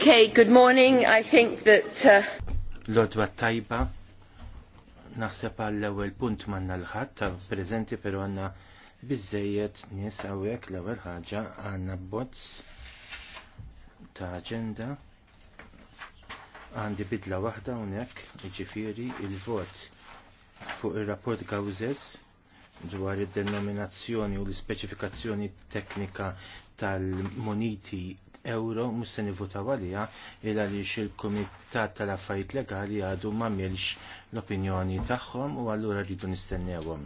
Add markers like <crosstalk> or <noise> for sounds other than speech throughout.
Okay, good morning. I think that... Uh, Lodwa tajba, naħseb għall ewwel punt manna l ħadd ta' preżenti però għandna biżejjed nies hawnhekk l ewwel ħaġa għandna bozz ta' aġenda għandi bidla waħda hawnhekk, jiġifieri il-vot fuq ir rapport Gawzes dwar id-denominazzjoni u l-ispeċifikazzjoni teknika tal-moniti euro mhux se nivvotaw għalija il għaliex il-Kumitat tal-Affarijiet Legali għadu m'għamilx l-opinjoni tagħhom u allura rridu nistennewhom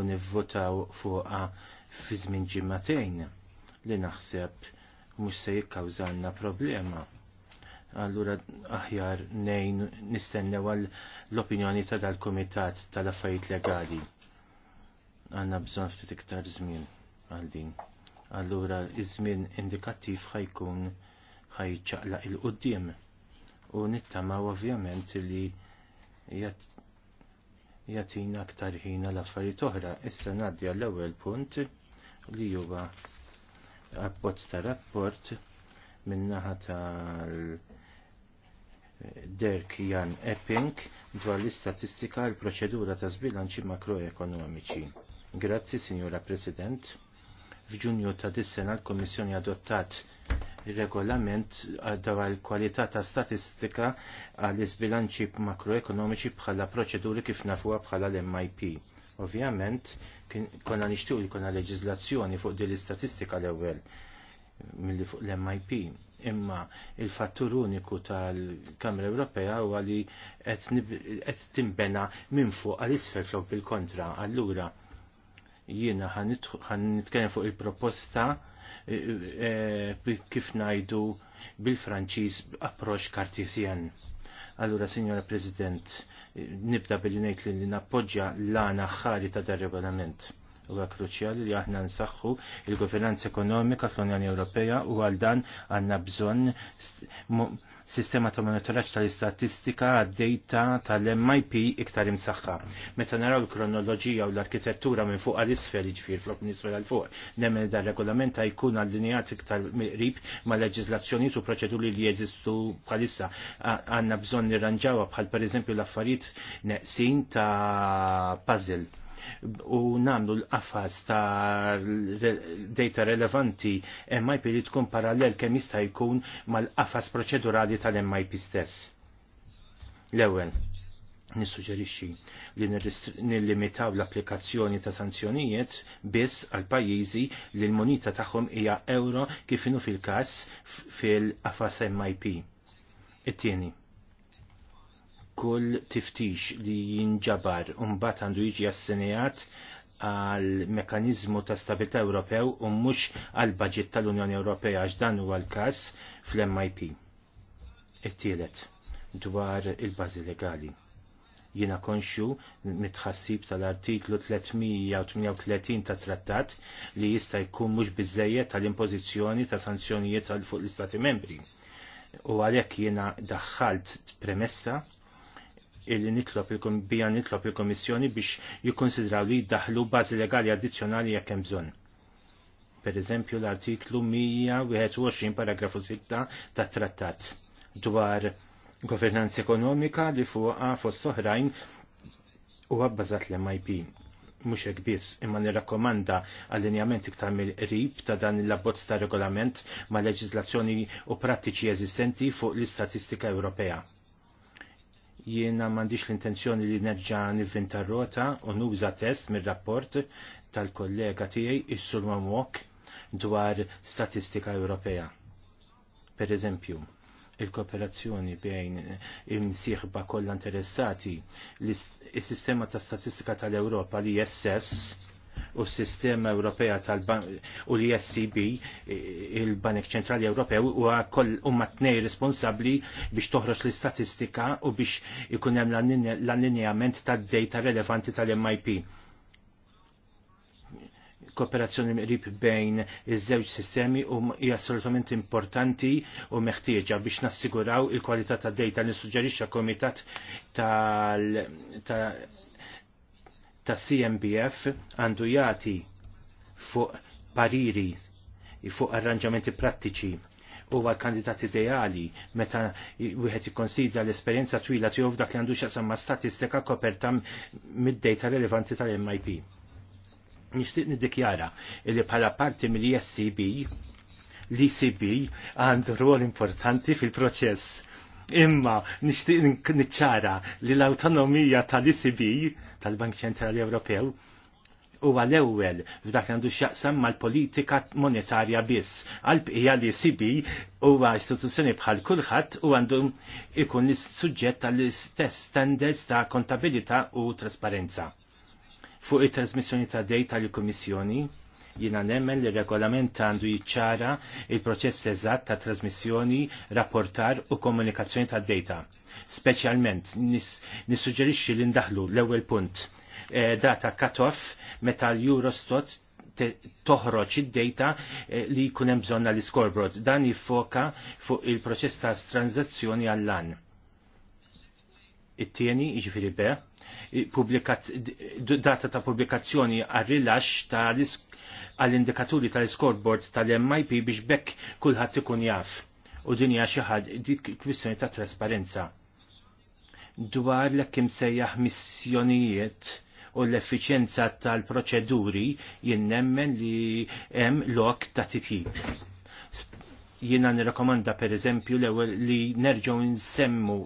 u nivvotaw fuqha fi żmien ġimmatejn li naħseb mhux se jikkawżalna problema allura aħjar nejn nistennew l opinjoni ta' dal-Komitat tal-Affarijiet Legali għanna bżon ftit iktar żmien għal din. Allura iż-żmien indikattiv ħajkun ħajċaqla il-qudiem u nittama ovvjament li jatina aktar ħina l-affarijiet oħra. Issa ngħaddi għall ewwel punt li huwa rapport ta' rapport min-naħa tal Dirk Jan Epping dwar l-istatistika l proċedura ta' zbilanċi makroekonomiċi. Grazzi, Signora President. F'Ġunju ta' dis-sena l-Kommissjoni adottat regolament dwar il-kwalità ta' statistika għall isbilanċi makroekonomiċi bħala proċeduri kif nafuha bħala l-MIP. Ovvjament, konna nixtieq li konna leġislazzjoni fuq din l-istatistika l-ewwel milli fuq l-MIP. Imma il-fattur uniku tal-Kamra Ewropea huwa li qed timbena minn fuq għal isfel fl bil-kontra. Allura, jiena ħan nitkellem fuq il-proposta e, e, kif najdu bil-Franċiż approċ kartizjan. Allura, Signora President, e, nibda billi ngħid li nappoġġja l-għana ħari ta' dar regolament huwa kruċjali li aħna nsaħħu il-governanza ekonomika fl-Unjoni Ewropea u għal dan għandna bżonn sistema ta' monitoraġġ tal-istatistika għad-data tal-MIP iktar imsaħħa. Meta naraw l-kronoloġija u l-arkitettura minn fuq għal-isfel ġifir flok minn isfel għal fuq, nemmen dar regolament ta' jkun allineat iktar qrib ma' leġislazzjoni u proċeduri li jeżistu bħalissa. Għanna bżonn nirranġawa bħal per eżempju l-affarijiet neqsin ta' puzzle u namlu l-qafas ta' data relevanti MIP li tkun parallel kemm jista' jkun mal-qafas proċedurali tal-MIP stess. L-ewwel, nissuġġerixxi li nillimitaw l-applikazzjoni ta' sanzjonijiet biss għal pajjiżi li l munita tagħhom hija euro kif inhu fil-każ fil-qafas MIP. It-tieni kull tiftix li jinġabar umbat għandu jiġi assenijat għal mekanizmu ta' stabilità Ewropew u mhux għal budget tal-Unjoni Ewropea għax dan huwa l-każ fl-MIP. It-tielet dwar il-bażi legali. Jiena konxu mitħassib tal-artiklu 338 ta' trattat li jista' jkun mhux biżejjed tal-impożizzjoni ta' sanzjonijiet għal fuq l-Istati membri. U għalhekk jiena daħħalt premessa illi nitlob bija nitlob il-Komissjoni biex jikkonsidraw li jiddaħlu bażi legali addizzjonali jekk hemm bżonn. Per eżempju l-artiklu 121 paragrafu 6 tat trattat dwar governanza ekonomika li fuqa fost oħrajn u għabbażat l-MIP. Mux biss imma nirrakkomanda allinjament iktar mill-qrib ta' dan il-labbozz ta' regolament ma' leġislazzjoni u prattiċi eżistenti fuq l-istatistika Ewropea jiena m'għandix l-intenzjoni li nerġa' nivvinta rota u nuża test mir-rapport tal-kollega tiegħi is-Sur dwar statistika Ewropea. Per eżempju, il-kooperazzjoni bejn imsieħba kollha interessati l-sistema ta' statistika tal-Ewropa li SS u s-sistema Ewropea tal-u l iscb il-Banek Ċentrali Ewropew, u għakoll umma t-nej responsabli biex toħroġ l-istatistika u biex ikun hemm l-allineament tad-data relevanti tal-MIP kooperazzjoni mirib bejn iż-żewġ sistemi u hija assolutament importanti u meħtieġa biex nassiguraw il-kwalità tad-dejta li suġġerixxa komitat tal ta ta' CMBF għandu jati fuq pariri, fuq arranġamenti prattiċi huwa l-kandidat ideali meta wieħed ikkonsidra l-esperjenza twila tiegħu f'dak li għandu x'aqsam ma' statistika koperta mid-dejta rilevanti tal-MIP. Nixtieq niddikjara li bħala parti mill-ESCB l-ECB għandu rwol importanti fil-proċess Imma nixtieq niċċara li l-awtonomija tal-ICB tal-Bank Ċentrali Ewropew huwa l-ewwel f'dak għandu x'jaqsam mal-politika monetarja biss. hija li sibi e huwa istituzzjoni bħal kulħadd u għandu ikun suġġett tal-istess standards ta' kontabilità u trasparenza. Fuq it-trasmissjoni ta' dejta tal kummissjoni Jina nemmen li regolament għandu jiċċara il-proċess eżatt ta' trasmissjoni, rapportar u komunikazzjoni ta' data. Speċjalment nissuġġerixxi li ndaħlu l-ewwel punt e, data cut-off meta l-Eurostot toħroġ id-data e, li jkun hemm bżonna l iskorbrod Dan jiffoka fuq il-proċess ta' tranzazzjoni għall-an. It-tieni, jiġifieri be, data ta' pubblikazzjoni għal rilax ta' għall-indikaturi tal-scoreboard tal-MIP biex bekk kulħadd ikun jaf. U din hija xi ħadd dik kwistjoni ta' trasparenza. Dwar l-ekkim sejjaħ missjonijiet u l-effiċenza tal-proċeduri jien nemmen li hemm lok ta' titjib. Jiena nirrakomanda per eżempju l-ewwel li nerġgħu nsemmu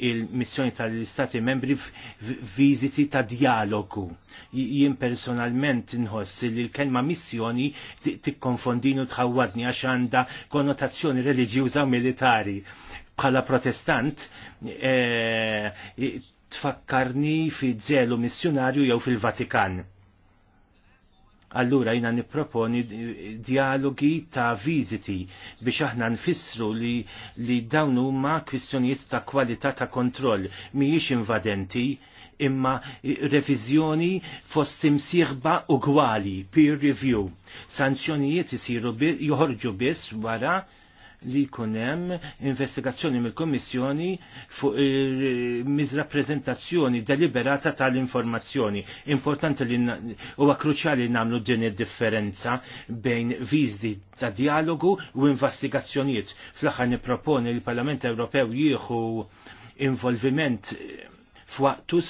il-missjoni tal-Istati membri f'viżiti ta' dialogu. Jien personalment nħoss li l-kelma missjoni tikkonfondinu tħawwadni għax għandha konnotazzjoni reliġjuża militari. Bħala protestant eh, tfakkarni fi zelu missjonarju jew fil-Vatikan allura jina niproponi dialogi ta' viziti biex aħna nfissru li, li dawn huma kwistjonijiet ta' kwalità ta' kontroll mhijiex invadenti imma revizjoni fost u ugwali, peer review. Sanzjonijiet isiru joħorġu biss wara li kunem investigazzjoni mill-Kommissjoni fuq miżrappreżentazzjoni deliberata tal-informazzjoni. Importanti li huwa kruċjali nagħmlu din id-differenza bejn viżdi ta' dialogu u investigazzjonijiet. Fl-aħħar nipproponi li l-Parlament Ewropew jieħu involviment f'waqtu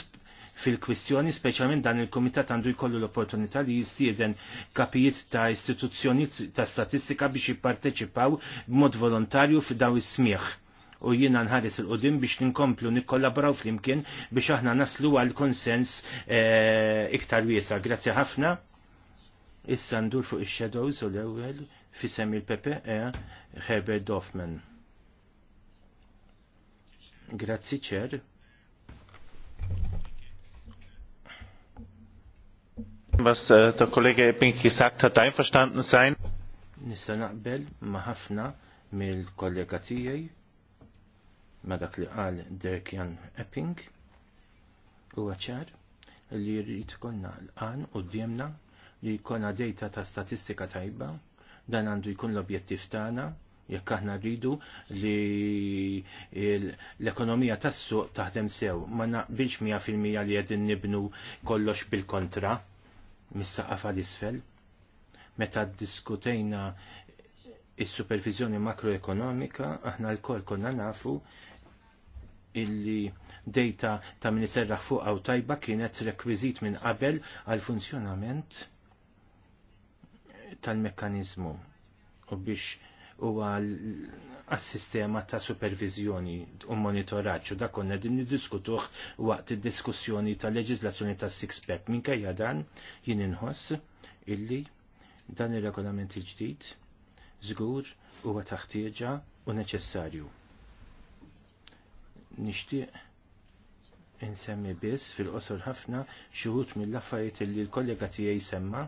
fil-kwistjoni, speċjalment dan il-Komitat għandu jkollu l-opportunità li jistieden kapijiet ta' istituzzjoni ta' statistika biex jipparteċipaw b'mod volontarju f'daw is-smieħ u jiena nħares il-qudim biex ninkomplu nikkollaboraw flimkien biex aħna naslu għal konsens e, iktar wiesa. Grazzi ħafna. Issa ndur fuq il shadows u l-ewwel fisem il-Pepe e eh, Herbert Doffman. Grazzi ċer Was äh, der Kollege Epping gesagt hat, einverstanden sein. Nista naqbel ma ħafna mill-kollega tiegħi ma dak li qal Derkjan Epping u ċar li jrid konna l għan u d djemna li jkollna dejta ta' statistika tajba dan għandu jkun l-objettiv tagħna jekk aħna rridu li l-ekonomija tas-suq taħdem sew ma naqbilx 100% li qegħdin nibnu kollox bil-kontra mis-saqafa l-isfel. Meta diskutejna is supervizjoni makroekonomika, aħna l koll konna nafu illi data ta' min iserraħ fuq għaw tajba kienet rekwizit minn qabel għal funzjonament tal-mekkanizmu u biex u għal-sistema ta' supervizjoni u monitoraċu da konna din diskutuħ waqt id-diskussjoni ta' leġizlazzjoni ta' six-pack minkejja dan jien inħoss illi dan ir-regolament il ġdijt ġdid żgur huwa taħtieġa u neċessarju. Nixtieq insemmi biss fil-qosor ħafna xuhut mill-affarijiet illi l-kollega tiegħi semma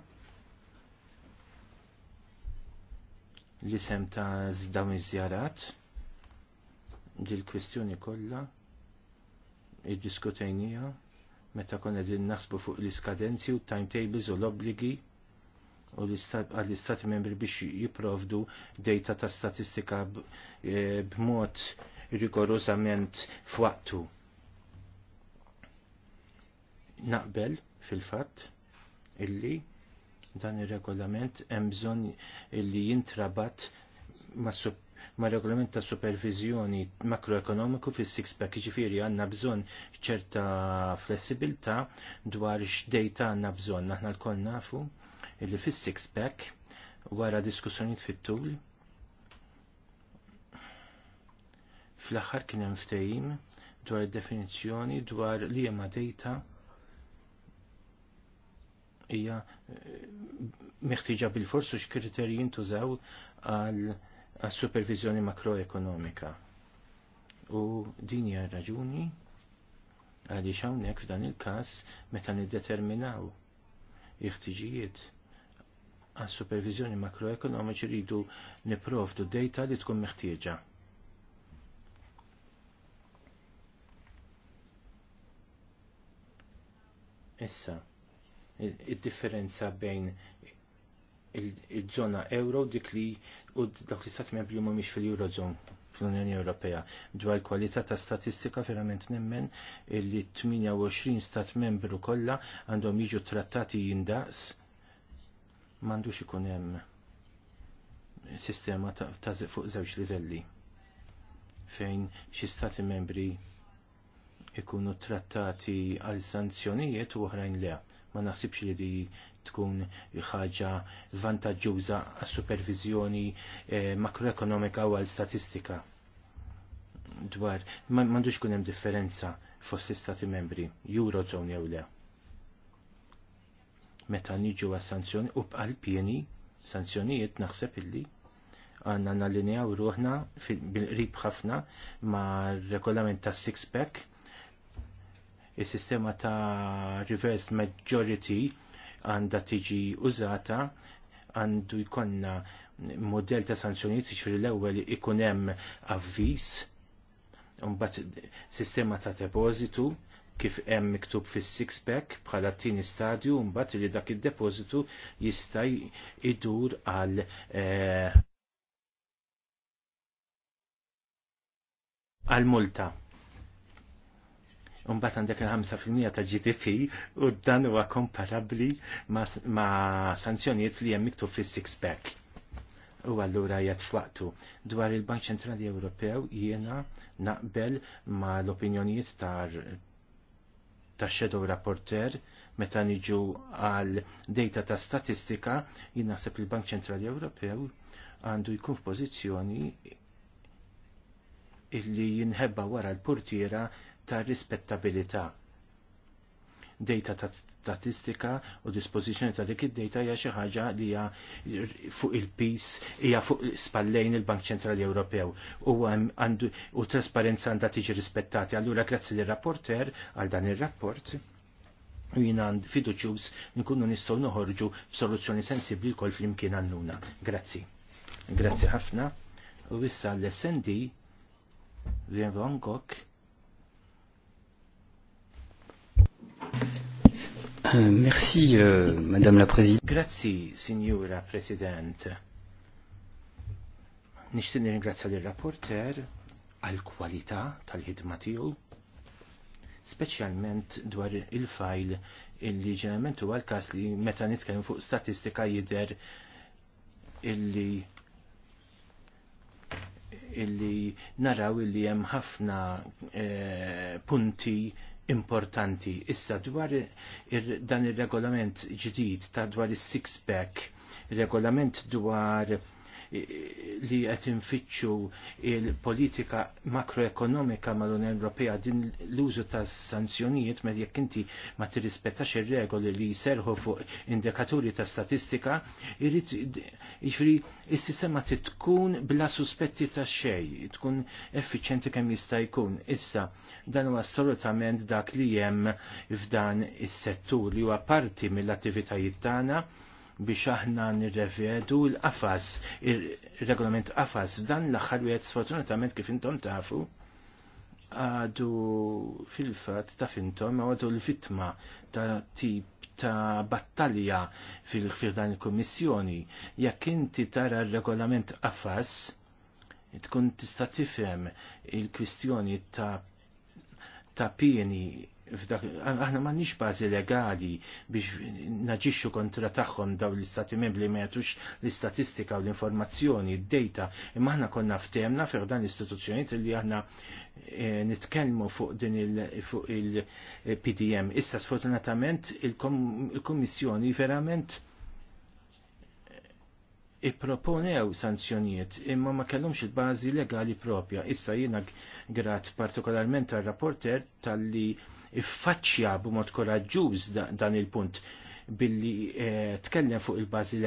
l-isem ta' zdaw iżjarat żjarat dil-kwistjoni kollha iddiskutejnija meta konna din naħsbu fuq l-iskadenzi u timetables u l-obligi u l-istati membri biex jiprovdu data ta' statistika e, b'mod rigorosament f'waqtu. Naqbel fil-fatt illi Dan ir-regolament hemm bżonn li jintrabat ma' ma' regolament ta' supervizjoni makroekonomiku fis six pack ġifiri għanna bżonn ċerta flessibilta dwar x'dejta għanna bżonn. Naħna l-koll nafu illi fis six pack wara diskussjoniet fit-tul fl-aħħar kien hemm ftehim dwar definizzjoni dwar li huma dejta hija eh, meħtieġa bil-forsu x'kriterji jintużaw għal supervizjoni makroekonomika. U din hija raġuni għaliex hawnhekk f'dan il-każ meta niddeterminaw il-ħtiġijiet għas supervizjoni makroekonomiċi rridu niprofdu data li tkun meħtieġa. Issa, il-differenza bejn il-ġona euro dik li u dak li stat membri mhumiex fil-Eurozone fl-Unjoni Ewropea dwar kwalità ta' statistika verament nemmen li 28 stat membru kollha għandhom jiġu trattati jindaqs m'għandux ikun hemm sistema ta', ta fuq żewġ livelli fejn xi stati membri ikunu trattati għal sanzjonijiet u oħrajn le ma naħsibx li di tkun ħaġa vantaġġuża għas supervizjoni eh, makroekonomika u għal statistika dwar m'għandux kun hemm differenza fost istati membri, Eurozone jew le. Meta niġu għas sanzjoni u bqal pieni sanzjonijiet naħseb illi għanna nallinjaw ruħna bil-rib ħafna ma' regolament ta' six-pack is-sistema ta' reverse majority għandha tiġi użata għandu jkonna model ta' sanzjoniet ċifri l-ewwel ikunem hemm avviż sistema ta' depositu, kif hemm miktub fis six pack bħala t-tieni stadju mbagħad li dak id depositu jista' idur għal eh, għal multa. Umbat għandek il-5% ta' GDP u dan huwa komparabli ma', sanzjonijiet li hemm miktu fis-six pack. U allura jgħat fwaqtu. Dwar il-Bank Ċentrali Ewropew jiena naqbel ma' l-opinjonijiet ta' shadow rapporter meta niġu għal data ta' statistika jien naħseb il-Bank Ċentrali Ewropew għandu jkun f'pożizzjoni illi jinħebba wara l-portiera ta' rispettabilità. Data ta' statistika u dispożizzjoni ta' dik id-data hija xi ħaġa li hija fuq il-pis hija fuq spallejn il-Bank Ċentrali Ewropew u għandu u trasparenza għandha tiġi rispettati. Allura grazzi lir-rapporter għal dan ir-rapport u jien għand fiduċjuż nkunu nistgħu noħorġu b'soluzzjoni sensibbli wkoll flimkien għannuna. Grazzi. Grazzi ħafna. U issa l-SND Vien angok. Merci, euh, Madame la Présidente. Grazie, Signora President. Nishtin ringrazzja l-rapporter għal-kwalità tal-ħidma tiegħu, speċjalment dwar il-fajl illi ġenerament huwa l-każ li meta nitkellem fuq statistika jidher illi illi naraw illi hemm ħafna e, punti importanti. Issa dwar ir dan ir regolament ġdid ta' dwar is six pack regolament dwar li qed infittxu il-politika makroekonomika mal-Unjoni Ewropea din l-użu ta' sanzjonijiet med jekk inti ma tirrispettax ir-regoli li jserħu fuq indikaturi ta' statistika, irrid jiġri is-sistema tkun bla suspetti ta' xej, tkun effiċjenti kemm jista' jkun. Issa dan huwa assolutament dak li hemm f'dan is-settur li huwa parti mill-attivitajiet tagħna biex aħna nirrevedu l-qafas, il-regolament qafas, dan l-axħar wieħed sfortunatament kif intom tafu, għadu fil-fat ta' fintom għadu l vitma ta' tip ta' battalja fil-dan il kommissjoni Jekk inti tara l-regolament qafas, tkun tista' tifhem il-kwistjoni ta' ta' pieni aħna ma nix bazi legali biex naġixxu kontra tagħhom daw l-istati membri ma jatux l-istatistika u l-informazzjoni, d-data, imma aħna konna ftemna fer dan l-istituzzjonijiet li aħna eh, nitkellmu fuq din il-PDM. Issa sfortunatament il komissjoni verament ipproponew sanzjonijiet imma ma kellhomx il-bażi legali propja. Issa jiena grat partikolarment għal rapporter tal-li iffaċċja b'mod koraġġuż dan il-punt billi eh, tkellem fuq il-bazi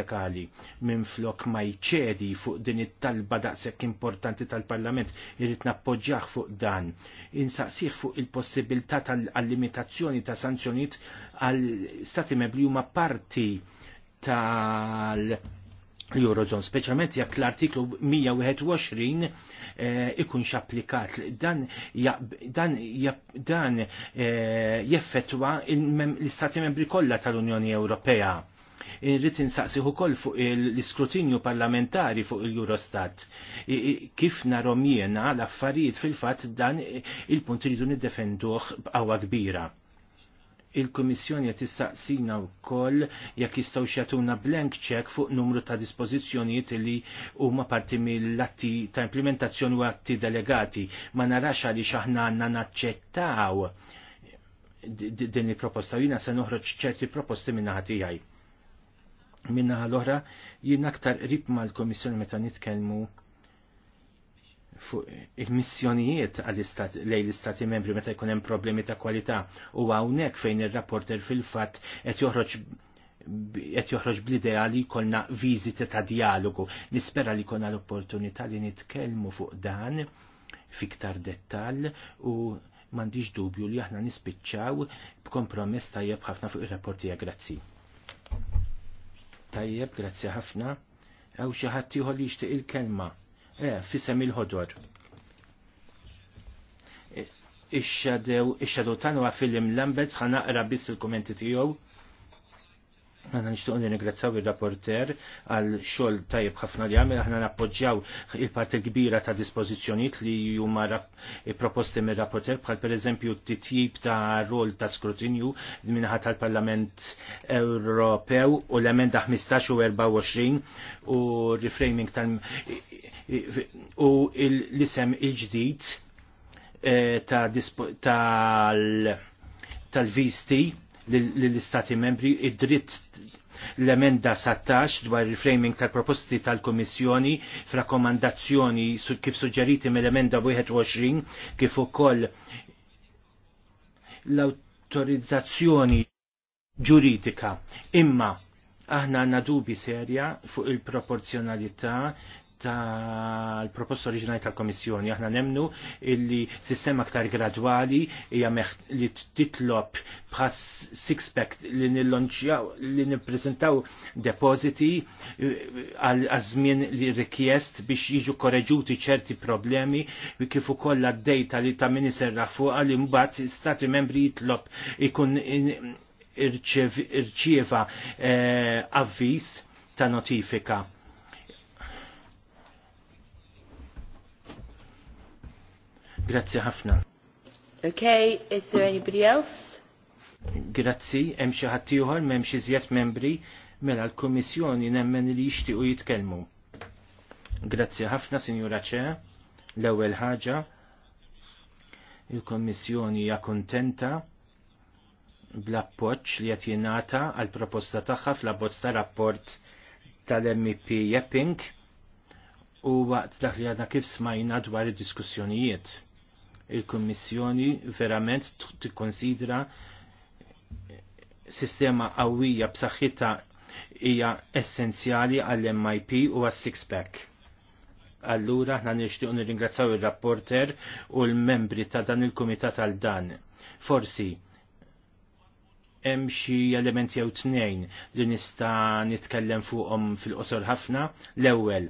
minn flok ma jċedi fuq din it-talba daqshekk importanti tal-Parlament irrid nappoġġjah fuq dan. Insaqsih fuq il-possibilità tal-limitazzjoni ta' sanzjonijiet għal stati membri huma parti tal- eurozone speċjalment jekk l-artiklu 121 Eh, ikun xapplikat. Dan, dan, dan eh, jeffetwa l-Istati membri kollha tal-Unjoni Ewropea Irrid insaqsiħu koll fuq l-iskrutinju parlamentari fuq il-Eurostat. Kif narom jiena l-affarijiet fil-fatt dan il-punt iridu niddefenduh b'qawwa kbira il-Komissjoni qed tistaqsina wkoll jekk jistgħu jagħtuna blank check fuq numru ta' dispożizzjonijiet li huma parti mill-atti ta' implementazzjoni u atti delegati. Ma narax għaliex aħna għandna naċċettaw din il-proposta jina se noħroġ ċerti proposti minna tiegħi. Minnaħa l-oħra jien aktar rib mal-Komissjoni meta nitkellmu fuq il-missjonijiet lej l-istati membri meta jkun hemm problemi ta' kwalità u hawnhekk fejn ir-rapporter fil-fatt qed joħroġ qed joħroġ bl-idea li jkollna viżiti ta' dialogu. Nispera li jkollna l-opportunità li nitkellmu fuq dan fiktar dettall u m'għandix dubju li aħna nispiċċaw b'kompromess tajjeb ħafna fuq ir-rapportija grazzi. Tajjeb, grazzi ħafna. Għaw xi ħadd li jixtieq il-kelma. Eh, fissem il-ħodor. Eh, Ix-xadow tagħna film Lambert ħanaqra biss il kommenti tiegħu Għanna nishtuq nirringrazzaw il-rapporter għal xol tajib ħafna li għamil, għanna nappoġġjaw il-parti kbira ta' dispozizjoniet li juma e, proposti mir rapporter bħal per eżempju t tip ta' rol ta' skrutinju minnaħat tal-Parlament Ewropew u l-emenda 15 u 24 u reframing tal- e, e, u l-isem il-ġdid tal-VST. tal l-istati membri id-dritt l-emenda 16 dwar il-framing tal-proposti tal-Komissjoni f'rakkomandazzjoni kif suġġeriti mill-emenda 21 kif ukoll l-autorizzazzjoni ġuridika. Imma aħna għandna dubi serja fuq il-proporzjonalità tal-proposta oriġinali tal-Komissjoni. Aħna nemnu illi sistema aktar gradwali hija li titlob bħas six pack li nillonċjaw li nippreżentaw depositi eh, għal żmien li rikjest biex jiġu korreġuti ċerti problemi kif ukoll għad-dejta li ta' miniserra fuqha li mbagħad stati membri jitlob ikun irċieva eh, avviż ta' notifika Grazzi ħafna. Okay, is there anybody else? Grazzi, hemm xi ħadd ieħor m'hemm xi żjed membri mela l-Kummissjoni nemmen li jixtiequ jitkellmu. Grazzi ħafna, Sinjura Ċe, l-ewwel ħaġa il-Kommissjoni hija kuntenta bl-appoġġ li qed jingħata għal proposta tagħha fl-abbozz ta' rapport tal-MEP Jepping u waqt dak li għadna kif smajna dwar id-diskussjonijiet il-Kummissjoni verament tikkonsidra sistema qawwija b'saħħitha hija essenzjali għall-MIP u għas-six pack. Allura aħna nixtieq nirringrazzaw ir-rapporter u l-membri ta' dan il-kumitat għal dan. Forsi hemm xi elementi jew tnejn li nista' nitkellem fuqhom fil-qosor ħafna l-ewwel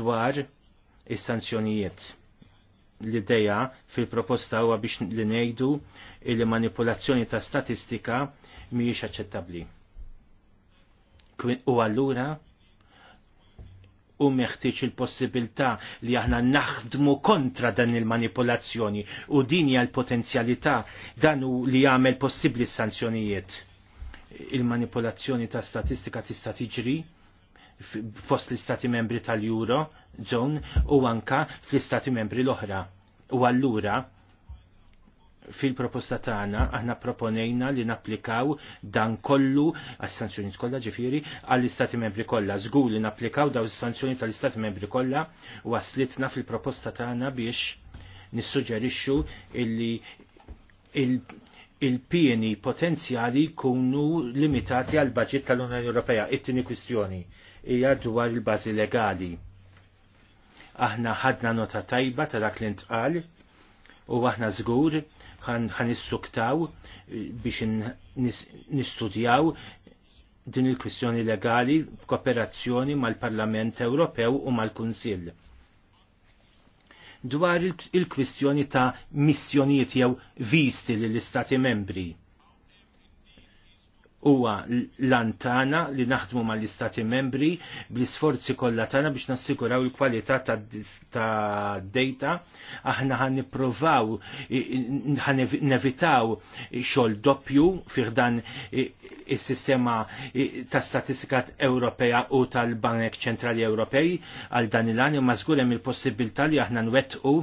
dwar is-sanzjonijiet l-ideja fil-proposta huwa biex li ngħidu li manipulazzjoni ta' statistika mhijiex aċċettabbli. U allura u meħtieġ il-possibilità li aħna naħdmu kontra dan il-manipolazzjoni u din hija l-potenzjalità dan u li jagħmel possibbli s-sanzjonijiet. Il-manipolazzjoni ta' statistika tista' tiġri fost l-istati membri tal-Euro, John, u anka fl-istati membri l-oħra. U allura fil-proposta tagħna aħna proponejna li napplikaw dan kollu għas sanzjoni kollha ġifieri għall-Istati Membri kollha. Żgur li napplikaw daw is-sanzjoni tal-Istati Membri kollha waslitna fil-proposta tagħna biex nissuġġerixxu illi il il-pieni potenzjali kunu limitati għal baġit tal-Unjoni Ewropea. It-tieni kwistjoni hija dwar il-bażi legali. Aħna ħadna nota tajba ta' dak li ntqal u aħna żgur ħan issuktaw eh, biex nistudjaw din il-kwistjoni legali b'kooperazzjoni mal-Parlament Ewropew u mal-Kunsill. Dwar il-kwistjoni ta' missjonijiet jew visti lill istati membri huwa l-antana li naħdmu mal-istati membri bl-isforzi kollha tagħna biex nassikuraw il-kwalità ta' data aħna ħan nippruvaw ħan nevitaw xogħol doppju fih dan is-sistema ta' statistika Ewropea u tal-Banek Ċentrali Ewropej għal dan il-għan imma żgur hemm il-possibilità li aħna nwettqu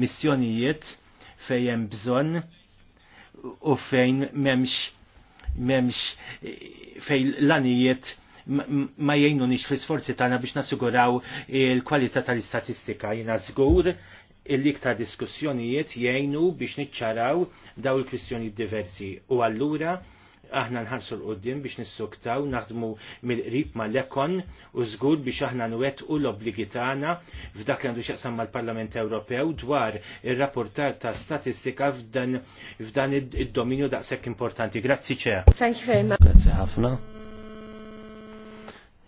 missjonijiet fejn hemm bżonn u fejn memx memx eh, fej l-anijiet ma jgħinu nix fi sforzi tagħna biex nasuguraw il-kwalità tal-istatistika. Jina żgur il-iktar diskussjonijiet jgħinu biex niċċaraw daw il-kwistjoni diversi. U allura aħna nħarsu l-qoddim biex nissuktaw, naħdmu mill-qrib ma l-ekon u żgur biex aħna nwettqu l-obligi tagħna f'dak li għandu x'jaqsam mal-Parlament Ewropew dwar ir-rapportar ta' statistika f'dan f'dan id-dominju daqshekk importanti. Grazzi ċea. Thank you very much. Grazzi ħafna.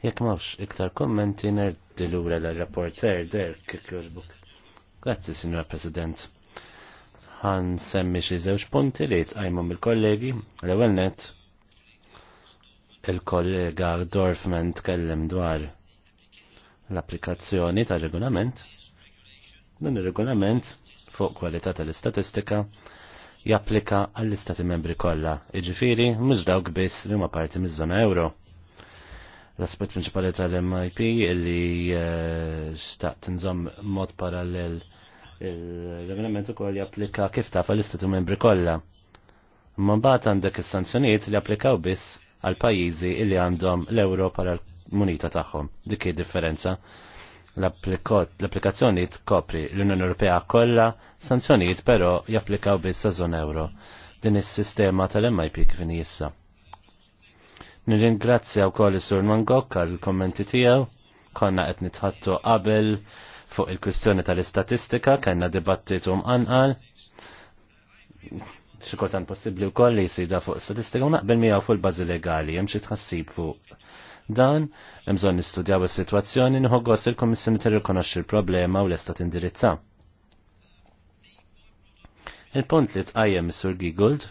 Jekk mawx iktar kommenti nerdilura l-rapporter Dirk Kirkjożbuk. Grazzi, Signor President ħan semmi xi żewġ punti li jitqajmu mill-kollegi. L-ewwel net il-kollega Dorfman tkellem dwar l-applikazzjoni ta' regolament. Dan ir-regolament fuq kwalità tal-istatistika japplika għall-istati membri kollha, iġifieri mhux dawk biss li huma parti miż-żona euro. L-aspett prinċipali tal-MIP li eh, xtaqt nżomm mod parallel Il-regolament ukoll japplika kif taf għall istitu membri kollha. Imma mbagħad għandek is-sanzjonijiet li applikaw biss għal pajjiżi li għandhom l-euro para l-munita tagħhom. Dik hi differenza. L-applikazzjoni tkopri l-Unjoni Ewropea kollha, sanzjonijiet però japplikaw biss sa' żon euro. Din is-sistema tal-MIP kif issa. Nirringrazzja wkoll is-Sur Mangok għall-kommenti tiegħu konna qed nitħattu qabel Fuq il-kwistjoni tal-istatistika kellna dibattitu mqanqal xikotan possibli u koll li jisida fuq statistika u naqbel mija fuq il-bazi legali, jemxie tħassib fuq dan, jemżon nistudjaw il-situazzjoni nħoggos il-Komissjoni tirrikonoxxi il-problema u l-estat indirizza. Il-punt li tqajjem Sur Gigold,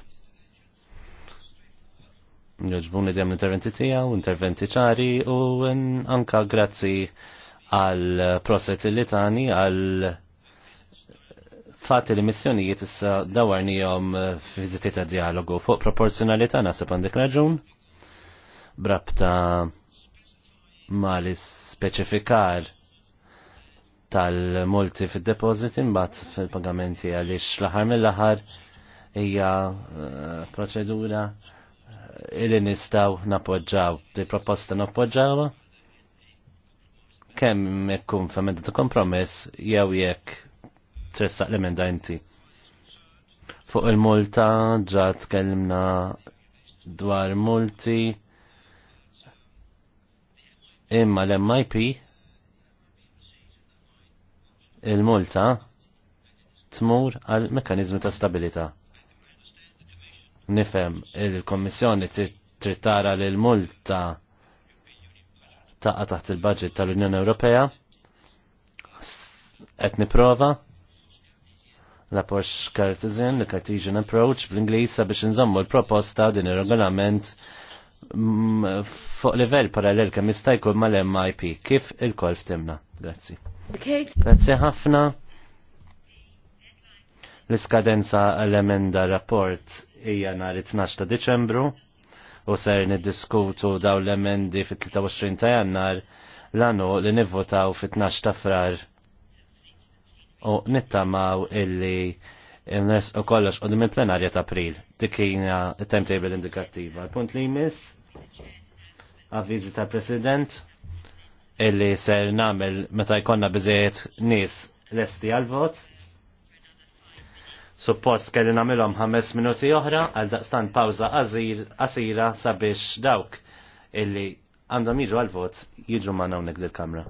joġbun li dem l-interventi tijaw, interventi ċari u anka grazzi għal proset li tani għal fat li missjonijiet issa jom f'viziti ta' dialogu fuq proporzjonalità nasib għandek raġun brabta ma li speċifikar tal-multi fid deposit imbat fil-pagamenti għalix l mill laħar hija eh, proċedura li nistaw napoġġaw. Di proposta napoġġawa kemm ikkun f'emenda ta' kompromess jew jekk tressaq l-emenda inti. Fuq il-multa ġa tkellimna dwar multi imma l-MIP il-multa tmur għal mekanizmi ta' stabilita. Nifem il-Kommissjoni trittara l-multa taqa taħt il-budget tal-Unjoni Ewropea. Qed niprova l-approach Cartesian, the Cartesian approach bl-Ingliż sabiex nżommu l-proposta din ir-regolament mm, fuq livell parallel kemm jista' jkun mal-MIP kif il-kol ftimna. Grazzi. Grazzi ħafna. L-iskadenza għall-emenda rapport hija nhar 12 ta' Diċembru u ser niddiskutu daw l-emendi fit-23 ta' jannar l-anu li nivvotaw fit-12 ta' frar u nittamaw illi imnes u kollox u dim il-plenarja ta' april. Dikina timetable indikattiva. Punt li jmiss avvizi ta' president illi ser namel meta jkonna biżejt nis lesti għal-vot. Suppost kelli namilom ħames minuti oħra għal daqstan pawza qasira sabiex dawk illi għandhom jiġu għal-vot jiġu ma' hawnhekk lill-Kamra.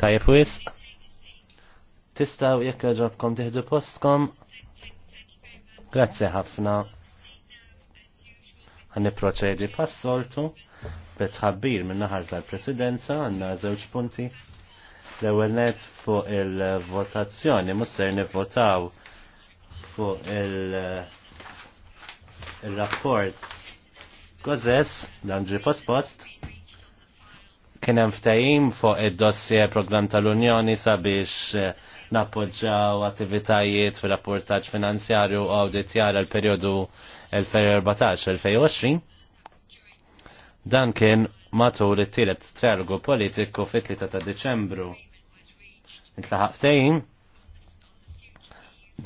Tajjeb wis. Tistaw jekk ġobkom tiħdu postkom. Grazzi ħafna. Għanni proċedi passoltu. Betħabbir minn naħar tal-presidenza għanna żewġ punti. L-ewel net fuq il-votazzjoni, musser nivvotaw fuq il-rapport il Gozes, dan ġi post-post, Kien hemm ftehim fuq id-dossier programm tal-Unjoni sabiex eh, nappoġġaw attivitajiet fir-rapportaġġ finanzjarju u awditjar għal perjodu 2014-2020. Dan kien matul it-tielet trialogu politiku fit-3 ta' Deċembru. Intlaħaq ftehim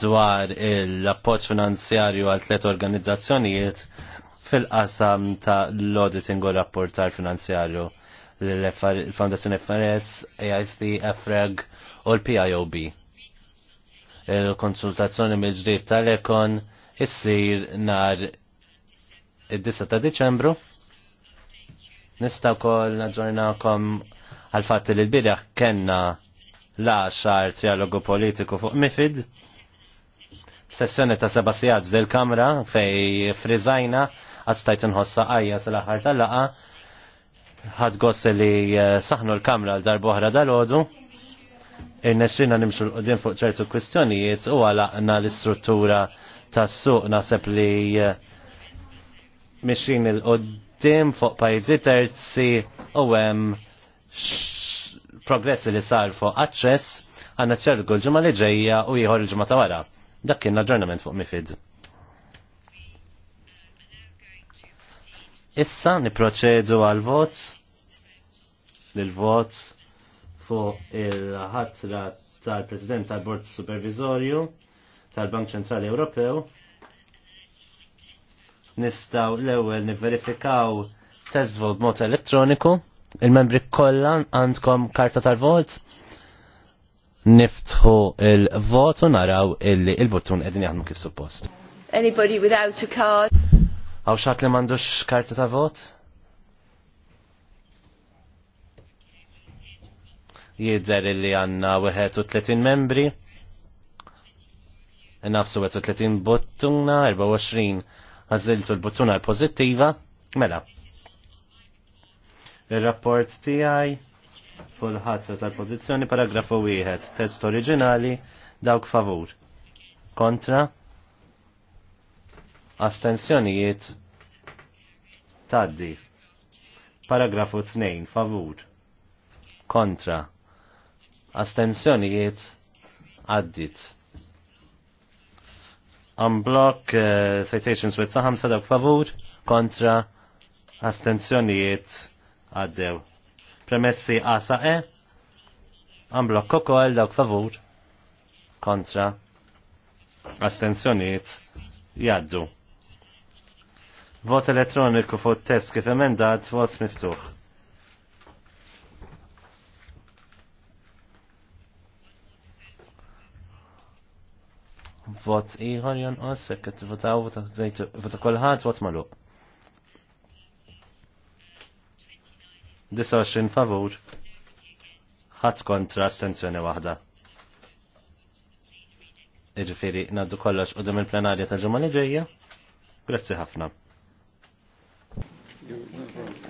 dwar il-appoġġ finanzjarju għal tliet organizzazzjonijiet fil-qasam ta' l-auditing u rapportar finanzjarju l-Fondazzjoni FRS, AISD, FREG u l-PIOB. Il-konsultazzjoni mill-ġdid tal-Ekon issir nar id-10 ta' Diċembru. Nistaw kol naġġornakom għal fatt li l-bidaħ kena la xar trialogu politiku fuq MIFID. Sessjoni ta' seba sijad f'dil kamra fej frizajna għastajt nħossa għajja tal-aħħar tal-laqa ħad gosse li eh, saħnu l-kamra l-darba oħra dal-ħodu, irnexxina nimxu l-qodin fuq ċertu kwistjonijiet u għalaqna l-istruttura tas suq nasib li eh, mixin il-qoddim fuq pajzi terzi u hemm progressi li sar fuq aċċess għanna ċergu l-ġimma li ġejja u jħor il-ġimma ta' wara. Dak kien l-aġġornament fuq mifid. Issa niproċedu għal vot lil vot fuq il-ħatra tal-President tal-Bord Supervisorju tal-Bank Ċentrali Ewropew. Nistaw l-ewwel niverifikaw testvolt b'mod elettroniku. Il-membri kollha għandkom karta tal-vot. Niftħu il-vot u naraw illi il-bottun qegħdin jaħdmu kif suppost. Anybody without a card? Għaw xat li mandux karta ta' vot? Jidżer li għanna 31 membri. Nafsu 31 buttuna, 24 għaziltu l-buttuna l-pozittiva. Mela. Il-rapport tijaj full-ħatra tal-pozizjoni paragrafu 1, test oriġinali, dawk favur. Kontra? astensjonijiet taddi. Paragrafu 2 favur kontra astensjonijiet għaddit. Unblock uh, eh, citations with saham sadaw favur kontra astensjonijiet għaddew. Premessi għasa e, unblock koko għal dak favur kontra astensjonijiet jaddu. Vot elettroniku fuq test kif emendat, vot miftuħ. Vot iħor jonqos, sekk votaw, vota kolħat, vot maluq. 29 favur, ħadd kontra stenzjoni waħda. Iġifieri ngħaddu kollox qudiem il-plenarja tal-ġimgħa li ġejja. Grazzi ħafna.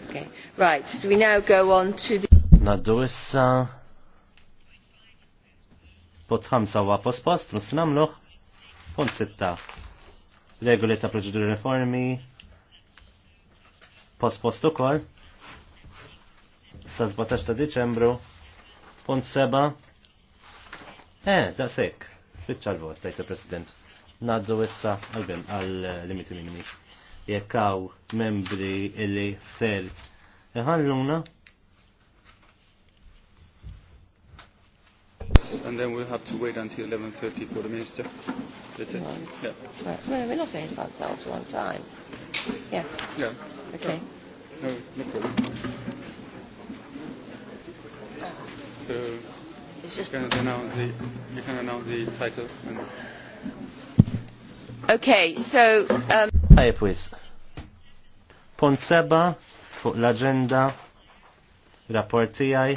Okay. Right, so we now go on to the... Naddu issa... Pot 5 huwa post-post, nus namluħ. Punt 6. Regoli ta' proċeduri reformi. Post-post ukoll. Sa' 17 ta' Diċembru. Punt 7. Eh, da' sekk. Spiċċa l-vot, tajt il-President. Naddu issa għal-limiti minimi jekkaw membri illi ser iħalluna. And then we'll have to wait until 11.30 for the minister. That's it. Um, yeah. Right. Well, we're not saying it ourselves one time. Yeah. Yeah. Okay. Yeah. No, no problem. So, it's just you can announce the, you can announce the title. And... Okay, so... Um, Tajb wis. Punt seba fuq l-agenda rapportijaj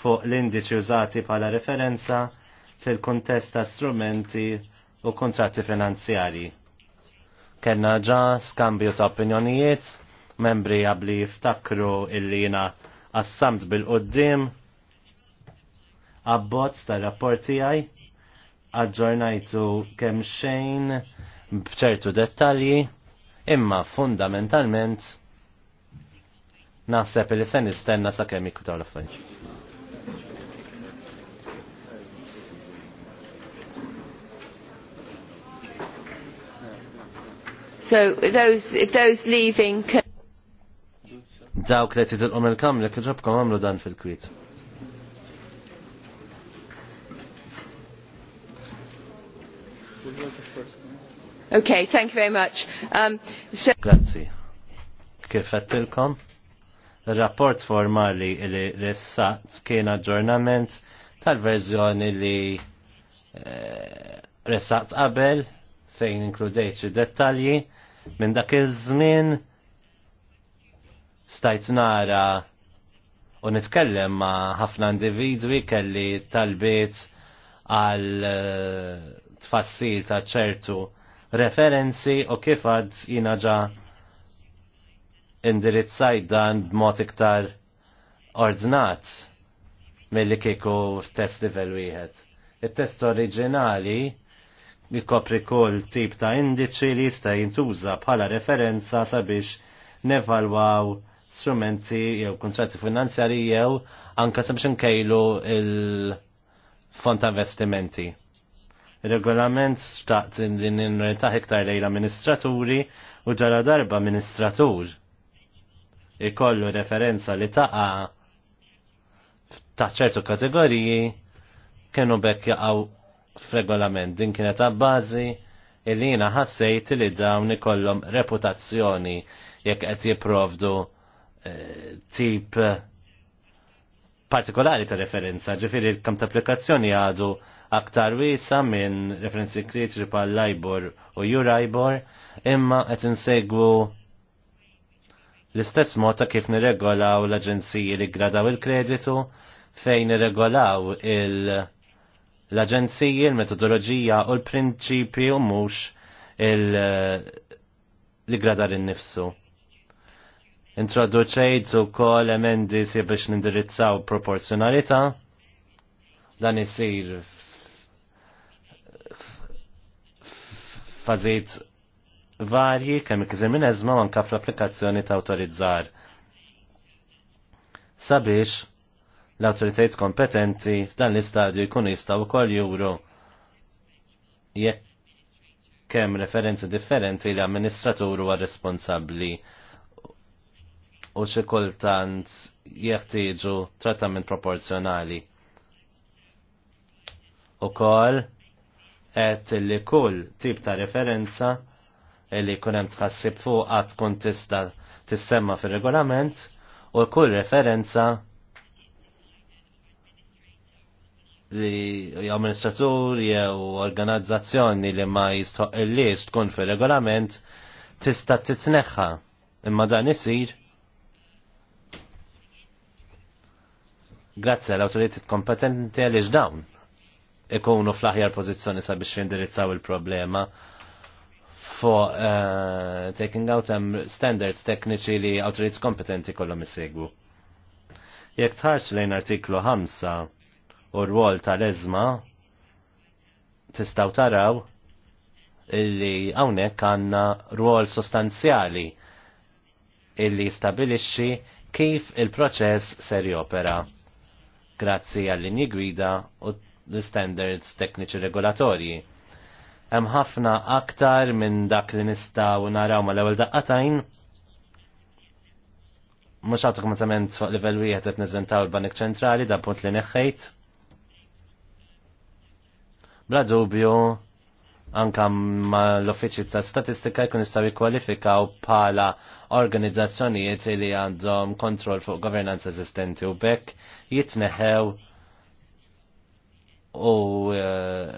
fuq l-indiċi użati pala referenza fil kontesta ta' strumenti u kontratti finanzjari. Kenna ġa skambju ta' opinjonijiet, membri għabli jiftakru illi jina assamt bil-qoddim, abbozz ta' rapportijaj, aġġornajtu kemm xejn bċertu dettalji, imma fundamentalment naħseb li se nistenna sa' kemm ikutaw l-affarijiet. So those, if those leaving can... Dawk li titilqom il-kamra kħiġobkom għamlu dan fil-kwit. Okay, thank you very much. Um, so... Grazzi. Kif għattilkom? Il-rapport formali li ressaqt kien aġġornament tal-verżjoni li eh, ressaqt qabel fejn inkludejt xi dettalji minn dak iż-żmien stajt nara u nitkellem ma' ħafna individwi kelli talbiet għal eh, tfassil ta' ċertu referenzi u kif għad jina ġa indirizzajt dan b'mod iktar ordnat mill-li kiku f'test level wieħed. Il-test oriġinali jikopri kull tip ta' indiċi li jista' jintuża bħala referenza sabiex nevalwaw strumenti jew kontratti finanzjari jew anka sabiex nkejlu il-fond ta' investimenti regolament staqt li ninretaħ iktar lejn amministraturi u ġara darba amministratur ikollu referenza li taqa ta' ċertu kategoriji kienu bekk jaqaw f'regolament din kienet bażi illi jina ħassejt li dawn ikollhom reputazzjoni jekk qed jipprovdu eh, tip partikolari ta' referenza, ġifiri kam ta' applikazzjoni għadu aktar wiesa minn referenzi kritiċi pal Libor u Jurajbor imma qed insegwu l-istess mod ta' kif nirregolaw l-aġenziji li gradaw il-kreditu fejn nirregolaw l-aġenziji, l-metodoloġija u l-prinċipi u mhux li gradar innifsu. Introduċejt u kol emendi si biex nindirizzaw proporzjonalità dan isir fazit varji kemm ikizim minn eżma anka fl-applikazzjoni ta' autorizzar. Sabiex l-autoritajiet kompetenti f'dan l-istadju jkunu jistgħu wkoll juru jekk kemm referenzi differenti li amministraturu huwa responsabbli u xi kultant jeħtieġu trattament proporzjonali. Ukoll et li kull tip ta' referenza li kunem tħassib fuq għat kun tista tissemma fil-regolament u kull referenza li amministratur jew organizzazzjoni li ma jistħoq il-list tkun fil-regolament tista titneħħa imma dan isir grazzi l-autoritet kompetenti għaliex dawn ikunu fl-aħjar pożizzjoni sabiex jindirizzaw il-problema fuq uh, eh, taking out hemm um, standards tekniċi li awtoritajiet kompetenti kollom isegwu. Jekk tħarx lejn artiklu 5 u r-rwol tal ezma tistgħu taraw illi hawnhekk għandna rwol sostanzjali illi stabilixxi kif il-proċess ser jopera grazzi għall-linji gwida u l-standards tekniċi regolatorji. Hemm ħafna aktar minn dak li nistgħu naraw mal-ewwel daqqatajn Mhux għatuk matament fuq livell wieħed qed niżentaw il-Banik Ċentrali da punt li neħħejt. Bla dubju, anka ma l-Uffiċċju ta' Statistika jkun jistgħu jikkwalifikaw bħala organizzazzjonijiet li għandhom kontroll fuq governanza eżistenti u bekk jitneħew u eh,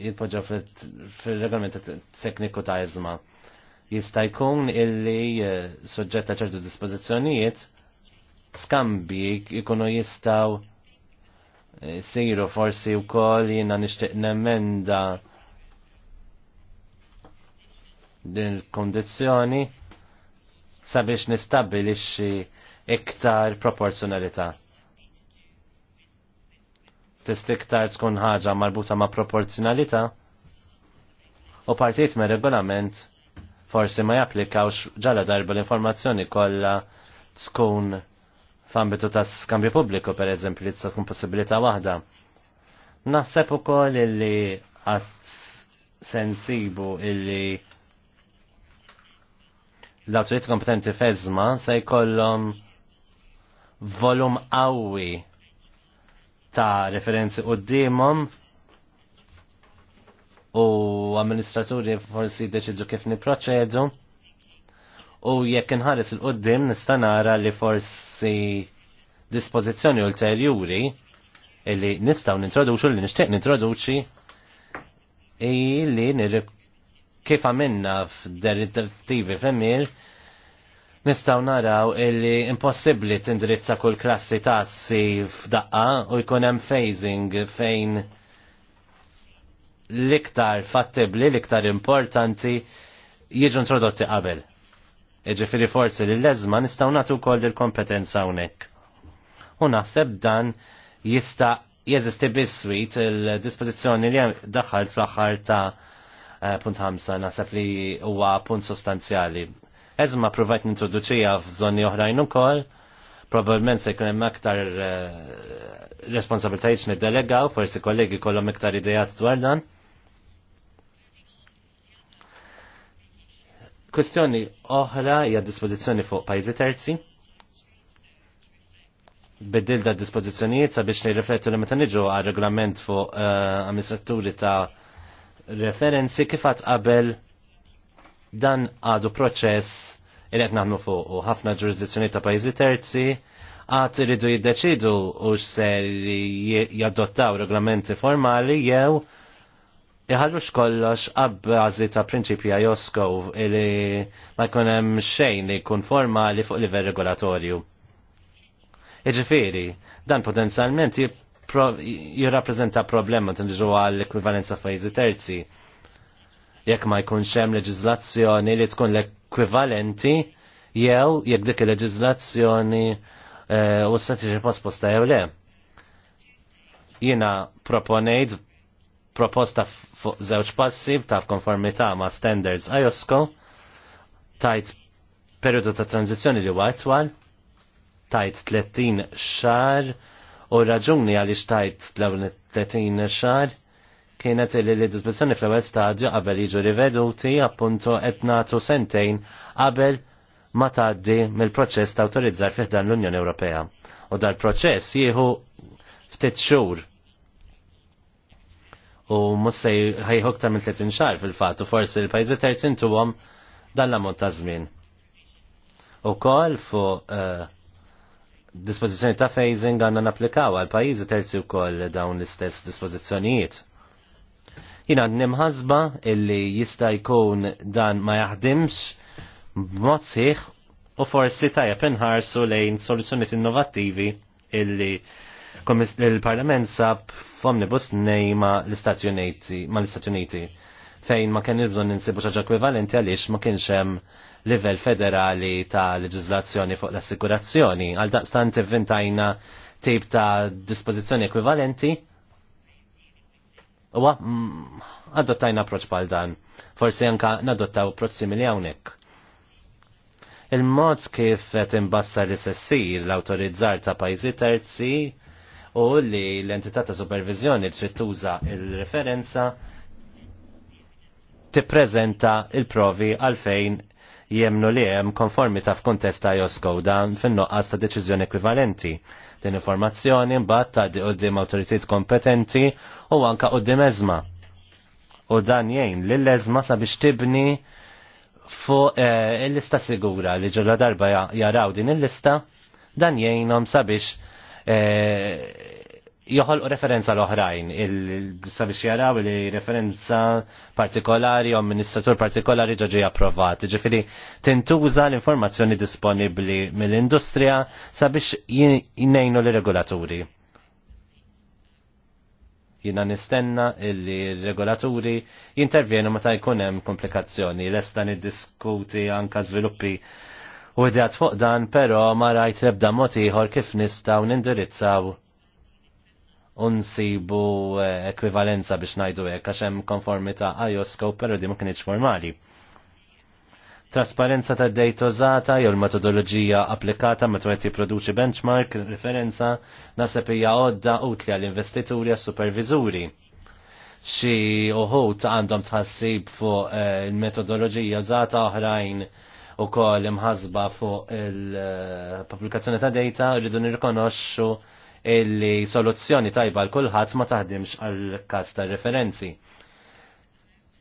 jitpoġġa fil-regolament tekniku ta' jizma Jista' jkun illi eh, soġġetta ċertu dispożizzjonijiet skambi jkunu jistaw eh, siru forsi wkoll jiena nixtieq nemenda din il-kondizzjoni sabiex nistabilixxi iktar proporzjonalità tistiktar tkun ħaġa marbuta ma' proporzjonalità u partijiet me regolament forsi ma japplikawx ġala darba l-informazzjoni kollha tkun f'ambitu ta' skambju pubbliku per eżempju li tkun possibilità waħda. Naħseb ukoll illi għat sensibu illi l-autorit kompetenti fezma se jkollhom volum qawwi ta' referenzi qoddimhom u amministraturi forsi deċidu kif niproċedu u jekk inħares il-qoddim nista' nara li forsi dispożizzjoni ulterjuri illi nistgħu nintroduċu li nixtieq nintroduċi illi li kif għamilna f'derittivi femmir nistaw naraw illi impossibli tindirizza kull klassi tassi f'daqqa u jkun hemm phasing fejn l-iktar fattibli, l-iktar importanti jiġu introdotti qabel. Iġifiri forsi li l-leżma nistaw natu kol il-kompetenza unek. U naħseb dan jista jeżisti biswit il-dispozizjoni li daħħalt fl aħħar ta' eh, punt ħamsa naħseb li huwa punt sostanzjali. Ezma provajt nintroduċija f'żoni oħrajn ukoll, probabbilment se jkun hemm aktar eh, responsabiltajiet niddelegaw, forsi kollegi kollhom iktar idejat dwar dan. Kwestjoni oħra hija dispożizzjoni fuq pajjiżi terzi. Biddil da dispożizzjonijiet sabiex nirriflettu li meta niġu għal regolament fuq eh, amministraturi ta' referenzi kif qabel Dan għadu proċess il qed naħdmu fuq u ħafna ġurisdizzjoni ta' pajjiżi terzi għad iridu jiddeċidu u x'ser jadottaw reglamenti formali jew iħallux kollox għabbażi ta' prinċipja josko li ma jkun hemm xejn li jkun formali fuq livell regolatorju. Iġifiri, dan potenzjalment jirrappreżenta problema tinġu għall ekvivalenza f'pajjiżi terzi jekk ma jkunx hemm leġiżlazzjoni li tkun l-ekwivalenti jew jekk dik il-leġiżlazzjoni eh, u statiġi posposta jew le. Jiena proponejt proposta fuq żewġ passi ta' konformità ma' standards IOSCO tajt periodu ta' tranzizjoni li huwa itwal tajt 30 xar u raġuni għaliex tajt l-30 xar kienet li l-dispozzjoni fl-ewwel stadju qabel jiġu riveduti appuntu qed nagħtu sentejn qabel ma tgħaddi mill-proċess ta' awtorizzar fih dan l-Unjoni Ewropea. U dal-proċess jieħu ftit xhur u mussej ħajħu ta' minn 30 xar fil-fat u forsi l-pajzi terzin intuhom dan l-ammont ta' żmien. Ukoll fuq eh, dispożizzjoni ta' phasing għandna napplikaw għal pajjiżi terzi wkoll dawn l-istess dispożizzjonijiet. Jina ħazba illi jista' jkun dan ma jaħdimx b'mod u forsi tajjeb inħarsu lejn soluzzjonijiet innovattivi illi il-Parlament sab f'omnibus nejma l-Istati Uniti ma l-Istati fejn ma kien bżonn ninsibu xaġa ekwivalenti għaliex ma kienx hemm livell federali ta' leġiżlazzjoni fuq l-assikurazzjoni. Għal daqstant ivvintajna tip ta' dispożizzjoni ekwivalenti Uwa, mm, adottajna approċ pal dan. Forsi anka nadottaw approċ simili hawnhekk. Il-mod kif qed imbassar is-sessir l-awtorizzar ta' pajzi terzi u li l-entità ta' supervizjoni trid tuża il-referenza tippreżenta il-provi għalfejn jemnu li hemm konformità f'kuntest ta' Joskow dan fin-noqqas ta' deċiżjoni ekvivalenti din informazzjoni mbagħad taqdi qudiem awtoritajiet kompetenti u anka qudiem eżma. U dan jgħin lill eżma sabiex tibni fuq eh, il-lista sigura li ġurla darba jaraw din il-lista dan jgħinhom sabiex eh, joħol referenza l-oħrajn, il-sabiex jaraw li referenza partikolari u amministratur partikolari ġoġi approvat. Ġifiri, tintuża l-informazzjoni disponibli mill-industrija sabiex jinnejnu l-regolaturi. Jina nistenna illi regolaturi jintervjenu meta jkun hemm komplikazzjoni. Lesta niddiskuti anka żviluppi u idejat fuq dan, però ma rajt lebda mod ieħor kif nistgħu nindirizzaw unsibu ekvivalenza eh, biex najdu hekk għax hemm konformità IOSCO però di ma kienx formali. Trasparenza ta' data użata jew l-metodoloġija applikata meta qed jipproduċi benchmark referenza naseb hija għodda utli għall-investituri għas supervizuri Xi uħut għandhom tħassib fuq eh, il-metodoloġija użata oħrajn ukoll imħasba fuq il-pubblikazzjoni eh, ta' data rridu nirrikonoxxu illi soluzzjoni tajba l kulħadd ma taħdimx għal każ tar referenzi.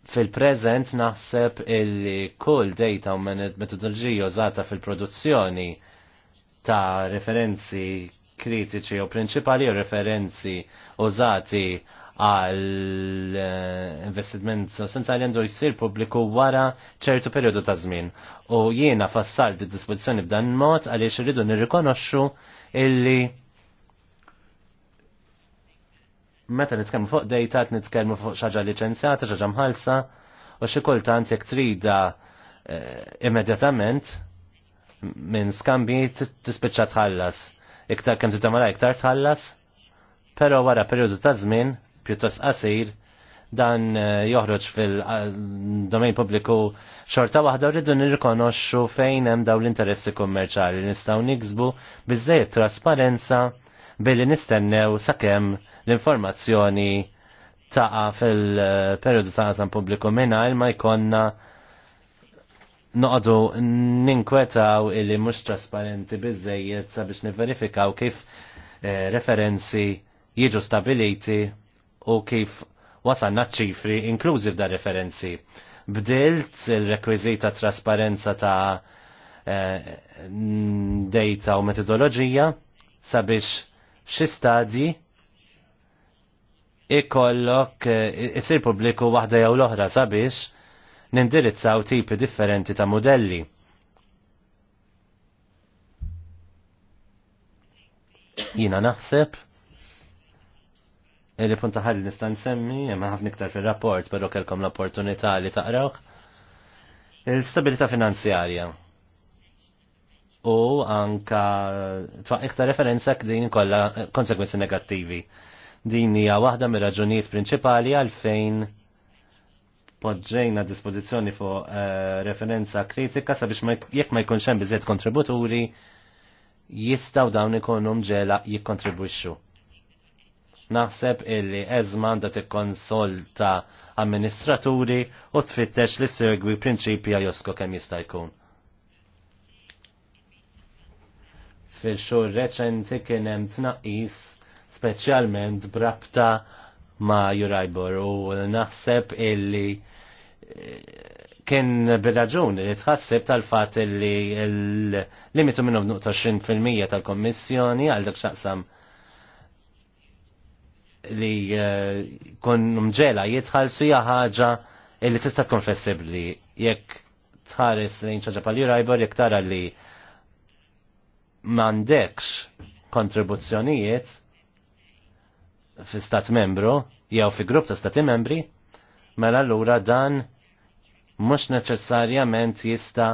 Fil-preżent naħseb illi kull data u metodoloġija użata fil-produzzjoni ta' referenzi kritiċi u prinċipali u referenzi użati għal eh, investiment sostanzjali għandu jisir publiku wara ċertu periodu ta' żmien. U jiena fassalt id-dispożizzjoni b'dan mod għaliex irridu nirrikonoxxu illi meta nitkellmu fuq data nitkellmu fuq xaġa liċenzjata, xaġa mħalsa, u xi kultant jekk trida eh, immedjatament minn skambi tispiċċa tħallas. Iktar kemm titamara iktar tħallas, però wara perjodu ta' żmien pjuttost qasir dan eh, joħroġ fil-domain pubbliku xorta waħda rridu nirkonoxxu fejn hemm dawn l-interessi kummerċali nistgħu niksbu biżejjed trasparenza billi nistennew sakemm l-informazzjoni taqa fil-periodu ta' għazan publiku minna ma jkonna noqdu ninkwetaw illi mux trasparenti bizzejiet sabiex niverifikaw kif eh, referenzi jiġu stabiliti u kif wasanna ċifri inklużi da' referenzi. Bdilt il-rekwizita trasparenza ta' eh, data u metodologija sabiex Xi stadji ikollok eh, isir pubbliku waħda jew l-oħra sabiex nindirizzaw tipi differenti ta' modelli. Jina naħseb li punta ħalli nista' nsemmi, hemm ħafna iktar fir-rapport, però kellkom l-opportunità li taqrawh. Il-stabilità finanzjarja u anka twaqqik ta' referenza din kollha konsekwenzi negattivi. Din hija waħda mir-raġunijiet prinċipali għalfejn poġġejna dispożizzjoni fuq uh, referenza kritika sabiex jekk ma jkunx hemm biżejt kontributuri jistgħu dawn ikunhom ġela jikkontribwixxu. Naħseb illi eżma għandha tikkonsolta amministraturi u tfittex li segwi prinċipja josko kemm jista' jkun. fil-xur reċenti kien hemm tnaqqis speċjalment brabta ma' Jurajbor u naħseb illi eh, kien bil-raġuni li tħassib tal-fat illi l-limitu minnu b'nuqta 20% tal-kommissjoni għal dak xaqsam li eh, kun mġela jitħalsu ħaġa illi tista' tkun flessibbli jekk tħares lejn ċaġa pal-jurajbor jekk tara li m'għandekx kontribuzzjonijiet fi stat membru jew fi grupp ta' stati membri, mela allura dan mhux neċessarjament jista'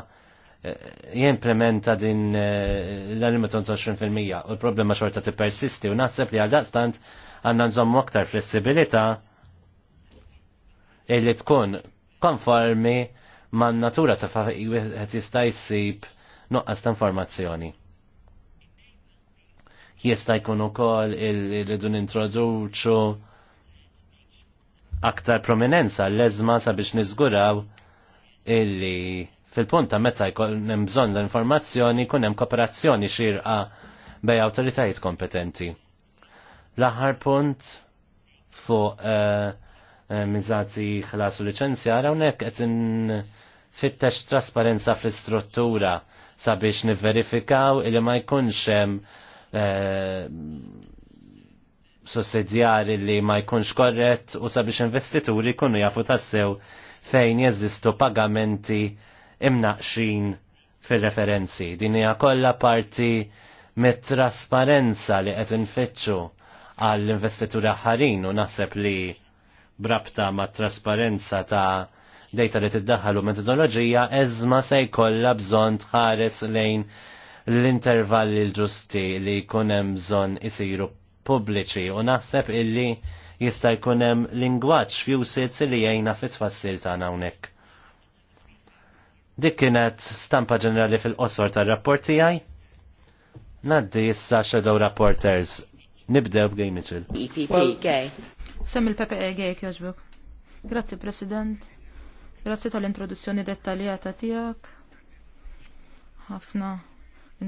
eh, jimplementa din eh, l fil-mija. u l-problema xorta ti persisti u naħseb li għal-daqstant għanna nżommu aktar flessibilita illi tkun konformi man natura ta' faħi jista' jsib nuqqas ta' informazzjoni jista' jkun ukoll irridu nintroduċu aktar prominenza l-eżma sabiex niżguraw illi fil-punta meta jkun hemm bżonn l-informazzjoni jkun hemm kooperazzjoni xirqa bej awtoritajiet kompetenti. L-aħħar punt fuq mizzati eh, eh, miżati ħlas u liċenzjar hawnhekk qed fittex trasparenza fl-istruttura sabiex nivverifikaw illi ma jkunx hemm Eh, sussidjari li ma jkunx korrett u sabiex investituri kunu jafu tassew fejn jeżistu pagamenti imnaqxin fil-referenzi. Din hija kollha parti mit-trasparenza li qed infittxu għall-investituri aħħarin u naħseb li brabta ma' trasparenza ta' dejta li tiddaħħal u metodoloġija eżma se jkollha bżonn tħares lejn l-intervalli l-ġusti li kunem zon isiru pubbliċi u naħseb illi jista' jkunem lingwaġġ fjusit li jgħinna fit-tfassil tagħna hawnhekk. Dik kienet stampa ġenerali fil-qosor tar-rapport tiegħi. Naddi issa xedaw Reporters. Nibdew b'gej Mitchell. EPP Gay. Sem il-PPE Gay jogħġbok. Grazzi President. Grazzi tal-introduzzjoni dettaljata tiegħek. Ħafna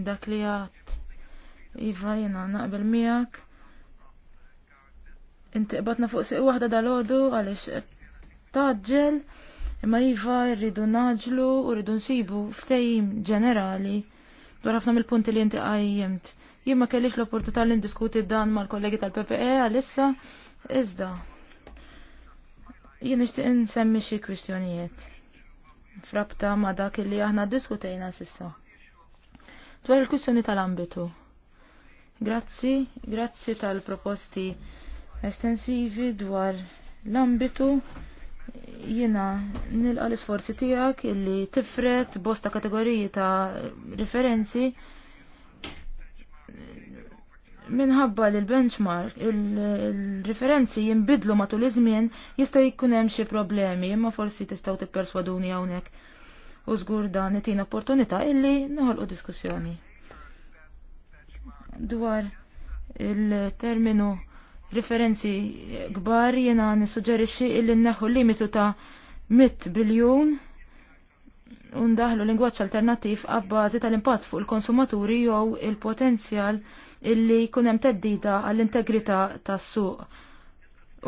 dak li għat Iva jena naqbel miegħek. Inti qbatna fuq siq wahda dal-għodu għaliex taġġel imma Iva rridu naġlu u rridu nsibu ftejim ġenerali dwar ħafna mill-punti li inti għajjemt. Jien kellix l-opportunità li ndiskuti dan mal-kollegi tal-PPE għalissa iżda. Jien nixtieq insemmi xi kwistjonijiet. Frabta ma dak li aħna diskutejna sissa dwar il-kwistjoni tal-ambitu. Grazzi, grazzi tal-proposti estensivi dwar l-ambitu jina nilqa l-isforzi tijak illi tifret bosta kategoriji ta' referenzi minħabba li l-benchmark, il-referenzi jimbidlu matul iż-żmien jista' jkun hemm xi problemi, imma forsi tistgħu tipperswaduni hawnhekk u żgur dan itina opportunità illi noħolqu diskussjoni dwar il-terminu referenzi kbar jena nissuġġerixxi illi neħu limitu ta' 100 biljun u ndaħlu lingwaġġ alternattiv għabbażi tal-impatt fuq il-konsumaturi jew il-potenzjal illi jkun hemm teddida għall-integrità tas-suq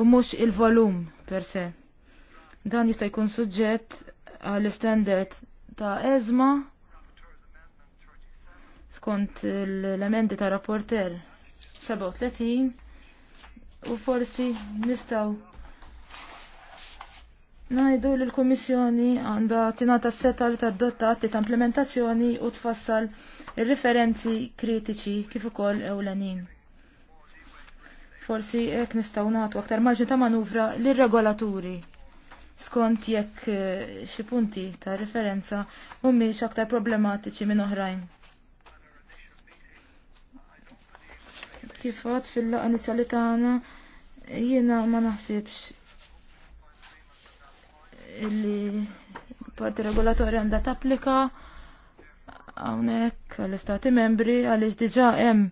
u mhux il-volum per se. Dan jista' jkun suġġett għall-standard ta' ezma skont l-emendi ta' rapporter 37 u forsi nistaw najdu li l-Komissjoni għanda tinata s-seta li tadotta għatti ta' implementazzjoni u tfassal il-referenzi kritiċi kif ukoll ewlenin. Forsi ek nistaw natu aktar maġi ta' manuvra l-regolaturi skont jekk eh, xi punti ta' referenza mhumiex aktar problematiċi minn oħrajn. Kif għad fil-laqa inizjali tagħna jiena ma naħsibx illi parti regolatorja għandha tapplika hawnhekk għall-istati membri għaliex diġà hemm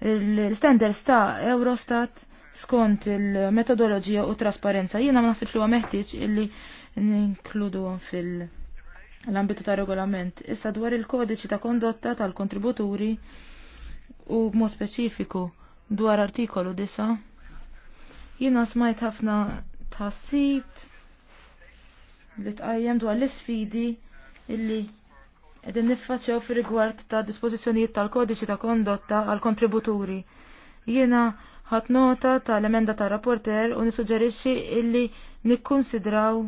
l-standards ta' Eurostat skont il-metodoloġija u trasparenza. Jiena ma naħsibx li huwa meħtieġ illi ninkluduhom fil- l-ambitu ta' regolament. Issa dwar il-kodiċi ta' kondotta tal-kontributuri u b'mod speċifiku dwar artikolu disa' Jiena smajt ħafna tħassib li tqajjem dwar l-isfidi illi qegħdin niffaċċew fir rigward ta' dispożizzjonijiet tal-kodiċi ta' kondotta għal kontributuri. Jiena ħat nota tal-emenda ta' rapporter u nissuġġerixxi illi nikkonsidraw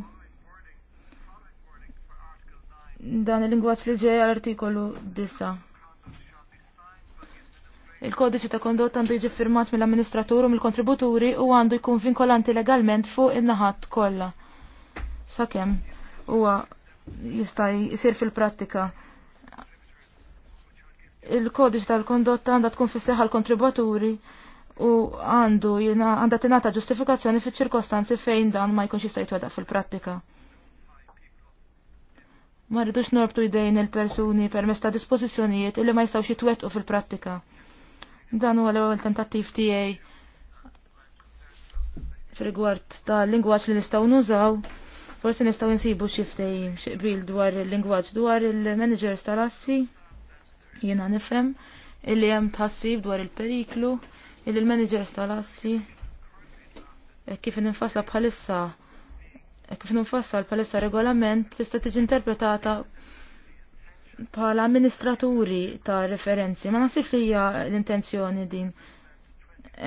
dan il-lingwaġġ li ġej għall-artikolu 9. Il-kodiċi ta' kondotta għandu jiġi firmat mill-amministratur u mill-kontributuri u għandu jkun vinkolanti legalment fuq in-naħat kollha. Sakemm huwa jista' jsir fil-prattika il kodiċi tal-kondotta għandha tkun fis-seħħa l-kontributuri u għandu jina għanda tinata ġustifikazzjoni fi ċirkostanzi fejn dan ma jkunx jista' jitwedaq fil-prattika. Ma rridux norbtu idejn il-persuni permezz ta' dispożizzjonijiet illi ma jistgħux jitwettqu fil-prattika. Dan huwa l-ewwel tentattiv tiegħi f'rigward ta' lingwaġġ li nistgħu nużaw, forsi nistgħu nsibu xi ftehim qbil dwar il-lingwaġġ dwar il-managers tal-assi. Jiena nifhem illi hemm tħassib dwar il-periklu il il-managers tal-assi eh, kif ninfasla bħalissa eh, kif ninfassal bħalissa regolament tista' tiġi interpretata bħala amministraturi ta' referenzi. Ma nasib li hija l-intenzjoni din.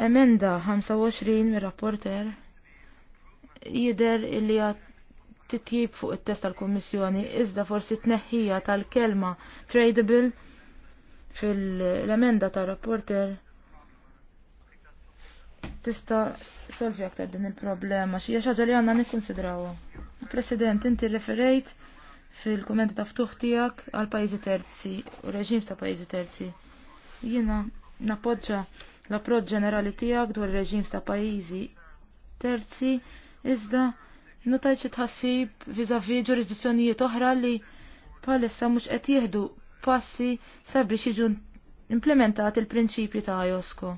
Emenda 25 mir-rapporter jider li titjib fuq it-test tal-Kummissjoni iżda forsi tneħħija tal-kelma tradable fil-emenda tar rapporter tista' solvi aktar din il-problema xi ħaġa li għandna nikkonsidrawha. President, inti referejt fil-kumenti ta' ftuħ tiegħek għal pajjiżi terzi u reġim ta' pajjiżi terzi. Jiena nappoġġa l-approċċ ġenerali tiegħek dwar reġim ta' pajjiżi terzi iżda notajt xi tħassib viżavi ġurisdizzjonijiet oħra li bħalissa mhux qed jieħdu passi sabiex jiġu implementati l-prinċipji ta' JOSKO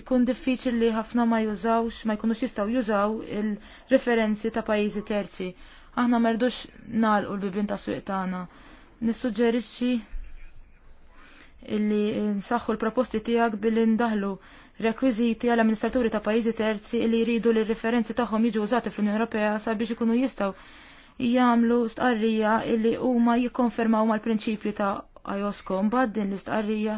ikun diffiċli li ħafna ma jużawx, ma jkunux jistaw jużaw il-referenzi ta' pajizi terzi. Aħna merdux u l-bibin ta' suq tagħna. Nissuġġerixxi illi nsaħħu l-proposti tiegħek billi ndaħlu rekwiżiti għal amministraturi ta' pajjiżi terzi li jridu li referenzi tagħhom jiġu użati fl-Unjoni Ewropea sabiex ikunu jistgħu jagħmlu stqarrija illi huma jikkonfermaw mal-prinċipju ta' IOSCO. Mbagħad din l-istqarrija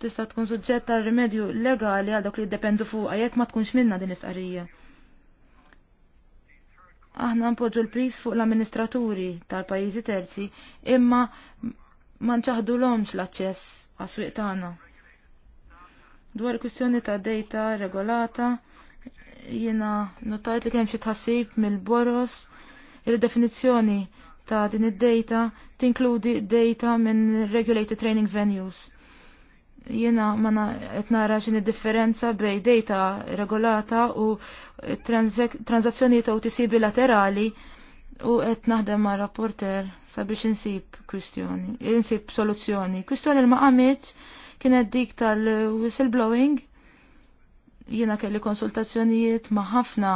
tista' tkun suġġett għal rimedju legali għal dak li jiddependu fuqha jekk ma tkunx minna din is-qarija. Aħna npoġġu l-pris fuq l-amministraturi tal-pajjiżi terzi imma ma nċaħdulhomx l-aċċess għas-swieq tagħna. Dwar kwistjoni ta' data regolata jiena notajt li kemm xi tħassib mill-boros il-definizzjoni ta' din id-data tinkludi data minn regulated training venues Jiena ma qed nara differenza bej data regolata u transazzjonijiet UTC bilaterali u qed naħdem ma' rapporter sabiex insib kwistjoni, insib soluzzjoni. Kwistjoni li ma qamitx kienet dik tal-whistleblowing. Jiena kelli konsultazzjonijiet ma' ħafna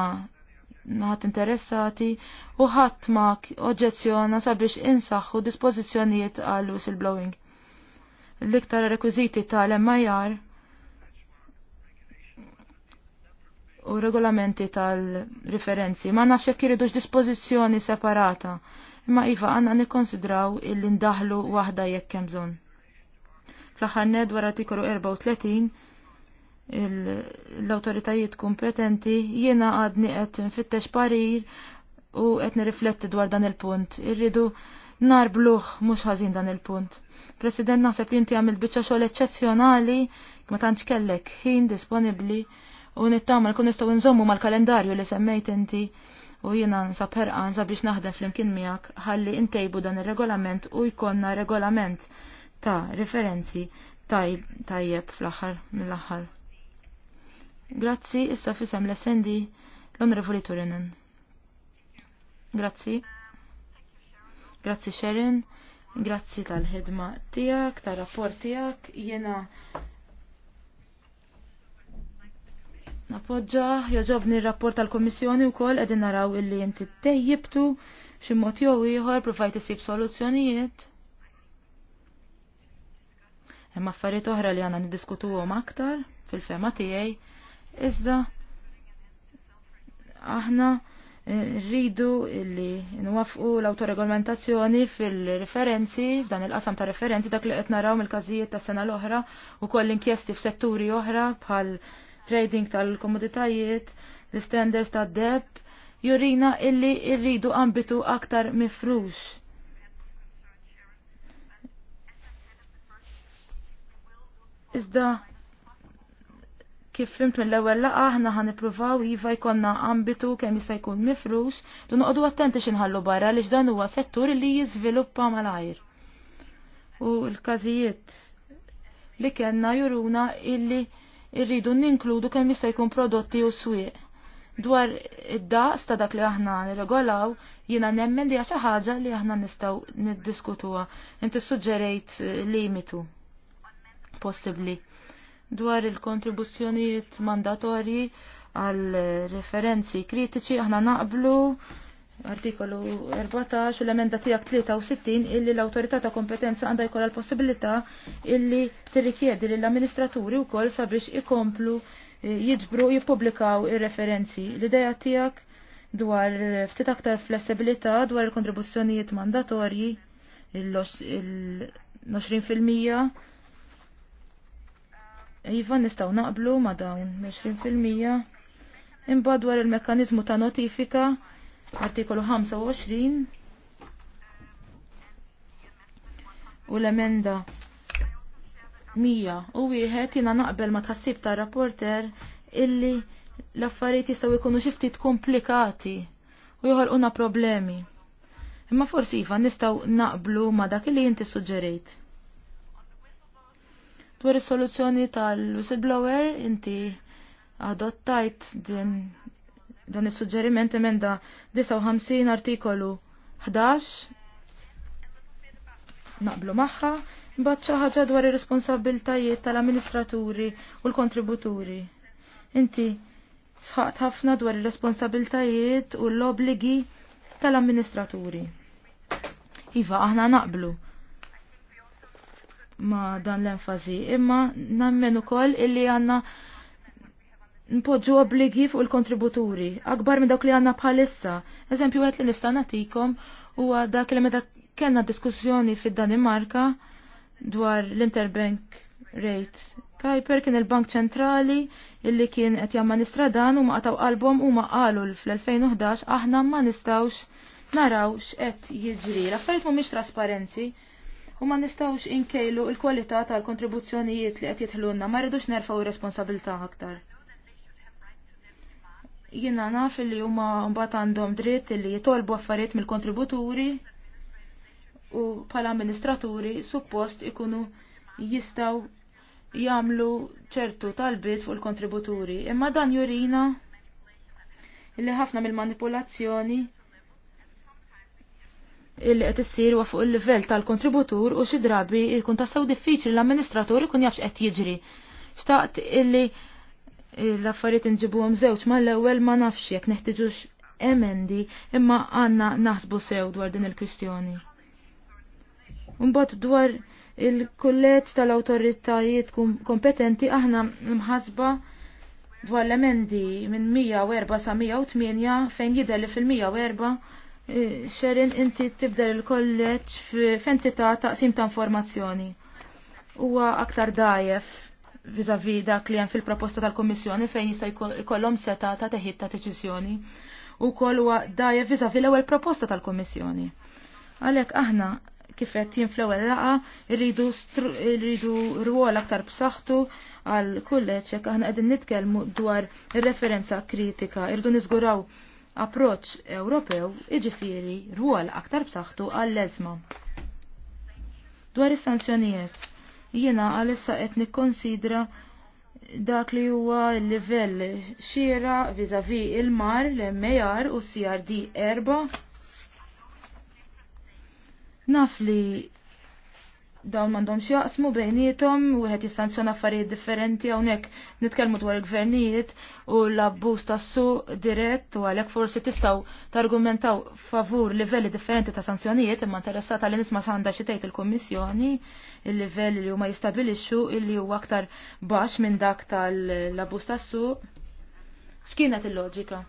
naħat interessati u ħadd ma oġġezzjona sabiex insaħħu dispożizzjonijiet għal whistleblowing l-iktar rekwiziti tal-MIR u regolamenti tal-referenzi. Ma nafx jekk iridux dispożizzjoni separata, imma iva għandna nikkonsidraw illi ndaħlu waħda jekk hemm bżonn. Fl-aħħar ned wara artikolu 34 l-autoritajiet kompetenti jiena għadni qed nfittex parir u qed nirrifletti dwar dan il-punt. Irridu narbluħ mhux ħażin dan il-punt. President, naħseb li inti għamil bieċa xogħol eċċezzjonali, ma tanċ kellek ħin disponibbli u nittama kun nistgħu nżommu mal-kalendarju li semmejt inti u jiena nsab ħerqan sabiex naħdem flimkien miegħek ħalli intejbu dan ir-regolament u jkollna regolament ta' referenzi tajb tajjeb fl-aħħar mill-aħħar. Grazzi, issa fisem l-essendi l-Onorevoli Turinen. Grazzi. Grazzi Sharon Grazzi tal-ħidma tijak, tal-rapport tijak, jena Napoġġa, joġobni rapport tal-Komissjoni u koll edin naraw illi jinti tejjibtu ximot jow iħor provajt isib soluzzjonijiet. Hemm affarijiet oħra li għandna niddiskutuhom aktar fil-fema tiegħi, iżda aħna rridu illi nwafqu l-autoregolamentazzjoni fil-referenzi, f'dan il-qasam ta' referenzi dak li qed naraw mill-każijiet ta' sena l-oħra u koll inkjesti f'setturi oħra bħal trading tal-komoditajiet, l-standards ta' deb, jurina illi rridu ambitu aktar mifrux. Iżda Kif fimt mill-ewwel laqa aħna ħan nippruvaw iva jkollna ambitu kemm jista' jkun mifrux, dun noqogħdu attenti x'inħallu barra lix dan huwa settur li jiżviluppa malajr. U l-każijiet li kellna juruna illi irridu ninkludu kemm jista' jkun prodotti u swieq dwar id-daqs ta' dak li aħna nirregolaw, jina nemmen di xi ħaġa li aħna nistgħu niddiskutuha. Inti suġġerejt limitu possibbli dwar il-kontribuzzjonijiet mandatorji għal referenzi kritiċi aħna naqblu artikolu 14 u l-emenda tijak 63 illi l-autorità ta' kompetenza għandha jkollha l-possibilità illi tirrikjedi l amministraturi wkoll sabiex ikomplu eh, jiġbru jippubblikaw ir-referenzi. L-idea tiegħek dwar ftit aktar flessibilità dwar il-kontribuzzjonijiet mandatorji il-20 il Iva nistaw naqblu ma dawn 20% imbagħad dwar il-mekkanizmu ta' notifika artikolu 25 u l-emenda 100 u wieħed jina naqbel ma tħassib ta' rapporter illi l-affarijiet jistgħu jkunu xi ftit komplikati u joħolquna problemi. Imma forsi iva nistgħu naqblu ma dak li inti suġġerejt. Dwar is-soluzzjoni tal-whistleblower inti adottajt din dan is-suġġeriment emenda 59 artikolu 11 naqblu magħha mbagħad xi ħaġa dwar ir-responsabbiltajiet tal-amministraturi u l-kontributuri. Inti sħaqt ħafna dwar ir-responsabbiltajiet u l-obligi tal-amministraturi. Iva aħna naqblu ma dan l-enfasi, imma nammen ukoll illi għanna npoġġu obbligi fuq il-kontributuri, akbar minn dawk li għanna bħalissa. Eżempju għet li nista' nagħtikom huwa dak li meta kellna diskussjoni fid-Danimarka dwar l-interbank rate. Kajper kien il-Bank Ċentrali illi kien qed jammanistra dan u ma qataw qalbhom u ma qalu fl-2011 aħna ma nistgħux naraw x'qed jiġri. L-affarijiet mhumiex trasparenzi u ma nistawx inkejlu l-kwalità tal-kontribuzzjonijiet li qed jitħlunna, ma rridux nerfgħu responsabilità aktar. Jiena naf li huma mbagħad għandhom dritt li jitolbu affarijiet mill-kontributuri u bħala amministraturi suppost ikunu jistaw jamlu ċertu talbiet fuq il-kontributuri. Imma dan jurina li ħafna mill-manipulazzjoni illi qed issir huwa fuq il-livell tal-kontributur u xi drabi jkun tassew diffiċli l-amministratur ikun jafx qed jiġri. Xtaqt illi l-affarijiet inġibuhom żewġ mal-ewwel ma nafx jekk neħtiġux emendi imma għandna naħsbu sew dwar din il-kwistjoni. Mbagħad dwar il-kulleġġ tal-awtoritajiet kompetenti aħna mħasba dwar l-emendi minn 104 sa 108 fejn jidher li fil-104 Xerin, inti tibder il fejn f'entità taqsim ta' informazzjoni. Huwa aktar dajef vizavi dak li hemm fil-proposta tal-Kommissjoni fejn jista' jkollhom seta ta' teħid ta' deċiżjoni. Ukoll huwa dajef viżavi l-ewwel proposta tal-Kommissjoni. Għalhekk aħna kif qed jien fl-ewwel laqa rridu rridu rwol aktar b'saħħtu għal kulleġ jekk aħna qegħdin nitkellmu dwar ir-referenza kritika, rridu niżguraw approċ Ewropew iġifieri rwol aktar b'saħħtu għall-eżma. Dwar is-sanzjonijiet, jiena għalissa qed nikkonsidra dak li huwa l-livell xiera viżavi il-mar l-MAR u CRD erba' naf li dawn mandom xjaqsmu bejnietom u għet jissanzjona affarijiet differenti għonek nitkelmu dwar gvernijiet u l-abbuż tassu dirett u għalek forsi tistaw targumentaw favur livelli differenti ta' sanzjonijiet imma interessata li nisma xanda xitejt il-kommissjoni il-livelli li huma jistabilixxu illi huwa aktar baxx minn dak tal-abbuż tassu. X'kienet il-loġika?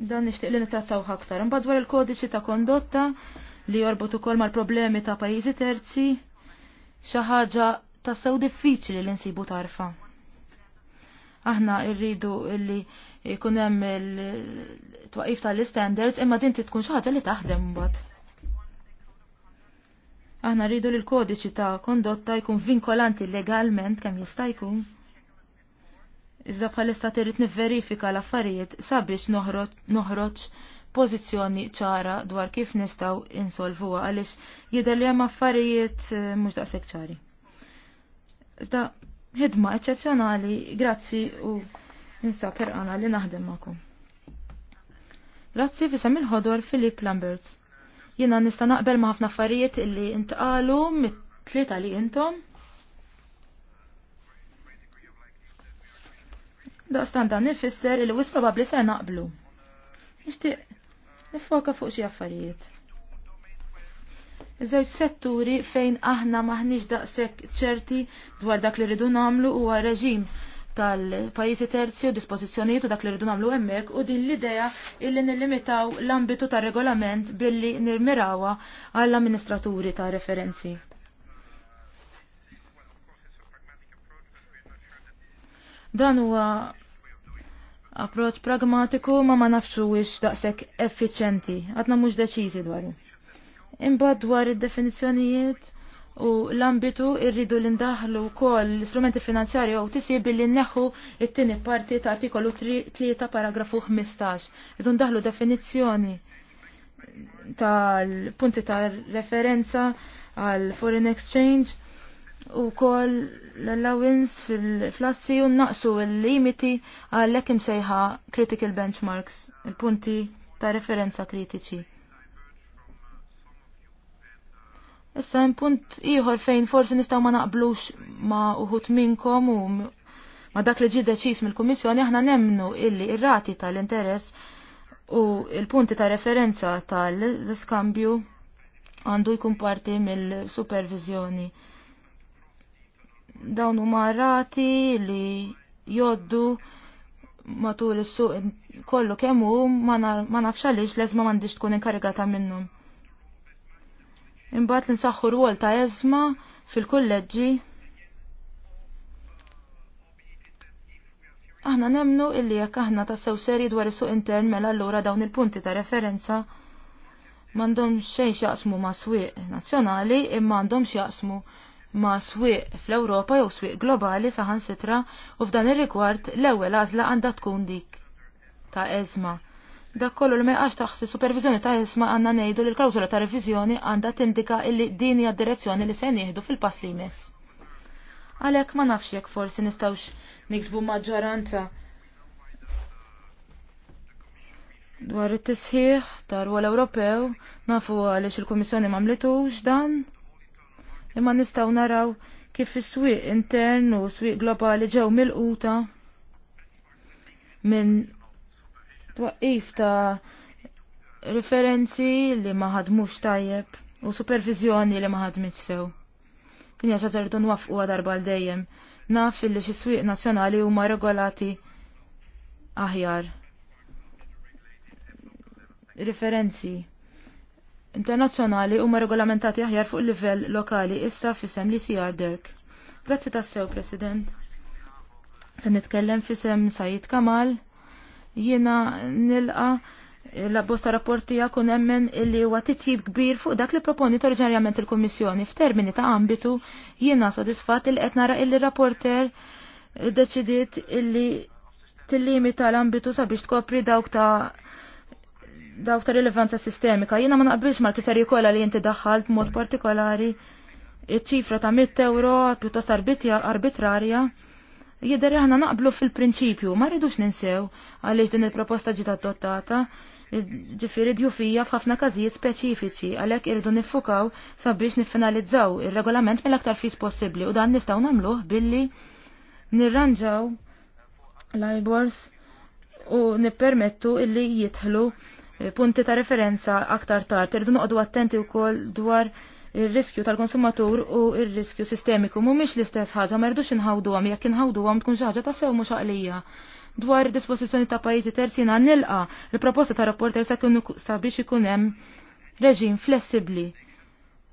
Dan nixtieq li nittrattaw aktar. Imbagħad dwar il-kodiċi ta' kondotta li jorbot ukoll mal-problemi ta' pajjiżi terzi xi ħaġa tassew diffiċli li nsibu tarfa. Aħna rridu illi jkun hemm il-twaqif tal-standards imma din tkun xi ħaġa li taħdem mbagħad. Aħna rridu li l-kodiċi ta' kondotta jkun vinkolanti legalment kemm jista' jkun. Iżda bħalissa trid nivverifika l-affarijiet sabiex noħroġ pożizzjoni ċara dwar kif nistgħu insolvuha għaliex jidher li hemm affarijiet eh, mhux daqshekk ċari. Da ħidma eċċezzjonali, grazzi u ninsab għana li naħdem magħkom. Grazzi fisem il-ħodor Filip Lamberts. Jiena nista' naqbel ma' ħafna affarijiet illi intqalu mit-tlieta li intom. Da standa nifisser illi wis probabbli se naqblu. Nixtieq nifoka fuq xi affarijiet. Iżewġ setturi fejn aħna maħniġ daqshekk ċerti dwar dak li rridu nagħmlu huwa reġim tal-pajjiżi terzi u dispożizzjonijiet u dak li rridu nagħmlu hemmhekk u din l-idea illi nillimitaw l-ambitu tar-regolament billi nirmirawha għall-amministraturi ta' referenzi. Dan huwa approċ pragmatiku ma ma nafxu wix daqsek effiċenti, għatna mux deċizi dwaru. Imbad dwar id-definizjonijiet u l-ambitu irridu l-indaħlu kol l-istrumenti finanzjari u tisi billi neħu it-tini parti ta' artikolu 3 paragrafu 15. Irridu ndaħlu definizjoni tal-punti ta' referenza għal foreign exchange u kol l-allowance fil-flassi u naqsu l-limiti għallek imsejħa critical benchmarks, il-punti ta' referenza kritiċi. Issa punt iħor fejn forsi nistaw ma naqblux ma uħut minnkom u ma dak li ġi deċiż mill-Kummissjoni aħna nemnu illi ir-rati tal-interess u il-punti ta' referenza tal-skambju għandu jkun parti mill-supervizjoni dawn huma rati li joddu matul is-suq kollu kemm hu ma nafx għaliex l-eżma m'għandix tkun inkarigata minnhom. Imbagħad li nsaħħu rwol ta' eżma fil-kulleġġi Aħna nemnu illi jekk aħna tassew seri dwar is-suq intern mela allura dawn il-punti ta' referenza m'għandhom xejn x'jaqsmu ma' swieq nazzjonali imma għandhom x'jaqsmu ma' swieq fl-Ewropa jew swieq globali saħan sitra u f'dan ir-rigward l-ewwel għażla għandha tkun dik ta' eżma. Dak kollu li meqax taħsi supervizjoni ta' eżma għandna ngħidu li l-klawżola ta' reviżjoni għandha tindika illi din hija d-direzzjoni li se nieħdu fil-pass li jmiss. Għalhekk ma nafx jekk forsi nistgħux niksbu maġġoranza dwar it-tisħiħ tar-rwol Ewropew nafu għaliex il-Kummissjoni m'għamlitux dan imma nistgħu naraw kif is-swieq intern u swieq globali ġew milquta minn twaqqif ta' referenzi li ma ħadmux tajjeb u supervizjoni li ma ħadmitx sew. Tinja ċaċertu nwafqu darba l dejjem naf illi xi swieq nazzjonali huma regolati aħjar. Referenzi internazzjonali huma regolamentati aħjar fuq livell lokali issa fisem li CR Dirk. Grazzi tassew, President. Se nitkellem fisem Sajid Kamal. Jiena nilqa la bosta rapportija kun emmen illi huwa titjib kbir fuq dak li proponit oriġinarjament il-Kummissjoni f'termini ta' ambitu jiena sodisfat il qed nara illi rapporter deċidiet illi tillimita l-ambitu sabiex tkopri dawk ta' dawk ta' rilevanza sistemika. Jiena ma naqbilx mal-kriterji kollha li inti daħħalt b'mod partikolari iċ-ċifra ta' 100 euro pjuttost arbitrarja. Jidher aħna naqblu fil-prinċipju, ma rridux ninsew għaliex din il-proposta ġiet adottata. Ġifieri djufija f'ħafna każijiet speċifiċi għalhekk irridu niffukaw sabiex niffinalizzaw ir-regolament mill-aktar fis possibbli u dan nistgħu nagħmluh billi nirranġaw l-ibors u nippermettu illi jidħlu punti ta' referenza aktar tard. Irdu noqogħdu attenti wkoll dwar ir-riskju tal-konsumatur u ir-riskju sistemiku mhumiex l-istess ħaġa ma rridux inħawduhom jekk inħawduhom tkun xi ħaġa ta' sew mhux għalija. Dwar dispożizzjoni ta' pajjiżi terzina nilqa il-proposta ta' rapporter sabiex ikun hemm reġim flessibbli.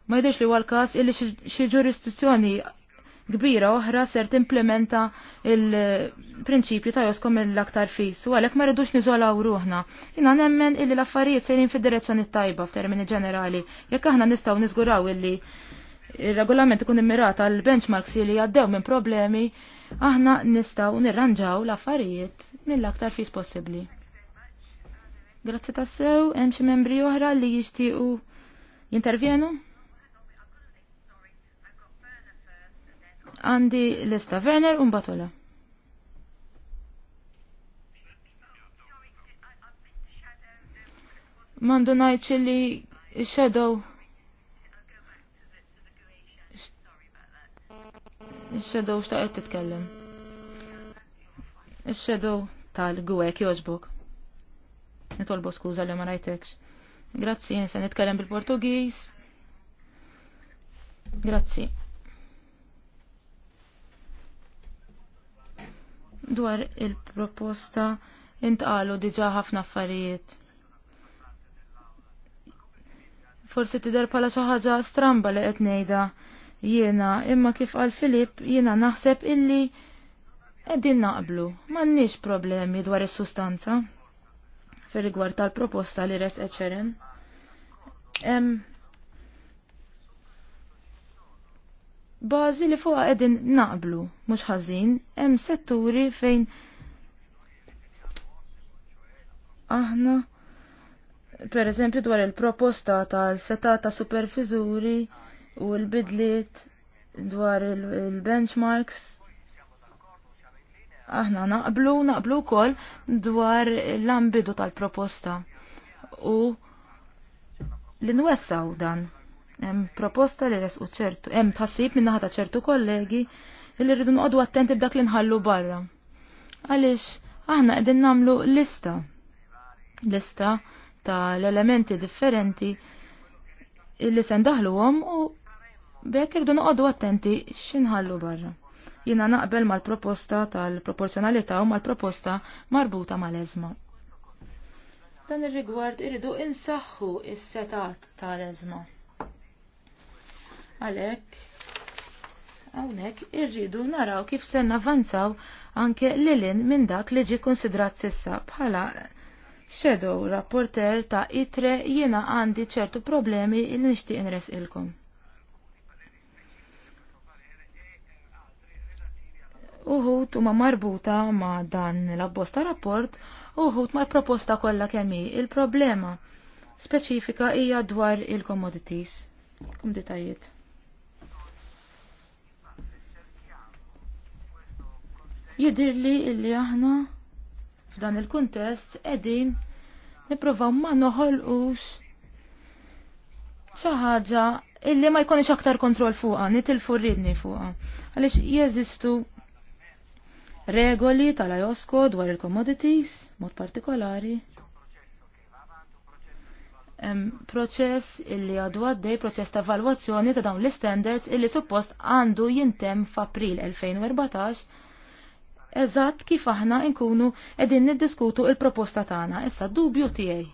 Ma jidhirx li huwa l-każ illi xi ġurisdizzjoni kbira oħra ser timplementa il-prinċipju ta' joskom l-aktar fis. U għalhekk ma rridux niżolaw ruħna. Jina nemmen illi l-affarijiet sejrin fid-direzzjoni tajba f'termini ġenerali. Jekk aħna nistgħu niżguraw illi il-regolament ikun immirata għal benchmarks li jaddew minn problemi, aħna nistgħu nirranġaw l-affarijiet mill-aktar fis possibbli. Grazzi tassew, hemm xi membri oħra li jixtiequ jintervjenu? Għandi lista Werner un Batola. Mandu najċ li shadow Shadow xtaqet titkellem. Shadow tal-gwek joġbok. Nitolbo skuza li ma rajtekx. Grazzi, nisa nitkellem bil-Portugis. Grazzi. Dwar il-proposta intqalu diġa ħafna affarijiet. Forsi tidher bħala xi ħaġa stramba li qed ngħidha jiena, imma kif qal Filip jiena naħseb illi qegħdin naqblu, m'għandniex problemi dwar is-sustanza fir rigward tal-proposta li res eċerin. bażi li fuqha qegħdin naqblu mhux ħażin hemm setturi fejn aħna per eżempju dwar il-proposta tal-seta ta' superfiżuri u l-bidliet dwar il-benchmarks aħna naqblu naqblu wkoll dwar l-ambidu tal-proposta u l nwessaw dan Hemm proposta li resqu ċertu, hemm tħassib minn naħa ta' ċertu kollegi li rridu noqogħdu attenti b'dak li nħallu barra. Għaliex aħna qegħdin nagħmlu lista. Lista tal-elementi differenti illi se ndaħluhom u bekk irridu noqogħdu attenti x'inħallu barra. Jiena naqbel mal-proposta tal-proporzjonalità u mal-proposta marbuta mal-eżma dan ir-rigward iridu insaħħu is-setat tal-eżma. Għalhekk hawnhekk irridu naraw kif se navanzaw anke lilin minn dak li ġi konsidrat sissa bħala shadow rapporter ta' itre jiena għandi ċertu problemi il nixtieq inres ilkom. Uħut huma marbuta ma' dan l-abbosta rapport, uħut mal-proposta kollha kemm il-problema speċifika hija dwar il-commodities. Kumditajiet. li illi aħna f'dan il-kuntest edin niprofaw ma noħolqux xi ħaġa illi ma jkunx aktar kontroll fuqha, nitilfu ridni fuqha. Għaliex jeżistu regoli tal-ajosko dwar il-commodities, mod partikolari, proċess illi għadu għaddej proċess ta' valwazzjoni ta' dawn l-standards illi suppost għandu jintem f'April 2014 eżatt kif aħna nkunu qegħdin niddiskutu il-proposta tagħna. Issa dubju tiegħi.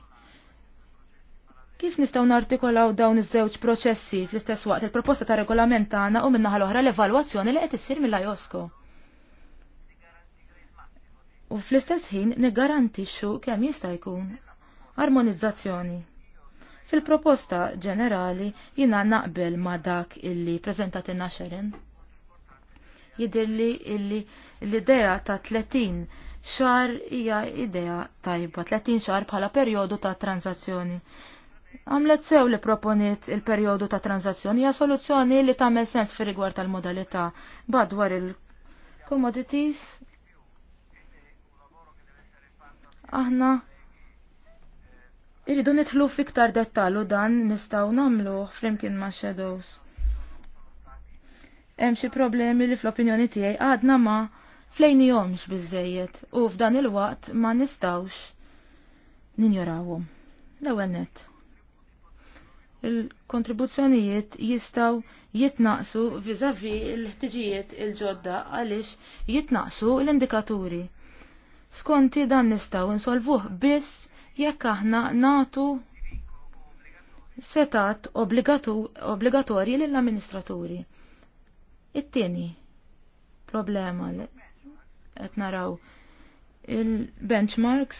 Kif nistgħu nartikolaw dawn iż-żewġ proċessi fl-istess waqt il-proposta ta' regolament tagħna u minnaħa l-oħra l-evalwazzjoni li qed issir mill-ajosko. U fl-istess ħin niggarantixxu kemm jista' jkun armonizzazzjoni. Fil-proposta ġenerali jina naqbel ma dak illi preżentatina xerin jidirli illi l-idea ta' 30 xar hija idea tajba, 30 xar bħala perjodu ta' tranzazzjoni. Għamlet sew li proponiet il-perjodu ta' tranzazzjoni hija soluzzjoni li tagħmel sens fir rigward tal-modalità badwar il-commodities. Aħna Iridu nidħlu fiktar dettallu dan nistgħu nagħmlu flimkien ma' shadows hemm xi problemi li fl-opinjoni tiegħi għadna ma flejnihomx biżejjed u f'dan il-waqt ma nistawx ninjorawhom. L-ewwel nett. Il-kontribuzzjonijiet jistaw jitnaqsu viżavi l-ħtiġijiet il-ġodda għaliex jitnaqsu l-indikaturi. Skonti dan nistaw insolvuh biss jekk aħna natu setat obbligatorji lill-amministraturi. It-tieni problema li qed naraw il-benchmarks,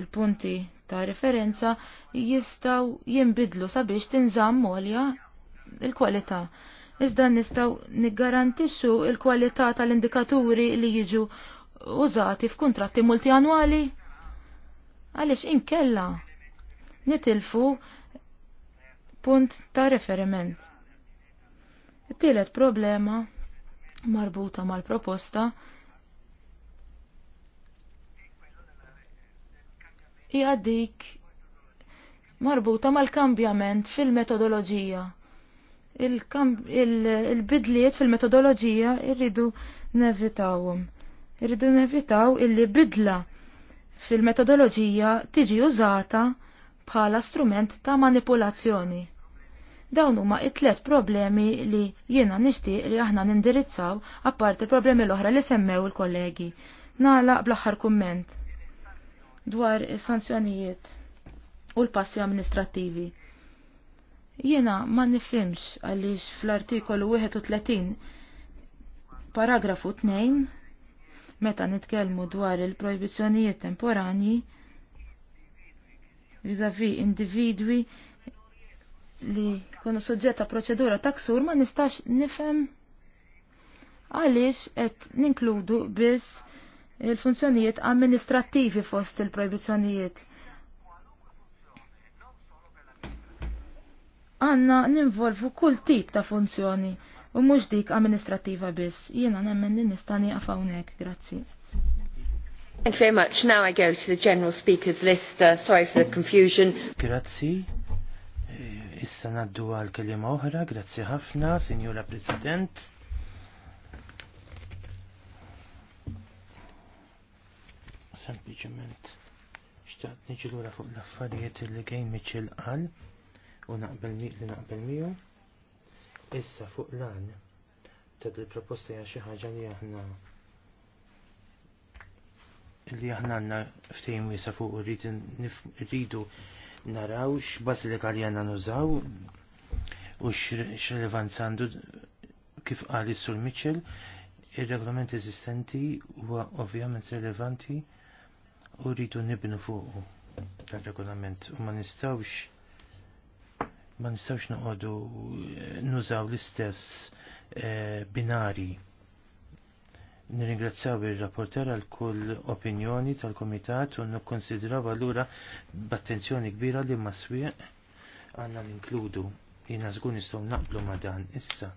il-punti ta' referenza jistaw jinbidlu sabiex tinżamm olja il-kwalità. Iżda nistaw niggarantixxu il-kwalità tal-indikaturi li jiġu użati f'kuntratti multianwali? Għaliex inkella nitilfu punt ta' referiment. It-tielet problema marbuta mal-proposta hija dik marbuta mal-kambjament fil-metodoloġija. Il-bidliet il bidliet fil metodoloġija irridu nevitawhom. Irridu nevitaw illi bidla fil-metodoloġija tiġi użata bħala strument ta' manipulazzjoni. Dawn huma it-tlet problemi li jiena nixtieq li aħna nindirizzaw apparti problemi l-oħra li semmew il-kollegi. Nagħlaq bl-aħħar kumment dwar is-sanzjonijiet u l-passi amministrattivi. Jiena ma nifhimx għaliex fl-artikolu 31 paragrafu 2 meta nitkellmu dwar il-projbizzjonijiet a vis individwi li Kunu suġġetta proċedura ta' ksur ma nistax nifhem għaliex qed ninkludu biss il-funzjonijiet amministrativi fost il-proibizzjonijiet. Għanna ninvolvu kull tip ta' funzjoni u mhux dik amministrattiva biss. Jiena nemmen li nista' nieqaf hawnhekk, grazzi. Thank you very much. Now I go to the general speakers list. Uh, sorry for the confusion. Grazzi. Eh, Issa naddu għal kelima oħra, grazzi ħafna, Sinjura President. Sempliciment, xtaqt nġilura fuq l-affarijiet li għej miċil qal u naqbel li naqbel miju. Issa fuq lan, tad l proposta hija xi ħaġa li aħna li aħna għandna ftehim wiesa fuq rridu naraw x'baż li għandna nużaw u x'relevanza għandu kif għalis sur Mitchell, ir-reglament eżistenti huwa ovvjament relevanti u rridu nibnu fuqu tal-regolament u ma nistawx ma nistawx noqogħdu eh, nużaw l-istess eh, binari Nirringrazzjaw il-rapporter għal kull opinjoni tal-komitat u nikkonsidraw allura b'attenzjoni kbira li ma swieq għanna l-inkludu. Jina zgun nistgħu naqblu ma dan issa.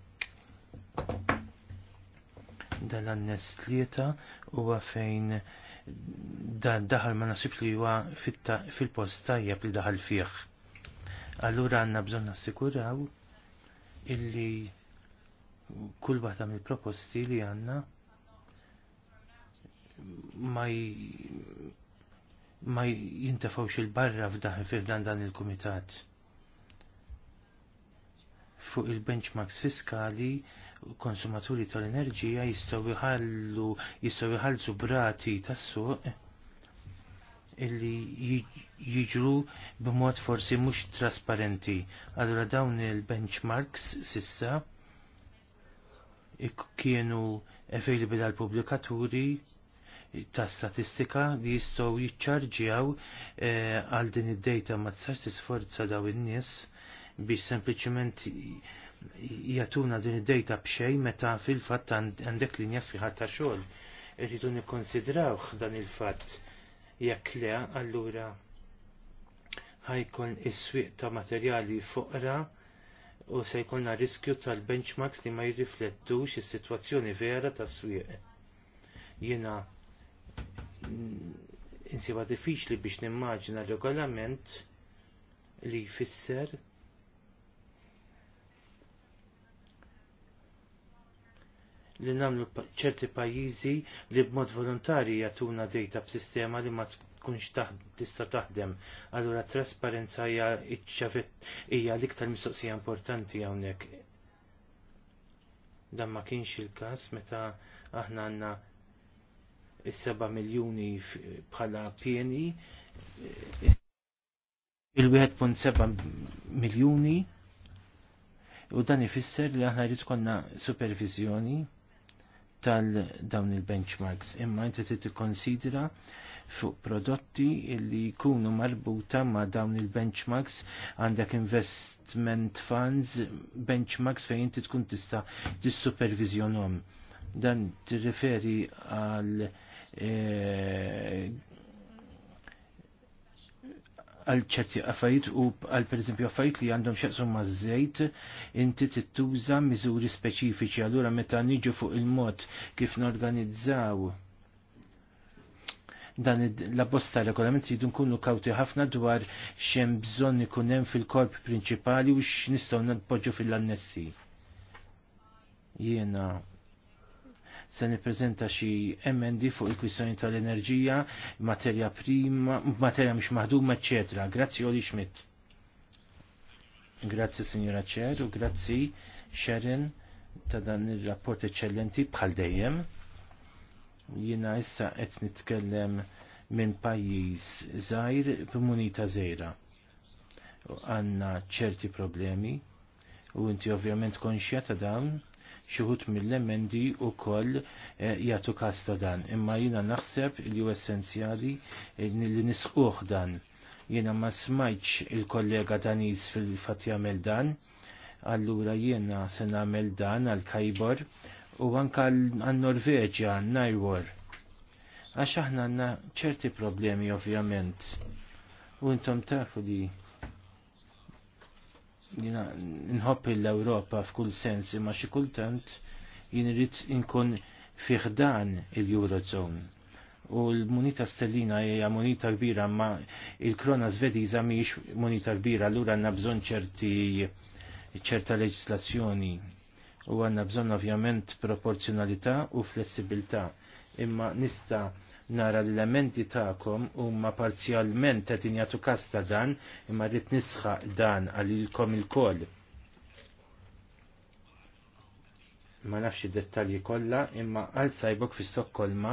Dan għannes tlieta huwa fejn dan daħal ma nasib li huwa fil-post tajjeb li daħal fih. Allura għanna bżonn nassikuraw illi kull waħda mill-proposti li għanna ma ma jintafawx il-barra f'daħ f'dan dan il-kumitat fuq il-benchmarks fiskali konsumaturi tal-enerġija jistgħu jħallu jistgħu jħallsu brati tas-suq illi jiġru b'mod forsi mhux trasparenti. Allura dawn il-benchmarks sissa kienu available għal-publikaturi ta' statistika li jistgħu jiċċarġjaw eh, għal din id-dejta ma tistax tisforza daw in-nies biex sempliċement jatuna din id-dejta b'xejn meta fil-fatt għandek linja sħiħa ta' xogħol. Irridu nikkonsidrawh dan il-fatt jekk le allura ħajkun is-swieq ta' materjali foqra u se jkollna riskju tal-benchmarks li ma jirriflettux is-sitwazzjoni vera tas-swieq. Jiena Mm, insiba diffiċli biex nimmaġina regolament li jfisser li namlu ċerti pajjiżi li b'mod volontari jagħtuna dejta b'sistema li ma tkunx tista taħdem. Allura trasparenza hija hija l-iktar mistoqsija importanti hawnhekk. Dan ma kienx il-każ meta aħna għandna is-7 miljuni bħala pieni eh, il-1.7 miljuni u dan ifisser li aħna rrid konna supervizjoni tal-dawn il-benchmarks imma inti trid tikkonsidra fuq prodotti li jkunu marbuta ma' dawn il-benchmarks għandek investment funds, benchmarks fejn inti tkun tista' dissupervizjonhom. Dan tirreferi għal E, għal ċerti affarijiet u għal per eżempju li għandhom xaqsum ma' żejt inti tittuża miżuri speċifiċi allura meta niġu fuq il-mod kif norganizzaw dan la bosta regolament jridu nkunu kawti ħafna dwar xem bżonn ikun hemm fil-korp prinċipali u x'nistgħu nadpoġġu fil-annessi. Jiena se nippreżenta xi emendi fuq il-kwistjoni tal-enerġija, materja prima, materja mhix maħduma, eċetera. Grazzi Oli Schmidt. Grazzi Sinjora Ċer u grazzi Sharon ta' dan ir-rapport eċċellenti bħal dejjem. Jiena issa qed nitkellem minn pajjiż żgħir b'munita żgħira. Għandna ċerti problemi u inti ovvjament konxja ta' dawn xuħut mill-emendi u koll eh, jgħatu kasta dan. Imma jina naħseb li u essenzjali eh, li nisquħ dan. Jina ma smajċ il-kollega Daniz fil-fat jagħmel dan, allura jina se nagħmel dan għal Kajbor u anka għal Norveġja najwar Għax aħna għandna ċerti problemi ovvjament. U intom tafu li jina nħobb l-Ewropa f'kull sens imma xi kultant jien irid inkun fih dan il-Eurozone. U l-munita stellina hija munita kbira ma il-krona svediża mhijiex munita kbira allura għandna bżonn ċerti ċerta leġislazzjoni u għandna bżonn ovvjament proporzjonalità u flessibilità imma nista' nara l-elementi ta'kom huma parzjalment qed tinjatu kasta dan imma rrid nisħaq dan għalilkom il kol Ma nafx id-dettalji kollha imma għal sajbok fi Stokkolma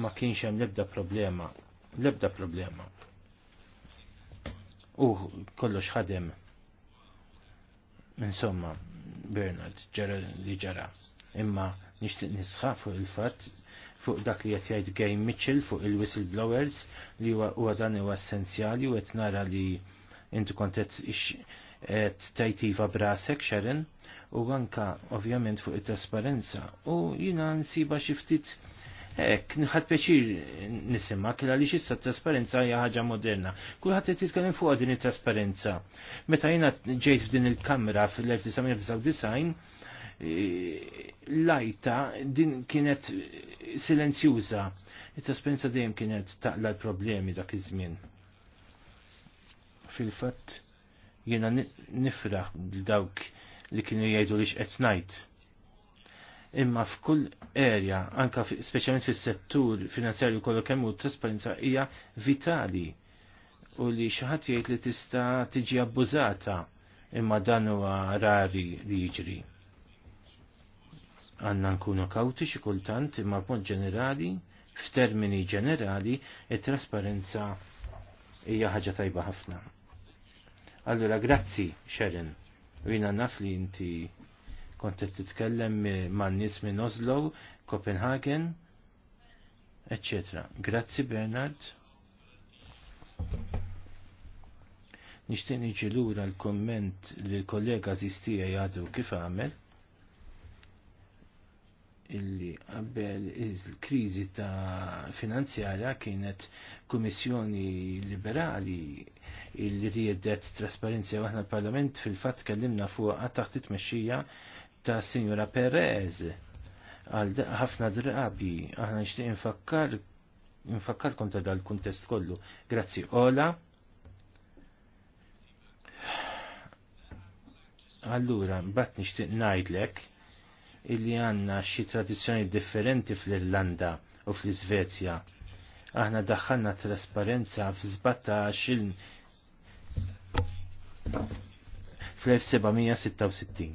ma kienx hemm l-ebda problema. L-ebda problema. Uħ, kollox ħadem. Insomma, Bernard, ġara li ġara. Imma nixtieq nisħaq fuq il-fatt fuq dak li qed jgħid Game Mitchell fuq il-whistleblowers li huwa dan huwa essenzjali u qed nara li inti kont qed tajtiva brasek Sharon u anka ovvjament fuq it-trasparenza u jina nsiba xi ftit hekk nħad peċir nisimak li għaliex issa trasparenza hija ħaġa moderna. Kulħadd qed jitkellem fuq din it-trasparenza. Meta jiena ġejt f'din il-kamra fil-1999 lajta din kienet silenzjuża. It-trasparenza dejjem kienet taqla l-problemi dak iż-żmien. Fil-fatt jiena nifraħ dawk li kienu jgħidu lix qed ngħid. Imma f'kull area, anka speċjalment fis-settur finanzjarju kollu kemm hu trasparenza hija vitali u li xi ħadd jgħid li tista' tiġi abbużata imma dan huwa rari li jiġri. Għanna nkunu kawti xi kultant imma punt ġenerali, f'termini ġenerali, il trasparenza hija ħaġa tajba ħafna. Allora grazzi, Sharon. Rina naf li inti kont qed titkellem man nies minn Oslo, Copenhagen, etc. Grazzi Bernard. Nixtieq niġi lura l-komment li l-kollega Zistija jadu kif għamel illi qabel il-krizi ta' finanzjarja kienet kummissjoni liberali illi riedet trasparenzja waħna parlament fil-fat kellimna fuq taħt it ta' Signora Perez għal ħafna drabi aħna nixtieq infakkar infakkarkom ta' dal-kuntest kollu. Grazzi Ola. Allura, mbagħad nixtieq ngħidlek illi għanna xi tradizzjoni differenti fl-Irlanda u fl-Svezja. Aħna daħħalna trasparenza f-17 fl-1766.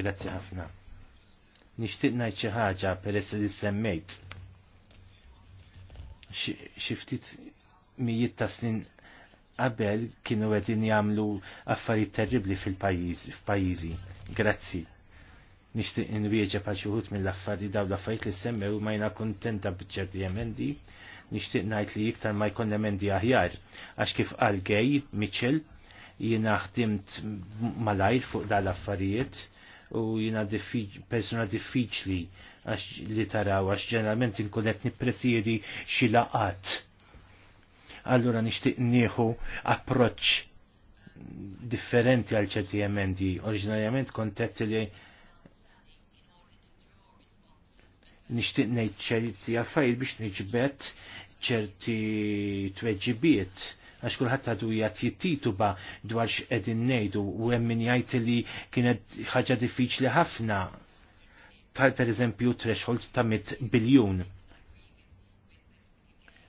Grazzi ħafna. Nixtieq ngħid xi ħaġa peress li semmejt. Xi ftit mijiet ta' snin qabel kienu qegħdin jagħmlu affarijiet terribli fil-pajjiż f'pajjiżi. Grazzi nixtieq nwieġa għal xi wħud mill-affarijiet daw l-affarijiet li semmew ma jina kuntenta b'ċerti emendi, nixtieq ngħid li iktar ma jkun emendi aħjar għax kif qal gej Mitchell jiena ħdimt malajr fuq dal affarijiet u jiena persuna diffiċli għax li taraw għax ġeneralment inkun qed nippresjedi xi laqat. Allura nixtieq nieħu approċċ differenti għal ċerti emendi. Oriġinarjament kontet li nixtieq ngħid ċerti affarijiet biex niġbed ċerti tweġibiet għax kulħadd għadu jgħat jittituba dwar x'qegħdin ngħidu u hemm min jgħid li kienet ħaġa diffiċli ħafna bħal pereżempju threshold ta' mit biljun.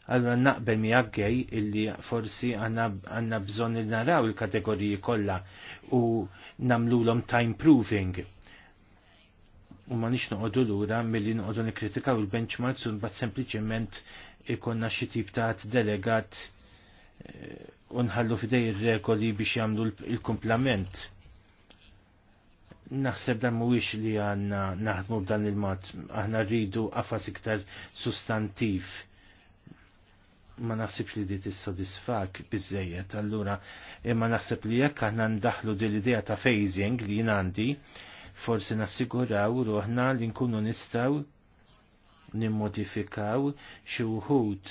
Allora naqbel mi għaggej illi forsi għanna bżon il-naraw il-kategoriji kolla u namlulom time proving u ma nix noqodu l-ura mill-li noqodu u il benchmark sun bat sempliciment ikonna xi tip ta' delegat eh, unħallu fidej il regoli biex jagħmlu il komplament Naħseb dan mhuwiex li għandna naħdmu b'dan il-mod, aħna rridu qafas iktar sustantiv. Ma naħsibx li di tissodisfak biżejjed, allura imma naħseb li jekk aħna ndaħlu din l-idea ta' phasing li jien għandi, forsi nassiguraw ruħna li nkunu nistaw nimmodifikaw xi wħud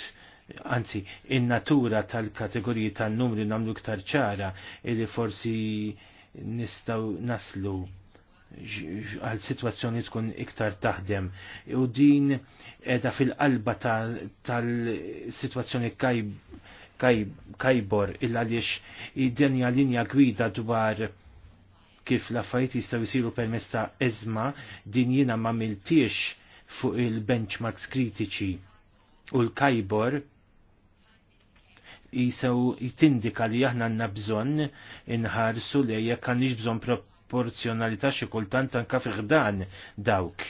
anzi in-natura tal-kategoriji tan-numri nagħmlu iktar ċara li forsi nistaw naslu għal situazzjoni tkun iktar taħdem. U din edha fil-qalba tal-situazzjoni kajbor illa għaliex id-denja linja gwida dwar kif l fajt jistgħu jsiru permezz ta' eżma din jina ma miltiex fuq il-benchmarks kritiċi u l-kajbor jisaw jitindika li aħna għanna bżon inħarsu li jekk għandix bżon proporzjonalità xi kultant anka fiħdan dawk.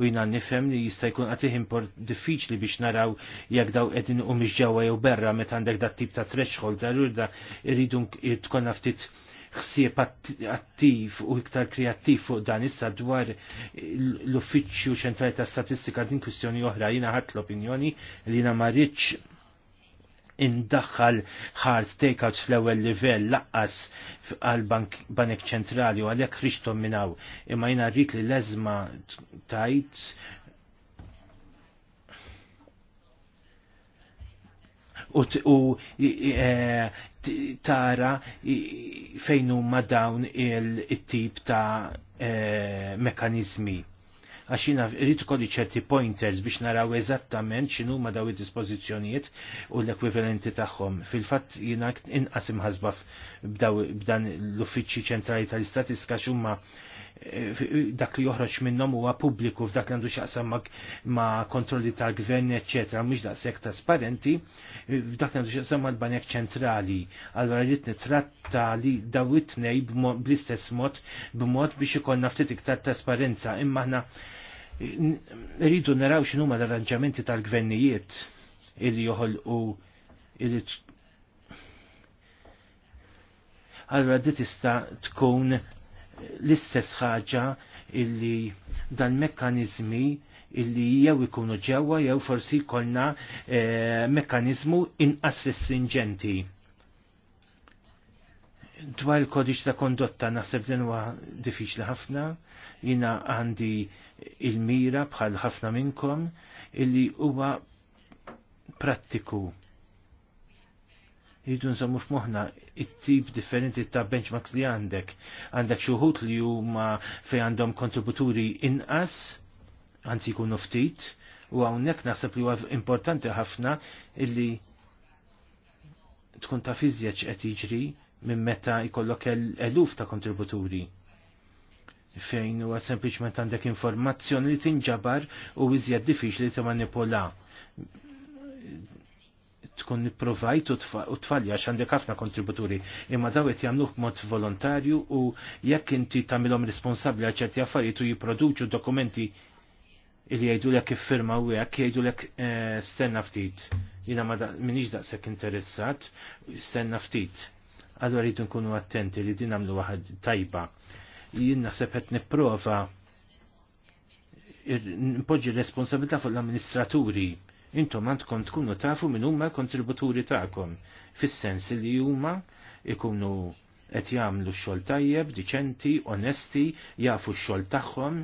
U jina nifhem li jista' jkun qatih import diffiċli biex naraw jekk daw qegħdin u mhix ġewwa jew berra meta għandek dat tip ta' threshold allura irridu tkun ftit ħsieb attiv u iktar kreattiv fuq dan issa dwar l-Uffiċċju ċentrali ta' Statistika din kwistjoni oħra jiena ħadd l-opinjoni li jiena ma rridx indaħħal hard takeouts fl-ewwel livell laqqas għal banek ċentrali u għalhekk rixtom minnaw imma jiena rrid li l-eżma tajt u e, tara fejn huma dawn il-tip ta' e, mekanizmi. Għaxina rritu kolli ċerti pointers biex naraw eżattament xinu ma daw id-dispożizzjonijiet u l-ekwivalenti tagħhom. Fil-fatt jina inqas imħasba b'dan l-uffiċċji ċentrali tal-istatistika x'huma dak li joħroġ minnhom huwa pubbliku f'dak li għandu x'aqsam ma' kontrolli tal-gvern, eċetera, mhux daqshekk trasparenti, f'dak li għandu x'aqsam mal-Banek Ċentrali. Allora rrid nitratta li daw it-tnej bl-istess mod b'mod biex ikollna ftit iktar trasparenza, imma aħna rridu naraw x'inhuma l-arranġamenti tal-gvernijiet illi joħolqu illi allora di tista' tkun l-istess ħaġa illi dan mekkanizmi illi jew ikunu ġewwa jew forsi jkollna e, eh, mekkanizmu inqas restringenti. Dwar il-kodiċ ta' kondotta naħseb din huwa diffiċli ħafna, jina għandi il-mira bħal ħafna minnkom illi huwa prattiku Jidu nżommu f'moħna it-tip differenti ta' benchmarks li għandek. Għandek xuħut li huma fej għandhom kontributuri inqas, anzi jkunu ftit, u għawnek naħseb li huwa importanti ħafna illi tkun ta' fizja qed jiġri minn meta jkollok eluf ta' kontributuri fejn huwa sempliċement għandek informazzjoni li tinġabar u iżjed diffiċli li manipola tkun nipprovajt u tfalja għandek ħafna kontributuri imma daw qed jagħmluh volontarju u jekk inti tagħmilhom responsabbli għal ċerti affarijiet u jipproduċu dokumenti il jgħidu l kif firma u jgħak jgħidu l stenna ftit. Jina ma minix daqsek interessat, stenna ftit. Allora jridu nkunu attenti li din għamlu għahad tajba. Jina naħseb qed nipprova npoġġi responsabilità fuq l-amministraturi intom għandkom tkunu tafu minn huma kontributuri tagħkom fis-sens li huma ikunu qed jagħmlu x-xogħol tajjeb, diċenti, onesti, jafu x-xogħol tagħhom,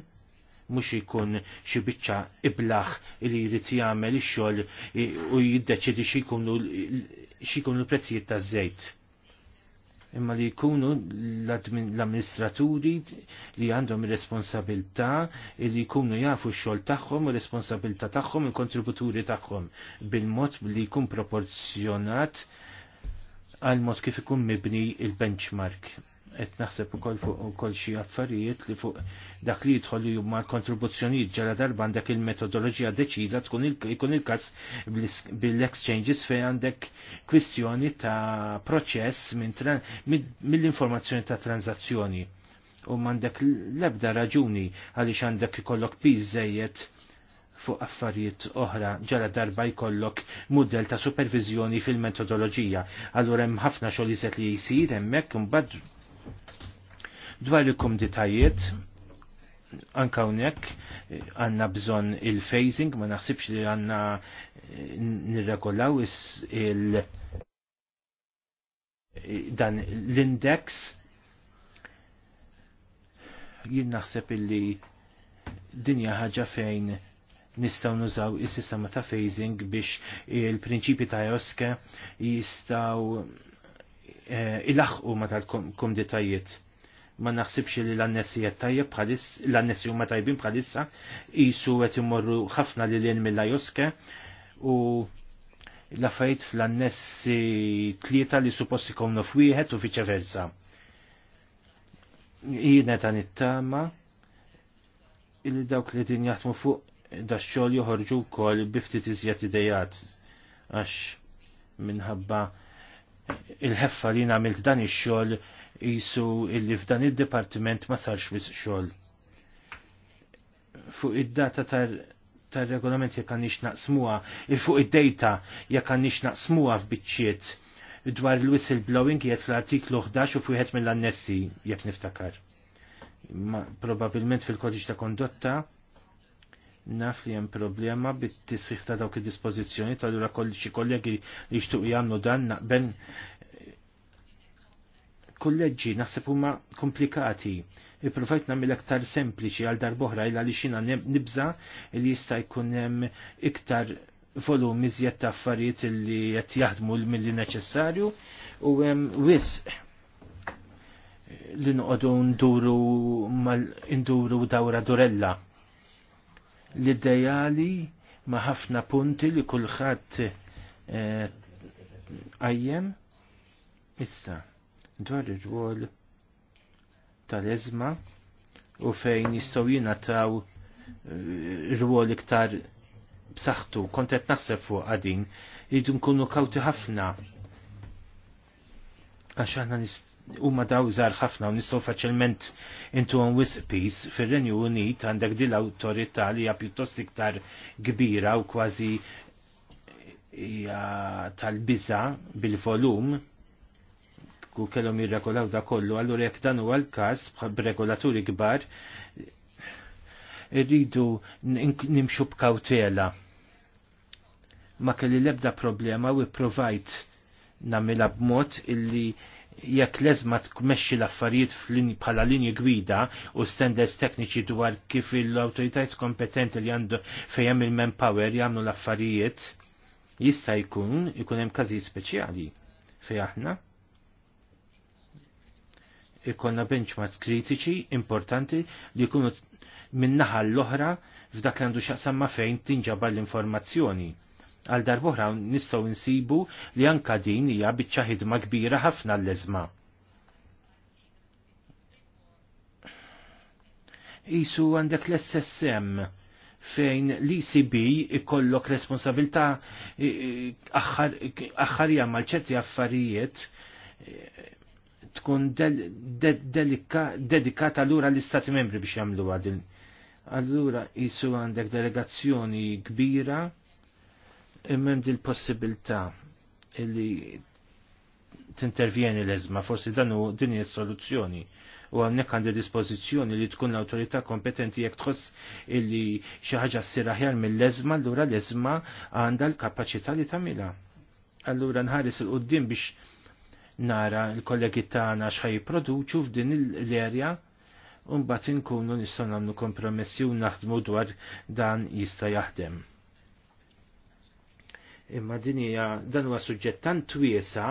mhux ikun xi biċċa iblaħ li jrid jagħmel ix-xogħol u jiddeċidi xi jkunu l-prezzijiet taż-żejt imma li jkunu l-amministraturi li għandhom responsabilta li jkunu jafu x-xogħol tagħhom u responsabilità tagħhom u kontributuri tagħhom bil-mod li jkun proporzjonat għal mod kif ikun mibni il-benchmark qed naħseb ukoll fuq ukoll xi affarijiet li fuq dak li jidħol li huma kontribuzzjonijiet ġara darba għandek il-metodoloġija deċiża tkun ikun il-każ bil-exchanges fejn għandek kwistjoni ta' proċess mill-informazzjoni ta' tranzazzjoni. U m'għandek l-ebda raġuni għaliex għandek ikollok piż fuq affarijiet oħra ġara darba jkollok mudell ta' supervizjoni fil-metodoloġija. Allura hemm ħafna xogħol iżet li jsir hemmhekk imbagħad dwar il-komditajiet anka unjek għanna bżon il-phasing, ma naħsibx li għanna eh, nirregolaw il- dan l-index jien naħseb illi dinja ħaġa fejn nistaw nużaw is-sistema ta' phasing biex il-prinċipi ta' joske jistaw eh, il-axqu ma tal detajiet ma naħsibx li l annessi tajjeb l-annessi huma tajbin bħalissa, jisu qed imorru ħafna li lien mill u l fl-annessi tlieta li suppost komnu f'wieħed u viċeversa. Jiena ta' tama illi dawk li din jaħdmu fuq da xogħol joħorġu wkoll biftit iżjed idejat għax minħabba il-ħeffa li għamilt dan ix-xogħol jisu illi f'dan il-departiment ma sarx bis xogħol. Fuq id-data tar-regolament tar jekk naqsmuwa, naqsmuha, fuq id-data jekk għandix naqsmuha f'biċċiet dwar il-whistleblowing jiet fl-artiklu 11 u fuħet mill-annessi jekk niftakar. Ma probabilment fil-kodiċ ta' kondotta naf li hemm problema bit-tisħiħ ta' dawk id-dispożizzjoni tal-ura kolli xi kollegi li jixtuq jagħmlu dan naqben kolleġġi naħseb huma komplikati. Ippruvajt nagħmel aktar sempliċi għal darboħra il li xina nibza li jista' jkun hemm iktar volum iżjed ta' affarijiet li qed jaħdmu milli neċessarju u hemm wisq li noqogħdu nduru mal induru dawra durella. L-ideali ma' ħafna punti li kulħadd eh, għajjem issa dwar ir-rwol tal-eżma u fejn jistgħu jingħataw eh, rwol iktar b'saħħtu, kont qed naħseb fuq għadin, jridu nkunu kawti ħafna għax aħna huma daw żgħar ħafna u nistgħu faċilment intu għan wispis fir-Renju Unit għandek din l-awtorità li hija pjuttost iktar kbira u kważi tal-biża bil-volum u kellhom jirregolaw da kollu, allura jekk dan huwa l-każ b'regolaturi kbar irridu nimxu b'kawtela. Ma kelli lebda problema u provajt namela b'mod illi jekk leżma tmexxi l-affarijiet bħala linji gwida u standards tekniċi dwar kif l-awtoritajiet kompetenti li għandu fejjem il-manpower jagħmlu l-affarijiet jista' jkun ikun hemm każijiet speċjali fejn aħna ikonna benchmarks kritiċi importanti li jkunu minnaħa l-oħra f'dak għandu xaqsam ma' fejn tinġabar l-informazzjoni. Għal darbohra nistaw insibu li anka din hija biċċa ħidma kbira ħafna l-leżma. Isu għandek l-SSM fejn l-ECB ikollok responsabilta eh, eh, aħħarja mal ċerti affarijiet eh, tkun dedikata allura l-Istati membri biex jamlu għadil. Allura jisu għandek delegazzjoni kbira imem dil possibilità li tintervjeni l-ezma, forsi dan u din soluzzjoni u għannek għandi dispozizjoni li tkun l-autorità kompetenti jek tħoss illi xaħġa s-sir aħjar mill-lezma, allura l-lezma għanda l-kapacità li tamila. Allura nħaris il-qoddim biex nara l-kollegi tagħna x'ħaj jipproduċu f'din l-erja u mbagħad inkunu nistgħu nagħmlu kompromessi u naħdmu dwar dan jista' jaħdem. Imma din hija dan huwa suġġett tant twiesa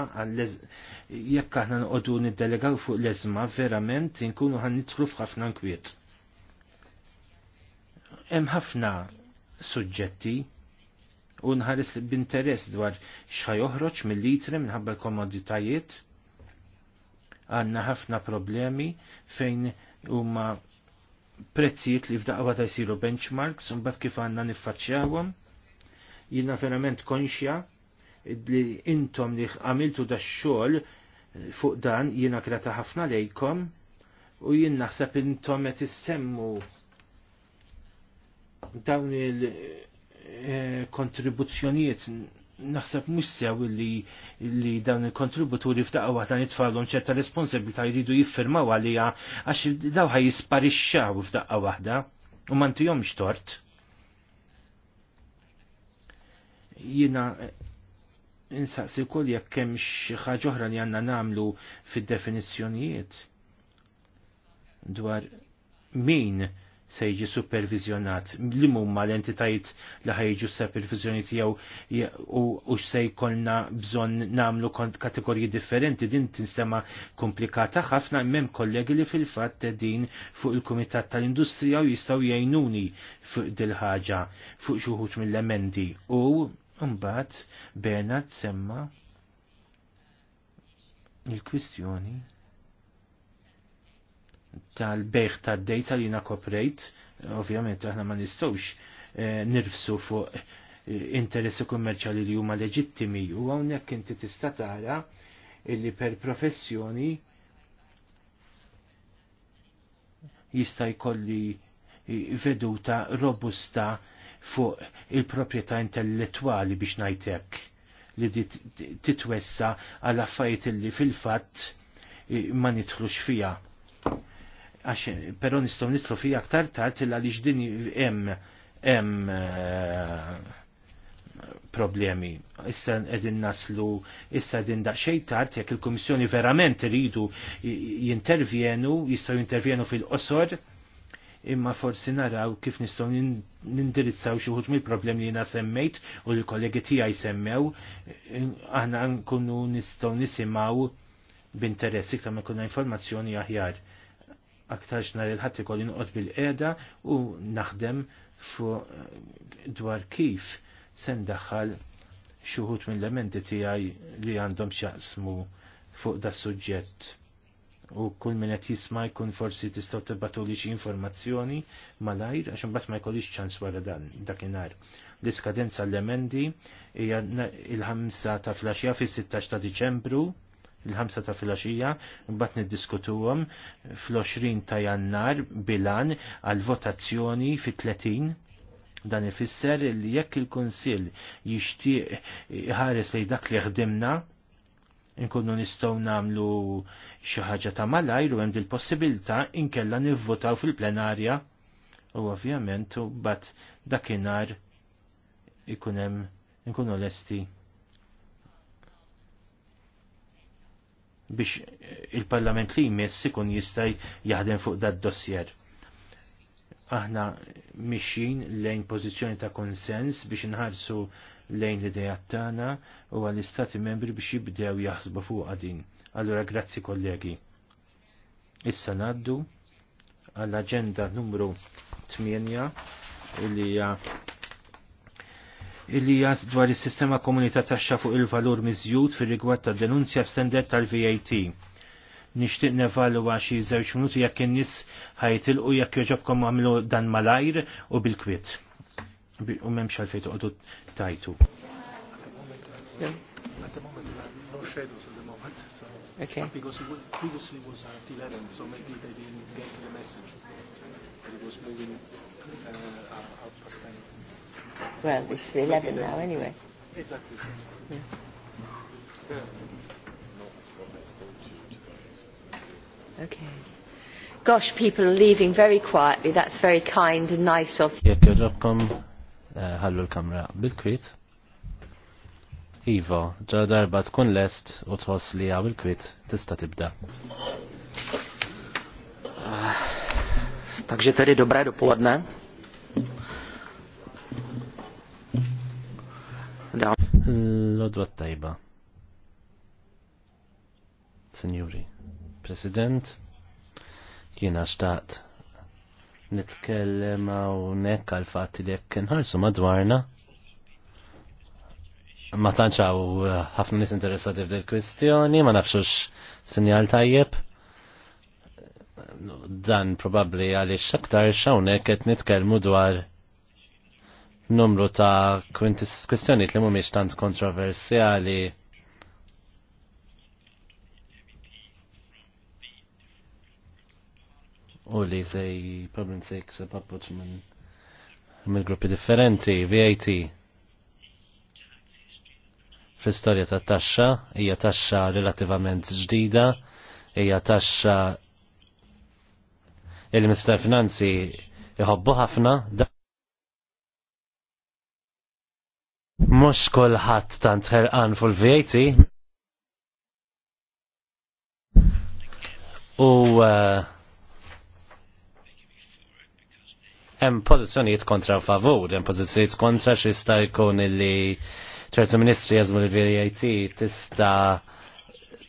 jekk aħna noqogħdu niddelegaw fuq l-eżma verament inkunu ħan nidħlu f'ħafna nkwiet. Hemm ħafna suġġetti u nħares b'interess dwar x'ħaj mill litri minħabba l-komoditajiet. Għandna ħafna problemi fejn huma prezzijiet li f'daqwa ta' jsiru benchmarks un mbagħad kif għandna niffaċċjawhom. Jiena verament konxja li intom li għamiltu da xogħol fuq dan jiena krata ħafna lejkom u jien naħseb intom qed issemmu dawn il Eh, kontribuzzjonijiet naħseb mhux sew li li dan il-kontributuri f'daqqa waħda nitfallhom ċerta responsabilità jridu jiffirmaw għalija għax daw ħaj jisparixxaw f'daqqa waħda u ma tort. Jiena insaqsi kull jekk hemm xi ħaġa oħra li għandna nagħmlu fid-definizzjonijiet dwar min se jiġi supervizjonat, li mumma l-entitajiet li ħajġu supervizjoni tijaw u se jkollna bżon namlu kategoriji differenti din tinstema komplikata ħafna mem kollegi li fil-fat din fuq il-Komitat tal-Industrija u jistaw jgħinuni fuq dil-ħaġa fuq xuħut mill-emendi u mbagħad Bernard semma il-kwistjoni tal-bejħ tad-dejta li nakoprejt, ovvjament aħna ma nistgħux eh, nirfsu fuq eh, interessi kummerċali li huma leġittimi u hawnhekk inti tista' tara illi per professjoni jista' jkolli eh, veduta robusta fuq il-proprjetà intellettwali biex ngħidlek li titwessa għal affajt illi fil-fatt ma nidħlux fija għax però nistgħu nitlu fija aktar tard illa li din hemm eh, problemi. Issa qegħdin naslu, issa qegħdin daqsxejn tard jekk il-Kummissjoni verament iridu jintervjenu, jistgħu jintervjenu fil-qosor, imma forsi naraw kif nistgħu nindirizzaw xi wħud mill-problemi li jiena semmejt u l-kollegi tiegħi semmew, aħna nkunu nistgħu nisimgħu b'interess iktar ma jkunna informazzjoni aħjar aktar xnar il-ħat ikoll noqgħod bil-qeda u naħdem fuq eh, dwar kif se ndaħħal xi wħud mill-elementi tiegħi li għandhom x'jaqsmu fuq da suġġett. U kull min qed jisma' jkun forsi tistgħu tibbatuli xi informazzjoni malajr għax imbagħad ma jkollix ċans wara dan dakinhar. L-iskadenza l-emendi hija il-5 ta' flaxja fis-16 ta' Diċembru il ħamsa ta' filgħaxija, mbagħad niddiskutuhom fl-20 ta' Jannar bilan għal votazzjoni fi 30 dan ifisser li jekk il-Kunsill jixtieq ħares li dak li ħdimna nkunu nistgħu nagħmlu xi ħaġa ta' malajr u hemm il possibilità inkella nivvotaw fil-plenarja u ovvjament u bat dakinhar ikun hemm inkunu lesti. biex il-Parlament li jmiss ikun jista' jaħdem fuq dat dossier. Aħna mixin lejn pożizzjoni ta' konsens biex nħarsu lejn l-idejat tagħna u għall-Istati membri biex jibdew jaħsbu fuq din. Allura grazzi kollegi. Issa naddu għall-aġenda numru 8 li hija illi jas dwar is-sistema komunità taxxa fuq il-valur miżjud fir-rigward ta' denunzja standard tal-VAT. Nixtieq nevalwa xi żewġ minuti jekk in-nies ħajtilqu jekk joġobkom għamlu dan malajr u bil-kwiet. U m'hemmx għalfejn toqgħodu tajtu. Okay. Well, it's 11 now anyway. Exactly. Yeah. Okay. Gosh, people are leaving very quietly. That's very kind and nice of you. Jekk joġobkom eh, ħallu l-kamra bil-kwit. Ivo, ġa darba tkun lest u tħoss li għaw il-kwit tista' tibda. Ah, takže tedy dobré dopoledne. L-odwa tajba. Senjuri, President, jiena xtaqt nitkellem hawnhekk għal fatt li jekk inħarsu madwarna. Ma tantx ħafna nies interessati f'dil kwistjoni, ma nafxux sinjal tajjeb. Dan probabbli għaliex aktar x'hawnhekk qed nitkellmu dwar numru ta' kwestjoniet li mhumiex tant kontroversjali u li sej problem sejk se papuċ minn min gruppi differenti, VAT. Fl-istorja ta' taxxa, hija taxxa relativament ġdida, hija taxxa il-Minister Finanzi jħobbu ħafna, Mux kolħat tant tħerqan fuq l vat U uh, hemm em pożizzjonijiet kontra favur, hemm pożizzjonijiet kontra xi jista' jkun illi ċertu ministri jażmu l-VAT tista'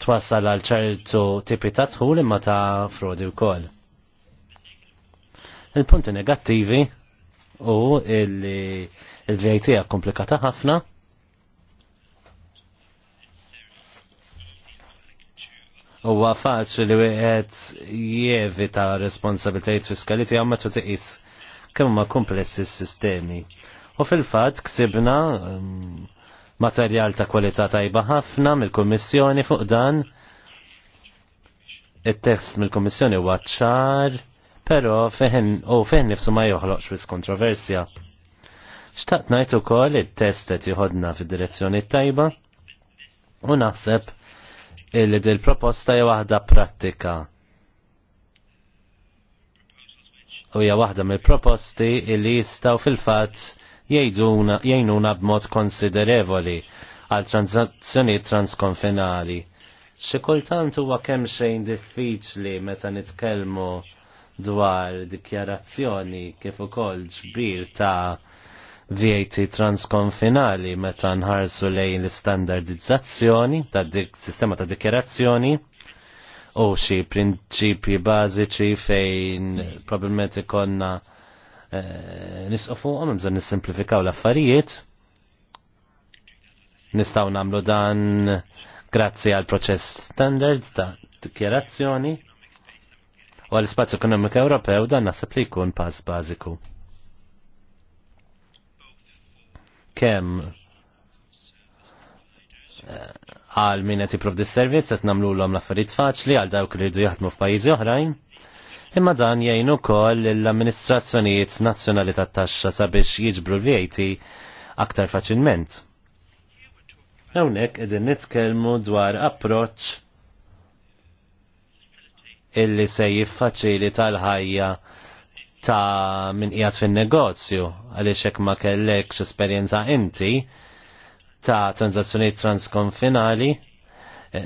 twassal għal ċertu tipi ta' tħul imma ta' frodi wkoll. Il-punti negattivi u illi Il-VAT hija komplikata ħafna. Huwa faċli li wieħed jevita responsabiltajiet fiskaliti għamma meta tiqis kemm huma komplessi s-sistemi. U fil-fatt ksibna um, materjal ta' kwalità tajba ħafna mill-Kummissjoni fuq dan. Il-test mill-Kummissjoni huwa ċar, però feħen u feħen nifsu ma joħloqx fis kontroversja. Xtaqt ngħid ukoll it-test qed jħodna fid-direzzjoni tajba u naħseb illi dil proposta hija waħda prattika. U hija waħda mill-proposti illi jistgħu fil-fatt jgħinuna b'mod konsiderevoli għal transazzjoni transkonfinali. Xi kultant huwa kemm xejn diffiċli meta nitkellmu dwar dikjarazzjoni kif ukoll ġbir ta' VAT transkonfinali meta nħarsu lejn l-standardizzazzjoni ta' dik sistema ta' dikjerazzjoni u xi prinċipji bażiċi fejn probabbilment ikonna eh, nisqofu għom bżon nissimplifikaw l-affarijiet nistaw namlu dan grazzi għal proċess standards ta' dikjerazzjoni u għal spazju ekonomiku Ewropew dan nasib li jkun pass bażiku. kemm eh, għal min qed jipprovdi s-servizz qed nagħmluhom l-affarijiet faċli għal dawk li jridu jaħdmu f'pajjiżi oħrajn. Imma dan jgħin ukoll l-amministrazzjonijiet nazzjonali tat-taxxa sabiex jiġbru l-VAT aktar faċilment. Hawnhekk qegħdin nitkellmu dwar approċċ illi se jiffaċili tal-ħajja ta' min qiegħed fin-negozju għaliex hekk ma kellekx esperjenza inti ta' tranzazzjonijiet transkonfinali eh,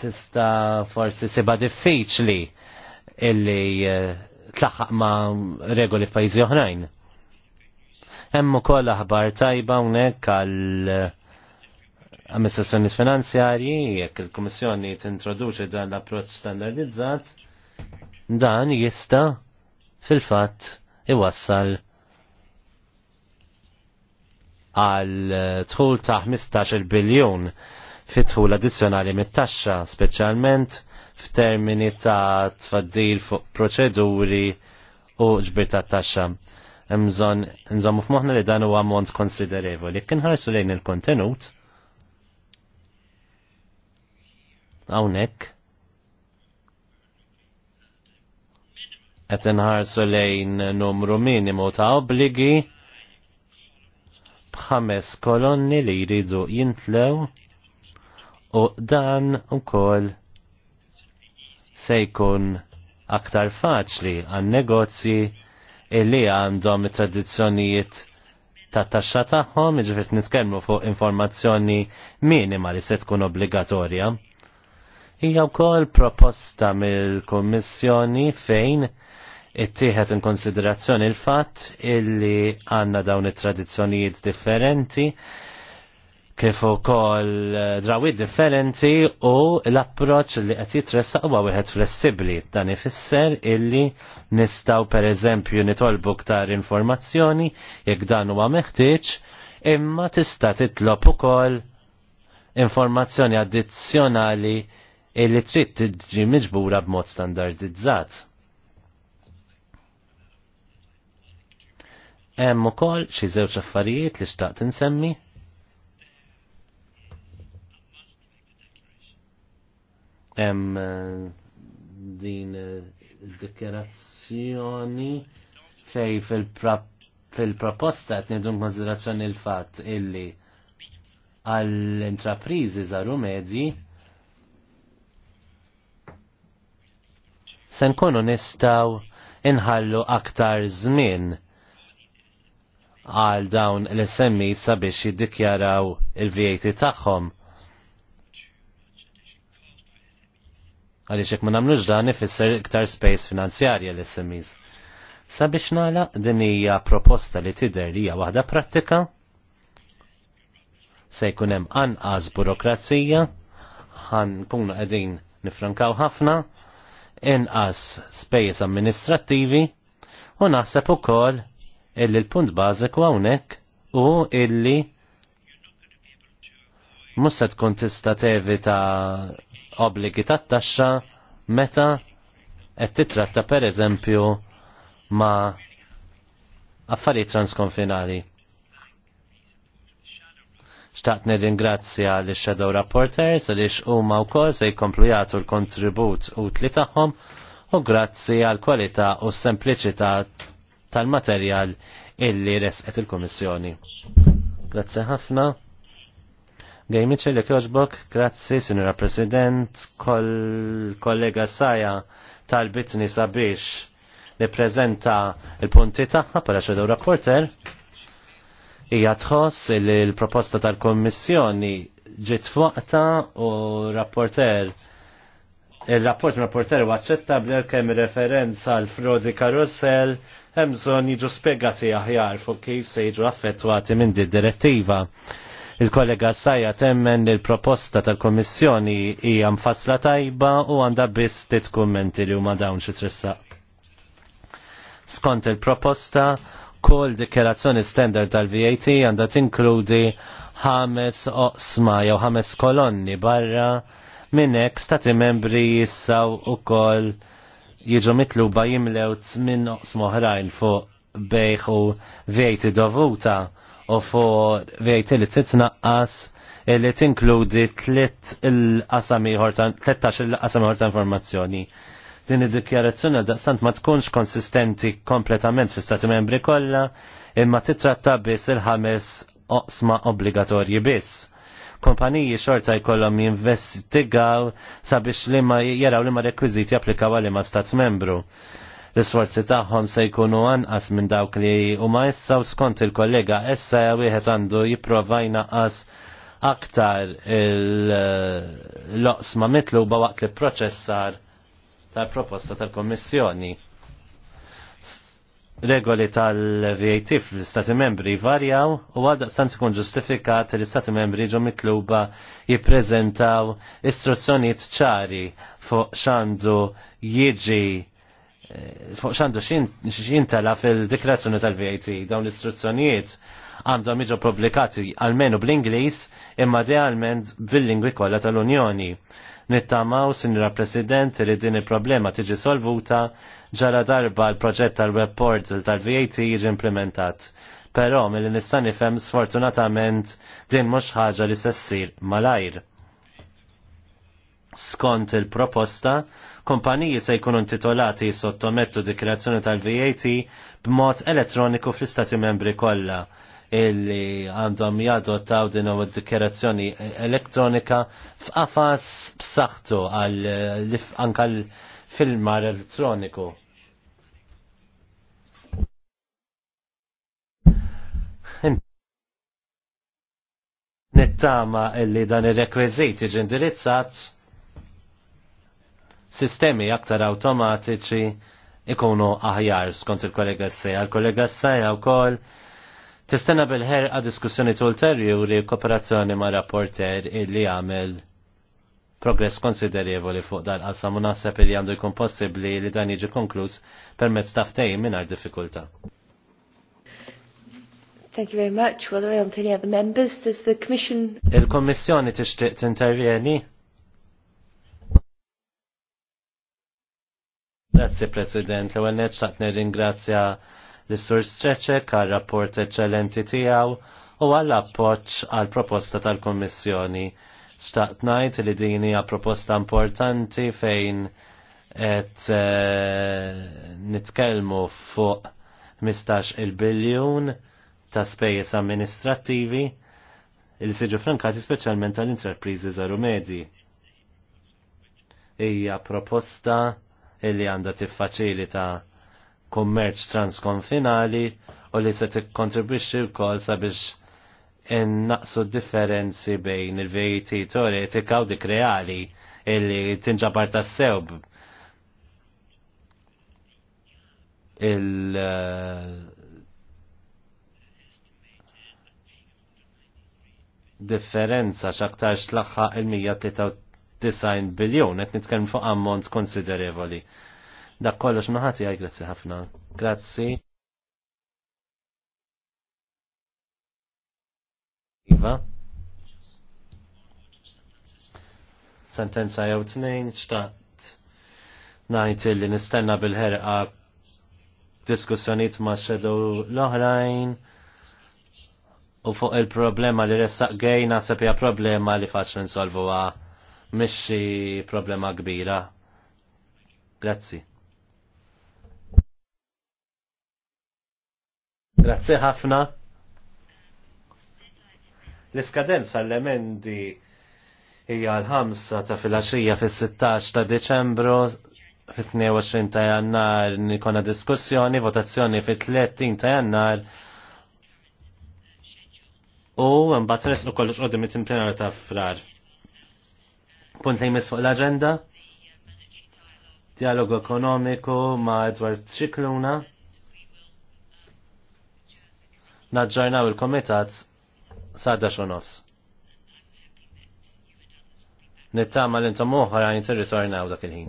tista' forsi seba' diffiċli illi eh, tlaħħaq ma' regoli f'pajjiżi oħrajn. Hemm ukoll aħbar tajba hawnhekk għal eh, amministrazzjoni finanzjarji jekk il-Kummissjoni tintroduċi dan l-approċċ standardizzat dan jista' fil-fatt iwassal għal tħul ta' 15 biljon fitħul addizzjonali mit-taxxa, speċjalment f'termini ta' tfaddil fuq proċeduri u ġbir ta' taxxa. Mżon, u f'moħna li dan huwa ammont konsiderevoli. Kien ħarsu lejn il-kontenut, hawnhekk qed inħarsu lejn numru minimu ta' obbligi b'ħames kolonni li jridu jintlew u dan ukoll se jkun aktar faċli għan negozji illi għandhom tradizzjonijiet ta' taxxa tagħhom, iġifier nitkellmu fuq informazzjoni minima li se tkun obbligatorja. Hija wkoll proposta mill-Kummissjoni fejn ittieħed in konsiderazzjoni il-fatt illi għandna dawn it-tradizzjonijiet differenti kif ukoll eh, drawid differenti u l approċċ li qed jitressaq huwa wieħed flessibbli. Dan ifisser illi nistgħu pereżempju nitolbu ktar informazzjoni jekk dan huwa meħtieġ, imma tista' titlob ukoll informazzjoni addizzjonali illi trid tiġi miġbura b'mod standardizzat. Hemm ukoll xi żewġ affarijiet li xtaqt insemmi. Hemm eh, din eh, id-dikjerazzjoni fej fil-proposta qed nieħdu konsiderazzjoni l-fatt illi għall-intrapriżi żaru medji se nkunu nistgħu inħallu aktar żmien għal dawn l semmi sabiex jiddikjaraw il-VAT tagħhom. Għaliex jekk ma nagħmlux dan ifisser iktar space finanzjarja l-SMIs. Sabiex nagħlaq din hija proposta li tidher li hija waħda prattika se jkun hemm anqas burokrazija, kunu qegħdin nifrankaw ħafna, inqas space amministrattivi u naħseb ukoll illi l-punt bażiku hawnhekk u illi mhux se tkun tista' tevita obbligi tat-taxxa meta qed titratta pereżempju ma' affarijiet transkonfinali. Xtaqt nirringrazzja li shadow Rapporters li x'huma wkoll se jkomplu jagħtu l-kontribut utli tagħhom u grazzi għal kwalità u sempliċità tal-materjal illi resqet il-Komissjoni. Grazzi ħafna. Għaj Mitchell kjoġbok, grazzi, Sinura President, kollega Saja tal-bitni sabiex li prezenta il-punti taħħa pala xedew rapporter. Ija tħoss li l-proposta tal komissjoni ġit fuqta u rapporter il-rapport rapporter għacċetta bler kemm referenza għal frodi karussell hemm bżonn jiġu spjegati aħjar fuq kif se jiġu affettwati minn di direttiva. Il-kollega Sajja temmen li l-proposta tal-Kommissjoni hija mfassla tajba u għandha biss tit kummenti li huma dawn xi trissaq. Skont il-proposta, kull dikjerazzjoni standard tal-VAT għandha tinkludi ħames oqsma jew ħames kolonni barra hekk stati membri jissaw u koll jiġu mitluba jimlew minn smoħrajn fuq bejħu vejti dovuta u fuq vejti li titnaqqas li tinkludi tlet il-qasami ħortan, 13 il-qasami ħortan informazzjoni. Din id-dikjarazzjoni għal-daqstant ma tkunx konsistenti kompletament fi stati membri kollha imma titratta biss il-ħames oqsma obbligatorji biss kompaniji xorta jkollhom jinvestigaw sabiex li ma jaraw li ma rekwiżiti applikaw għal ma stat membru. L-isforzi tagħhom se jkunu anqas minn dawk li huma issa u skont il-kollega issa wieħed għandu jipprova jnaqqas aktar il-loqsma mitluba waqt li proċessar tal-proposta tal-Kommissjoni regoli tal-VAT fl-Stati membri varjaw u għadda stant ikun ġustifikat li stati membri ġo mitluba jiprezentaw istruzzjoniet ċari fuq xandu jieġi eh, fuq xandu xintala fil-dikrazzjoni tal-VAT dawn l-istruzzjonijiet għandhom iġo publikati għalmenu bl-Inglis imma idealment bil-lingwi kollha tal-Unjoni nittamaw sinjura President li din il-problema tiġi solvuta ġara darba l-proġett tal-web portal tal-VAT jiġi implementat. Però mill nista' nifhem sfortunatament din mhux ħaġa li se ssir malajr. Skont il-proposta, kumpaniji se jkunu intitolati sottomettu dikjerazzjoni tal-VAT b'mod elettroniku fl-istati membri kollha illi għandhom jadottaw din u d-dikjerazzjoni elettronika f'qafas b'saħħtu għal anka fil-mar elettroniku. Nittama illi dan ir rekwiziti iġi indirizzat sistemi aktar automatiċi ikunu aħjar skont il-kollega s-seja. Il-kollega s-seja u kol tistena bil-ħerqa diskussjoni li kooperazzjoni ma' rapporter illi għamil progress konsiderjevoli fuq dal qasam u naħseb li għandu jkun possibbli li dan jiġi konkluż permezz ta' ftehim mingħajr diffikultà. Thank you very much. Well, we don't any other members. Does the Commission... Il-Kommissjoni tixtieq tintervjeni? Grazie, President. L-ewwel neċtaqt nirringrazzja l-Sur Streċek għal rapport eċċellenti tiegħu u għall appoġġ għal proposta tal-Kommissjoni Xtaqt ngħid li din hija proposta importanti fejn qed eh, nitkellmu fuq 15 il-biljun ta' spejjeż amministrattivi il siġu frankati speċjalment tal interprizi żaru medji. Hija proposta illi għandha tiffaċilita kummerċ transkonfinali u li se tikkontribwixxi wkoll sabiex naqsu differenzi bejn il-VAT teoretika u dik reali illi tinġabar s sewb il eh, differenza xaktarx xlaħħa il-193 biljon, et nitkellem fuq ammont konsiderevoli. Dak kollox maħati għaj, grazzi ħafna. Grazzi. Iva. Sentenza jew tnejn xtaqt ngħid li nistenna bil-ħerqa diskussjonijiet ma' xedow l-oħrajn u fuq il-problema li ressaq gejna hija problema li faċ nsolvuha mhix problema kbira. Grazzi. Grazzi ħafna. L-iskadenza l-emendi hija l-5 ta' fil-10 fil-16 ta' Deċembru fit-22 ta' jannar nikona diskussjoni, votazzjoni fit-30 ta' jannar u mbagħad resqu kollox qudiem it-implenar ta' frar. Punt li jmiss fuq l-aġenda? Dialogu ekonomiku ma' Edward Xikluna. Naġġornaw il-komitat sada xonofs. Nittama l-intom uħra jinti ritornaw dak il-ħin.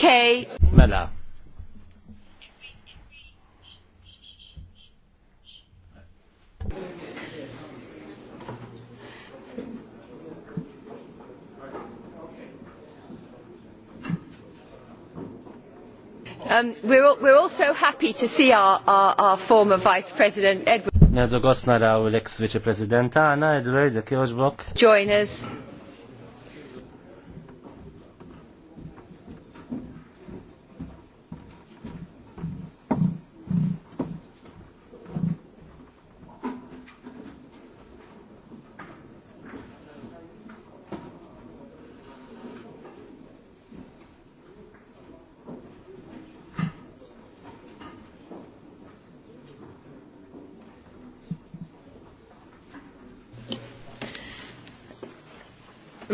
Okay. Mela. Um, we're, we're also happy to see our, our, our former Vice President Edward. Nedu għos raw l-ex Vice President għana, Edward, jek joġbok. Join us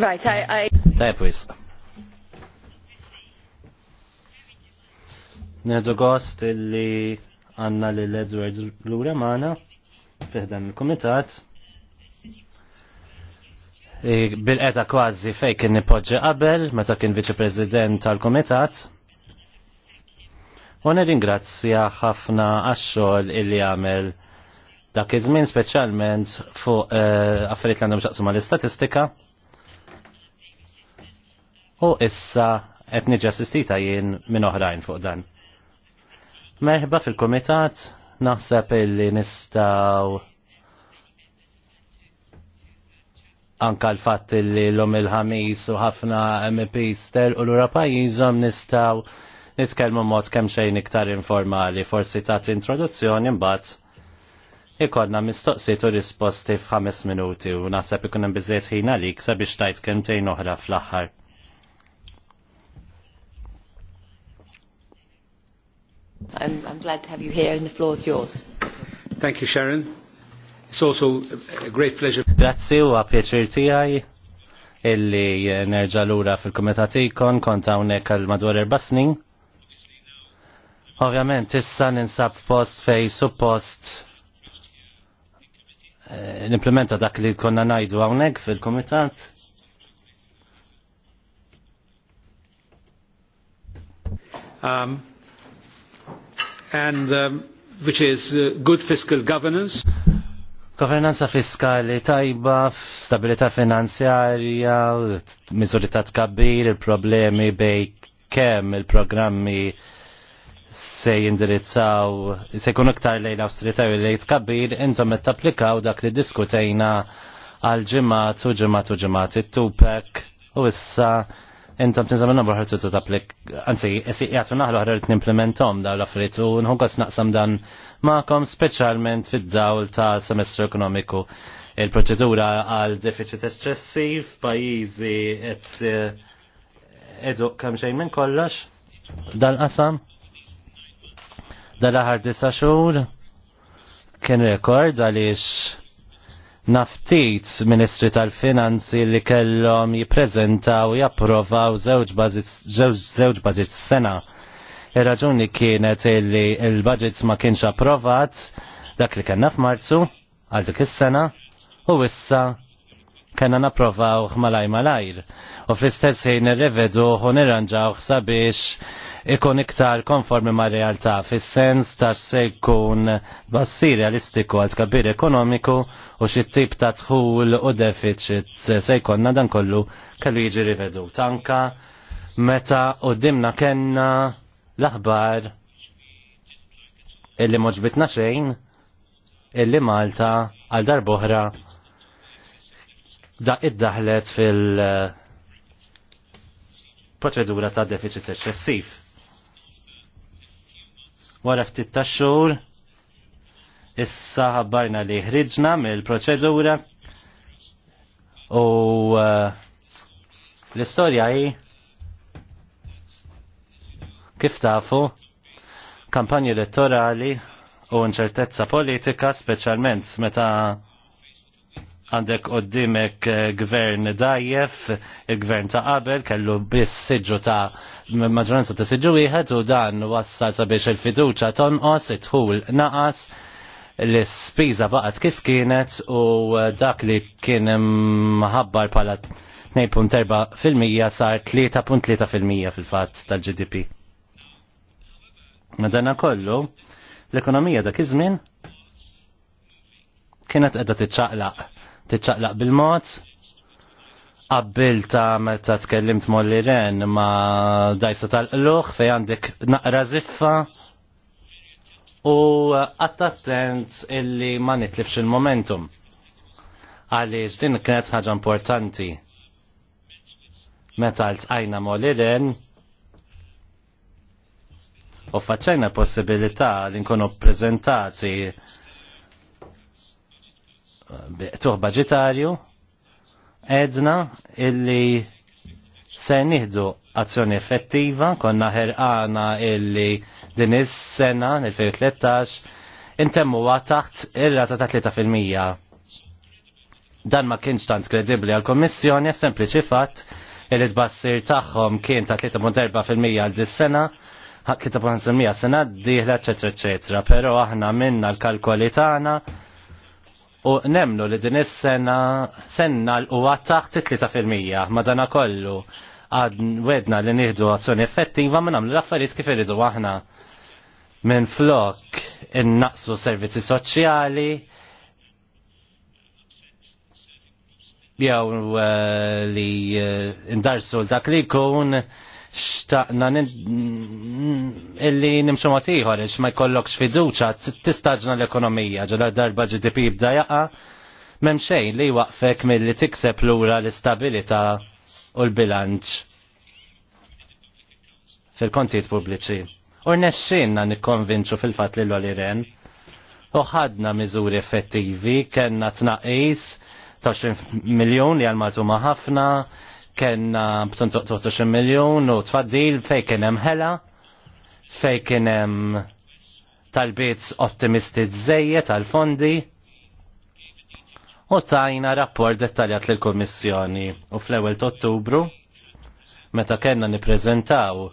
Right, I... I... Tajb wis. Nedu gost illi għanna li l-Edward l-ura maħna fiħdan il-komitat bil-qeda kważi fej kien nipoġġi qabel meta kien viċi-president tal-komitat u nirringrazzja ħafna għax-xogħol illi għamel dak iż-żmien speċjalment fuq eh, affarijiet li għandhom xaqsu mal-istatistika u issa qed niġi assistita jien minn oħrajn fuq dan. Merħba fil-komitat naħseb illi nistaw anka l-fatt illi l-om il-ħamis u ħafna MP stel u l-ura pajizom nistaw nitkellmu mod kemm xejn iktar informali, forsi tat introduzzjoni mbagħad ikollna mistoqsijiet u risposti f'ħames minuti u naħseb ikun hemm biżejjed ħin għalik sabiex tajt kemm tejn oħra fl-aħħar. I'm, I'm glad to have you here and the floor is yours. Thank you, Sharon. It's also a great pleasure. Grazie u għapjeċir tijaj illi nerġa l-ura fil-komitat ikon kont unnek għal madwar erba' snin. Ovvjament issa ninsab post fej suppost l-implementa eh, dak li konna najdu għawnek fil-komitat. Um, and um, which is uh, good fiscal governance. Governanza fiskali tajba, stabilità finanzjarja, miżuri ta' tkabbir, il-problemi bej kemm il-programmi se jindirizzaw, se jkun iktar lejn austerità u lejn tkabbir, intom qed tapplikaw dak li diskutejna għal ġimgħat u ġimgħat u ġimgħat it-tupek u issa inta b'tinżam il-numru ħartu ta' taplik, anzi, jgħatu naħlu ħarret n-implementom daw l-affarijiet u naqsam dan ma'kom specialment fid-dawl ta' semestru ekonomiku. Il-proċedura għal deficit eccessiv, pajizi et edu kam xejn minn kollox dan qasam dal laħar disa xhur kien rekord għaliex naftit Ministri tal-Finanzi li kellhom jippreżentaw japprovaw żewġ budget sena. Ir-raġuni kienet li l-budgets ma kienx approvat dak li kellna f'Marzu għal dik is-sena u issa kellna napprovaw malaj malajr. U fl-istess ħin irrevedu u nirranġaw sabiex ikun iktar konformi ma' realtà fis-sens ta' se jkun bassi realistiku għal kabir ekonomiku u xi tip ta' tħul u deficit se jkollna dan kollu kellu jiġi rivedut. Tanka, meta dimna kellna l-aħbar illi moġbitna xejn illi Malta għal darboħra da iddaħlet fil- eh, proċedura ta' deficit eċċessiv wara ftit ta' xhur issa ħabbarna li ħriġna mill-proċedura u uh, l-istorja hi kif tafu kampanji elettorali u nċertezza politika speċjalment meta għandek għoddimek eh, gvern dajjef, il-gvern ta' qabel, kellu biss siġu ta' maġranza ta' siġu wieħed u dan wassal sabiex il-fiduċa tonqos, it-tħul naqas, l-spiża baqgħet kif kienet u eh, dak li kien mħabbar pala 2.4% sar 3.3% fil fat tal-GDP. Madana kollu, l-ekonomija dak iż-żmien kienet qiegħda tiċċaqlaq tiċċaqlaq bil-mod. Qabbil ta' meta tkellimt molli ren ma' dajsa tal-qluħ fej għandek naqra ziffa u uh, attent illi ma' nitlifx il-momentum. Għaliex din kienet ħaġa importanti. Meta l-tqajna molli ren u faċċajna possibilità li nkunu prezentati tuħ budgetarju edna illi se nieħdu azzjoni effettiva konna ħerqana illi din is-sena il-2013 intemmu taħt ir-rata ta' 3%. Dan ma kienx tant kredibbli għal-Kommissjoni, sempliċi fatt illi tbassir tagħhom kien ta' 3.4% għal dis-sena, 3.5% sena d-dieħla, eċetera, eċetera. Però aħna minna l-kalkoli tagħna u nemnu li din is-sena senna l-huwa taħt 3% madana kollu għad wedna li nieħdu azzjoni effettiva ma nagħmlu l-affarijiet kif iridu aħna minn flok innaqsu servizzi soċjali jew eh, li eh, ndarsu l-dak li jkun xtaqna illi nimxu tiħor, ix ma jkollokx fiduċa, tistaġna l-ekonomija, ġola darba GDP bda jaqa, memxej li waqfek mill-li tikseb lura l-istabilita u l-bilanċ fil-kontijiet pubbliċi. U nesċinna nikkonvinċu fil-fat li l-għaliren, uħadna miżuri effettivi, kena tnaqis, 20 miljon li għal-matu ħafna, kena b'ton 20 miljon u tfaddil fej kienem ħela, fej kienem talbiet optimisti zzejje tal-fondi u tajna rapport dettaljat l kommissjoni u fl-ewel ottubru meta kena niprezentaw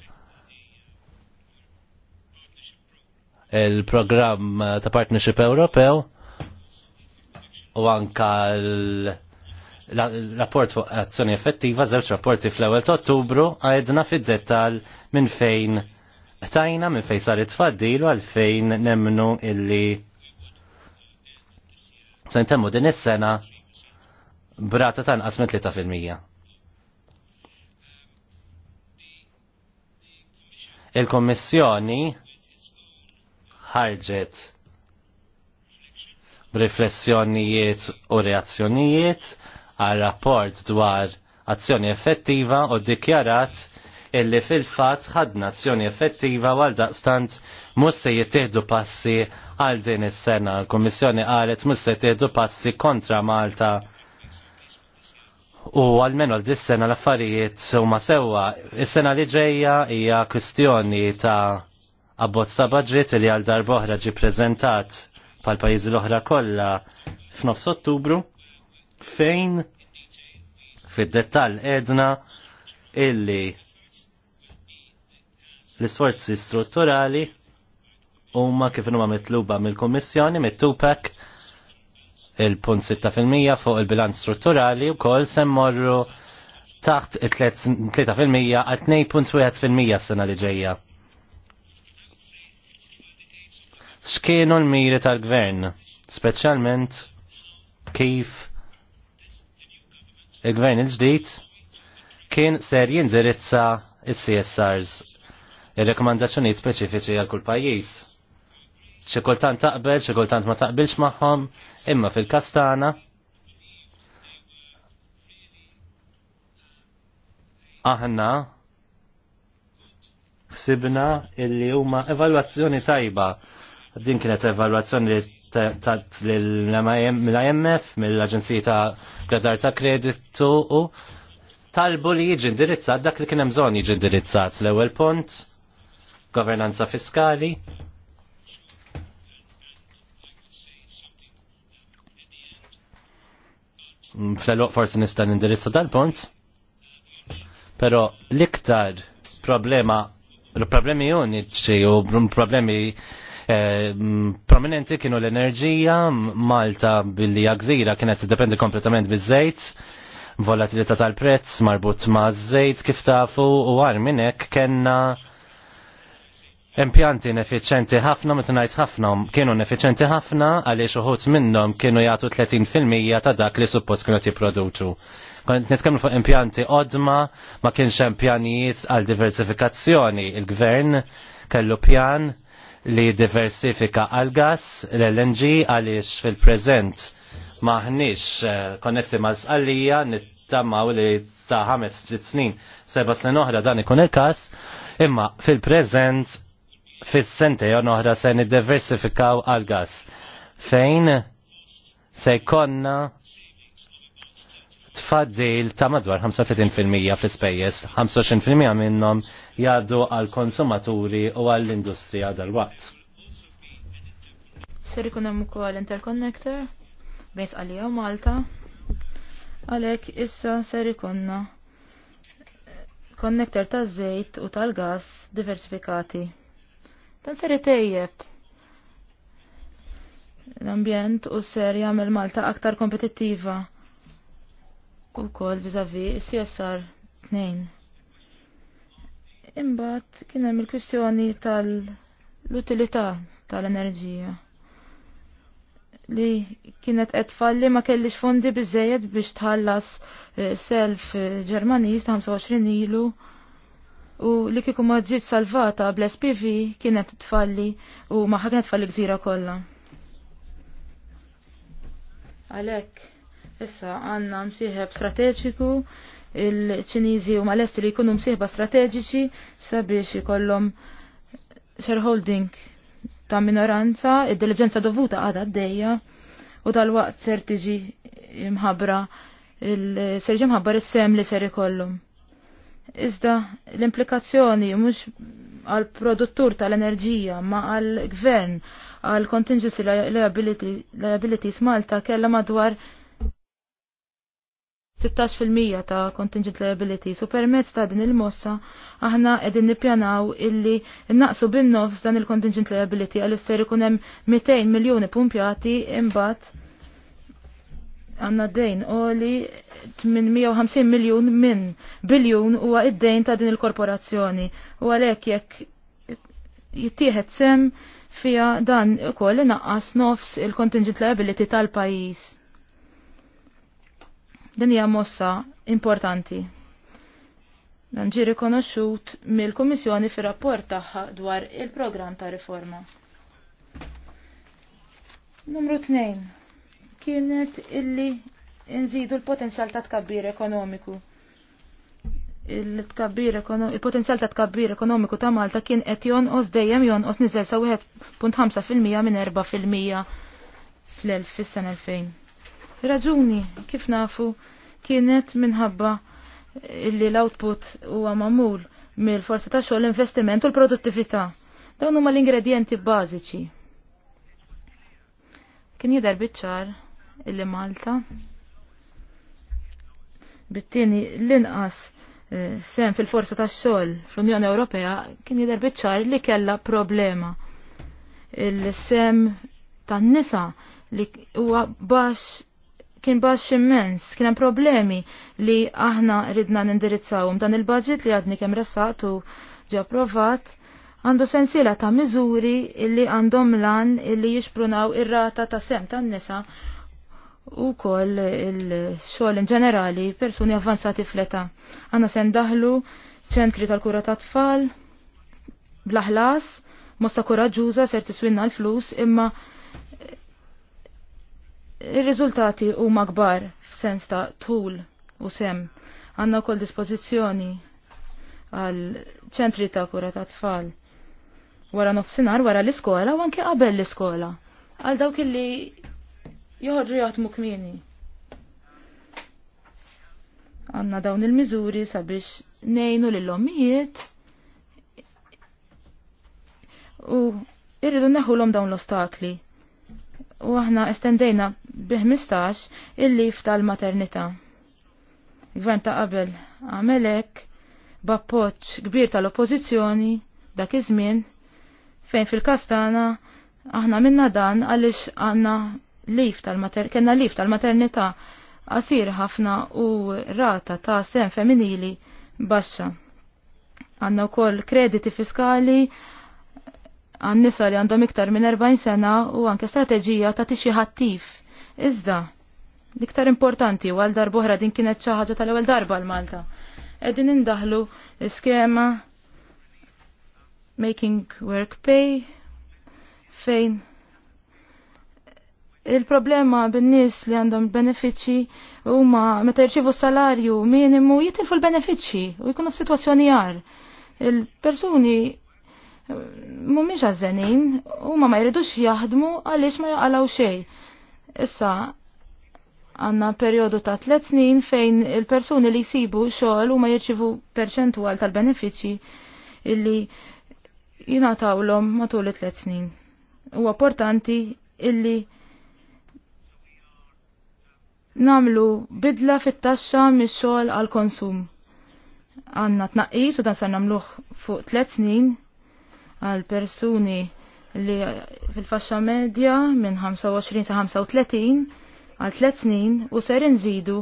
il-programm ta' Partnership Ewropew u anka l- rapport fuq azzjoni effettiva, żewġ rapporti fl-ewwel ta' Ottubru għedna fid-dettal minn fejn tajna minn fejn sar it-tfaddil u għalfejn nemnu illi se ntemmu din is-sena brata ta' nqas minn 3%. Il-Kommissjoni ħarġet b'riflessjonijiet u reazzjonijiet għal rapport dwar azzjoni effettiva u dikjarat illi fil-fat ħadna azzjoni effettiva għal daqstant musse jittihdu passi għal din is-sena. L-Kommissjoni qalet musse jittihdu passi kontra Malta u għalmenu għal dis-sena l-affarijiet u ma sewa. Is-sena li ġejja hija kwistjoni ta' abbozz ta' budget li għal darboħra ġi prezentat pal pajjiżi l-oħra kollha f'nofs Ottubru fejn fid-dettall edna illi l-isforzi strutturali huma kif huma mitluba mill-Kummissjoni mit il-punt 6% fuq il bilanz strutturali u kol semmorru taħt 3% għal 2.1% s-sena li ġejja. X'kienu l-miri tal-gvern, speċjalment kif il-gvern il-ġdid kien ser jindirizza il-CSRs, il-rekomandazzjoniet speċifiċi għal kull pajjiż. Xi kultant taqbel, xi kultant ma taqbilx magħhom, imma fil-kastana aħna ħsibna illi huma evalwazzjoni tajba Din kienet evalwazzjoni li tat mill-IMF, mill-Aġenzija ta' Gradar ta' Kreditu u talbu li jiġi indirizzat dak li kien hemm bżonn jiġi indirizzat l-ewwel punt, governanza fiskali, mm, fl-eluq forsi nista' nindirizza dal-punt. Però l-iktar problema l-problemi uniċi u problemi Eh, prominenti kienu l-enerġija, Malta billi għagżira kienet tiddependi kompletament biż-żejt, volatilità tal-prezz marbut ma' żejt kif tafu u għar minnek kena impjanti ineffiċenti ħafna, meta ngħid ħafna, kienu ineffiċenti ħafna għaliex uħut minnhom kienu jagħtu 30% ta' dak li suppost kienu jipproduċu. Kont nitkellmu fuq impjanti odma ma kienx hemm pjanijiet għal diversifikazzjoni. Il-gvern kellu pjan li diversifika għal-gas, l-LNG għaliex fil-prezent maħniex eh, konnessi mal sqallija nittamaw li ta' ħames sitt snin seba' snin oħra dan ikun il-kas, imma fil-prezent fis-sente jon oħra se niddiversifikaw għal-gas. Fejn se konna tfaddil ta' madwar 35% fl-ispejjeż, 25% minnhom jaddu għal konsumaturi u għall industrija dal-waqt. Ser ikun hemm ukoll interconnector bejn Sqalija u Malta. Għalhekk issa ser ikunna konnektor ta' żejt u tal-gas diversifikati. Dan ser itejjeb l-ambjent u ser jagħmel Malta aktar kompetittiva u kol vizavi CSR 2. Imbagħad kien hemm il-kwistjoni tal-utilità tal-enerġija li kienet qed falli ma kellix fondi biżejjed biex tħallas eh, self eh, Ġermaniż ta' 25 ilu u li kieku ma ġiet salvata bl-SPV kienet tfalli u ma kienet tfalli gżira kollha. Għalhekk issa għandna msieħeb strateġiku il-Ċiniżi huma lesti li jkunu msieħba strateġiċi sabiex ikollhom shareholding ta' minoranza, id-diligenza dovuta għadha d-dejja u tal-waqt ser tiġi mħabra ser ġi mħabbar is-sem li ser ikollhom. Iżda l-implikazzjoni mhux għal produttur tal-enerġija ma għal gvern għal contingency liabilities Malta kella madwar 16% ta' contingent liabilities u permezz ta' din il-mossa aħna qegħdin nippjanaw illi naqsu bin-nofs dan il-contingent liability għal ister ikun hemm 200 miljuni pumpjati imbagħad għandna dejn li 850 miljun minn biljun huwa id-dejn ta' din il-korporazzjoni u għalhekk jekk jittieħed sem fija dan ukoll inaqqas nofs il-contingent liability tal-pajjiż Din hija mossa importanti. Dan ġi rikonoxxut mill-Kummissjoni fir-rapport tagħha dwar il-programm ta' riforma. Numru 2 kienet illi nżidu l-potenzjal ta' tkabbir ekonomiku il-potenzjal ta' tkabbir ekonomiku ta' Malta kien qed jonqos dejjem jonqos niżel sa' 1.5% minn 4% fil-mija fl-1000 fis-sena 2000. Raġuni, kif nafu, kienet minħabba illi l-output huwa mamul mill-forza ta' xogħol investiment u l-produttività. Dawn huma l-ingredienti bażiċi. Kien jidher biċ-ċar illi Malta bit-tieni l-inqas eh, sem fil-forza ta' xogħol fl-Unjoni Ewropea kien jidher biċ-ċar li kellha problema. Il-sem tan-nisa li huwa baxx kien baxx immens, kien hemm problemi li aħna ridna nindirizzawhom dan il-budget li għadni kemm u ġi approvat għandu sensiela ta' miżuri illi għandhom lan illi jixprunaw ir-rata ta' sem tan-nisa u koll il-xogħol in ġenerali persuni avvanzati fleta. Għanna sen daħlu ċentri tal-kura ta' tfal, blaħlas, mossa koraġuża ser tiswinna l-flus imma Ir-riżultati huma kbar f'sens ta' tul u sem. Għandna wkoll dispożizzjoni għal ċentri ta' kura ta' tfal. Wara nofsinhar wara l-iskola u anke qabel l-iskola. Għal dawk illi joħorġu jaħdmu kmieni. Għanna dawn il-miżuri sabiex nejnu l ommijiet u irridu neħu l-om dawn l-ostakli u aħna estendejna bi 15 il-lif tal-maternità. Gvern ta' qabel għamelek b'appoġġ kbir tal-oppożizzjoni dak iż-żmien fejn fil-kastana aħna minna dan għaliex għanna lif tal-mater kena lif tal-maternità qasir ħafna u rata ta' sem femminili baxxa. Għandna wkoll krediti fiskali għan-nisa li għandhom iktar minn 40 sena u anke strateġija ta' tixi ħattif. Iżda, l-iktar importanti u għal darbohra din kienet ċaħġa tal-ewwel darba l-Malta. Qegħdin indaħlu skema Making Work Pay fejn il-problema bin-nies li għandhom benefiċċji huma meta jirċivu salarju minimu jitilfu l-benefiċċji u jkunu f'sitwazzjoni jar. Il-persuni mumiex għazzenin u ma ma jridux jaħdmu għaliex ma jgħalaw xej. Issa għanna periodu ta' tlet snin fejn il-persuni li jisibu xogħol u ma jirċivu perċentwal tal-benefiċċji illi jingħatawlhom matul it-tlet snin. Huwa portanti illi namlu bidla fit-taxxa mix-xogħol għal-konsum. Għanna tnaqqis u dan sar nagħmluh fuq tlet snin għal persuni li fil-fasċa medja minn 25 sa 35 għal 3 snin u ser nżidu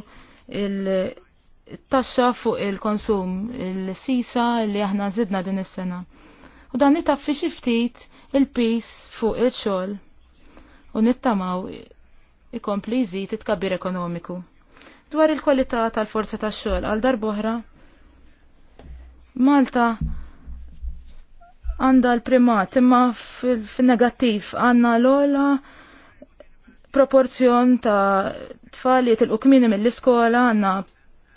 il-taxxa fuq il-konsum il-sisa li aħna zidna din is-sena. U dan nitaffi xi ftit il-pis fuq il-xogħol u nittamaw ikompli jżid it kabir ekonomiku. Dwar il-kwalità tal-forza tax-xogħol għal darboħra Malta għanda l-primat, imma f negattiv għanna l-ola proporzjon ta' tfaliet il-ukmini mill-iskola għanna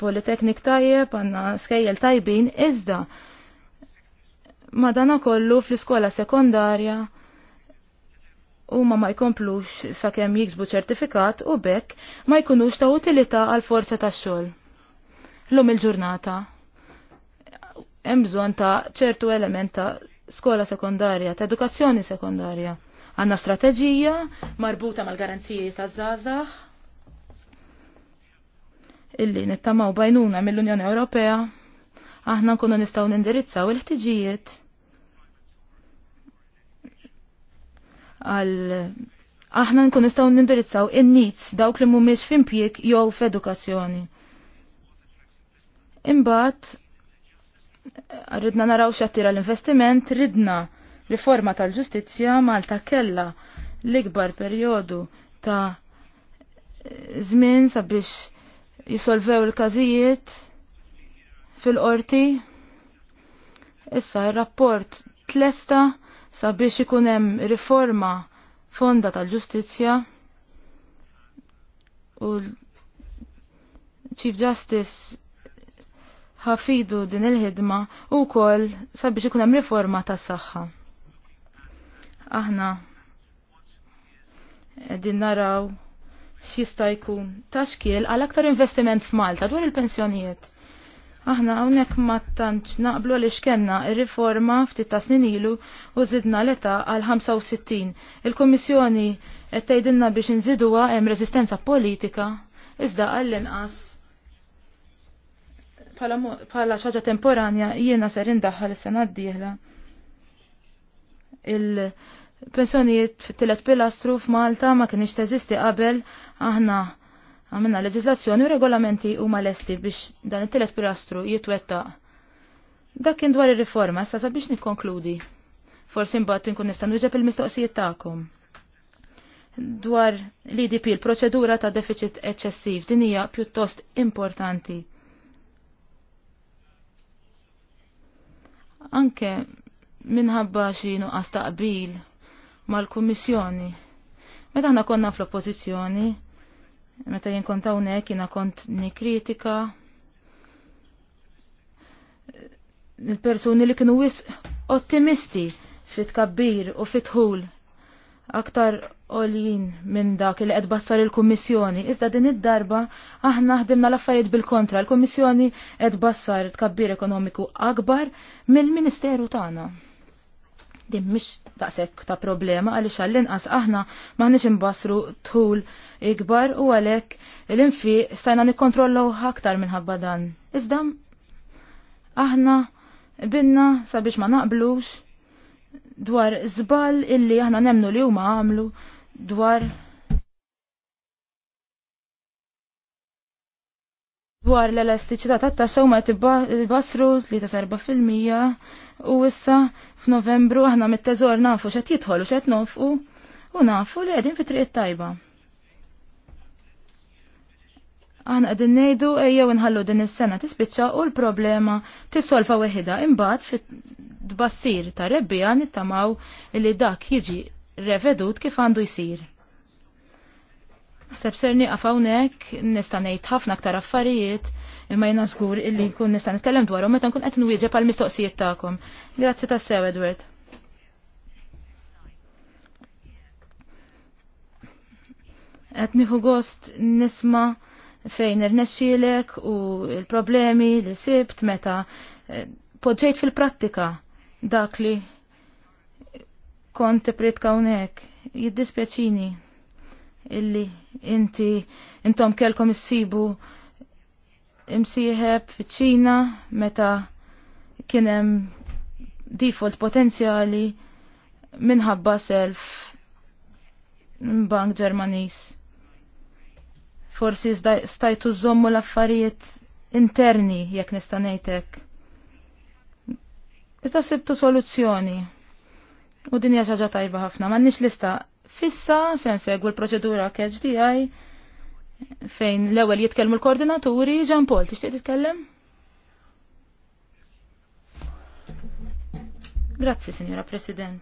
politeknik tajjeb, għanna skejjel tajbin, iżda madana kollu fl-iskola sekondarja u ma ma jkomplux sakemm jiksbu ċertifikat u bekk ma jkunux ta' utilità għal forza ta' xogħol. Lum il-ġurnata hemm bżonn ta' ċertu elementa ta' skola sekondarja, ta' edukazzjoni sekondarja. Għanna strateġija marbuta mal-garanziji ta' zazax illi nittamaw bajnuna mill-Unjoni Ewropea aħna nkunu nistgħu nindirizzaw il-ħtiġijiet għal aħna nkunu nistgħu nindirizzaw in nits dawk li mhumiex f'impjieg jew f'edukazzjoni. Imbagħad rridna naraw xattira l-investiment, ridna riforma tal-ġustizja Malta kella l-ikbar perjodu ta' żmien sabiex jisolvew il-każijiet fil-qorti. Issa il rapport tlesta sabiex ikun hemm riforma fonda tal-ġustizzja u l-Chief Justice ħafidu din il-ħidma u kol sabiex ikun hemm riforma tas-saħħa. Aħna qegħdin naraw x'jista' jkun taxkiel għal aktar investiment f'Malta dwar il-pensjonijiet. Aħna hawnhekk ma tantx naqblu li xkenna il riforma ftit ta' snin ilu u żidna l-età għal 65. Il-Kummissjoni qed tgħidilna biex inżiduha hemm rezistenza politika iżda għall-inqas Pala xaġa temporanja jiena ser indaħħal is-sena d-dieħla il-pensjonijiet fit pilastru f'Malta ma kienx teżisti qabel aħna għamilna leġislazzjoni u regolamenti huma lesti biex dan it tilet pilastru jitwettaq. Dak kien dwar ir-riforma, issa sabiex nikkonkludi. Forsi mbagħad inkun nista' nuġeb il-mistoqsijiet tagħkom. Dwar l-IDP, il-proċedura ta' deficit eċċessiv, din hija pjuttost importanti anke minħabba xi nuqqas mal-Kummissjoni. Meta għanna konna fl-oppożizzjoni, meta jien konta hawnhekk jiena kont kritika. il-persuni li kienu wis ottimisti fit kabbir u fit ħul aktar olin minn dak li qed bassar il-Kummissjoni. Iżda din id-darba aħna ħdimna l-affarijiet bil-kontra. Il-Kummissjoni qed bassar tkabbir ekonomiku akbar mill-Ministeru tagħna. Din mhix daqshekk ta' problema għaliex għall-inqas aħna maħniex imbassru tul ikbar u għalhekk l-infiq stajna nikkontrollaw aktar minħabba dan. Iżda aħna binna sabiex ma naqblux dwar żball illi aħna nemnu li huma għamlu dwar dwar l-elastiċità tat-taxxa huma tibbasru 3-4% u issa f'Novembru aħna mit-teżor nafu x'qed jidħol u x'qed nofqu u nafu li qegħdin fi triq tajba għan għadin nejdu ejjew nħallu din is-sena tispiċċa u l-problema tissolfa weħida imbagħad fit-tbassir ta' rebbija nittamaw li dak jiġi revedut kif għandu jsir. Seb ser nieqaf hawnhekk nista' ngħid ħafna aktar affarijiet imma jiena żgur illi nkun nista' nitkellem dwarhom meta nkun qed nwieġeb għal mistoqsijiet tagħkom. Grazzi tassew Edward. Qed nieħu gost nisma' fejn irnexxielek u l-problemi li sibt meta eh, poġġejt fil-prattika dak li kont pritka hawnhekk jiddispjaċini illi inti intom kelkom issibu imsieħeb fiċ-Ċina meta kien hemm default potenzjali minħabba self bank Ġermaniż. Forsi stajtu żommu l-affarijiet interni jekk nista' ngħidlek. Iżda sibtu soluzzjoni. U din hija ħaġa tajba ħafna, m'għandniex lista fissa se nsegwu l-proċedura KHDI fejn l-ewwel jitkellmu l-koordinaturi, Jean Paul tixtieq titkellem? Grazzi, Signora President.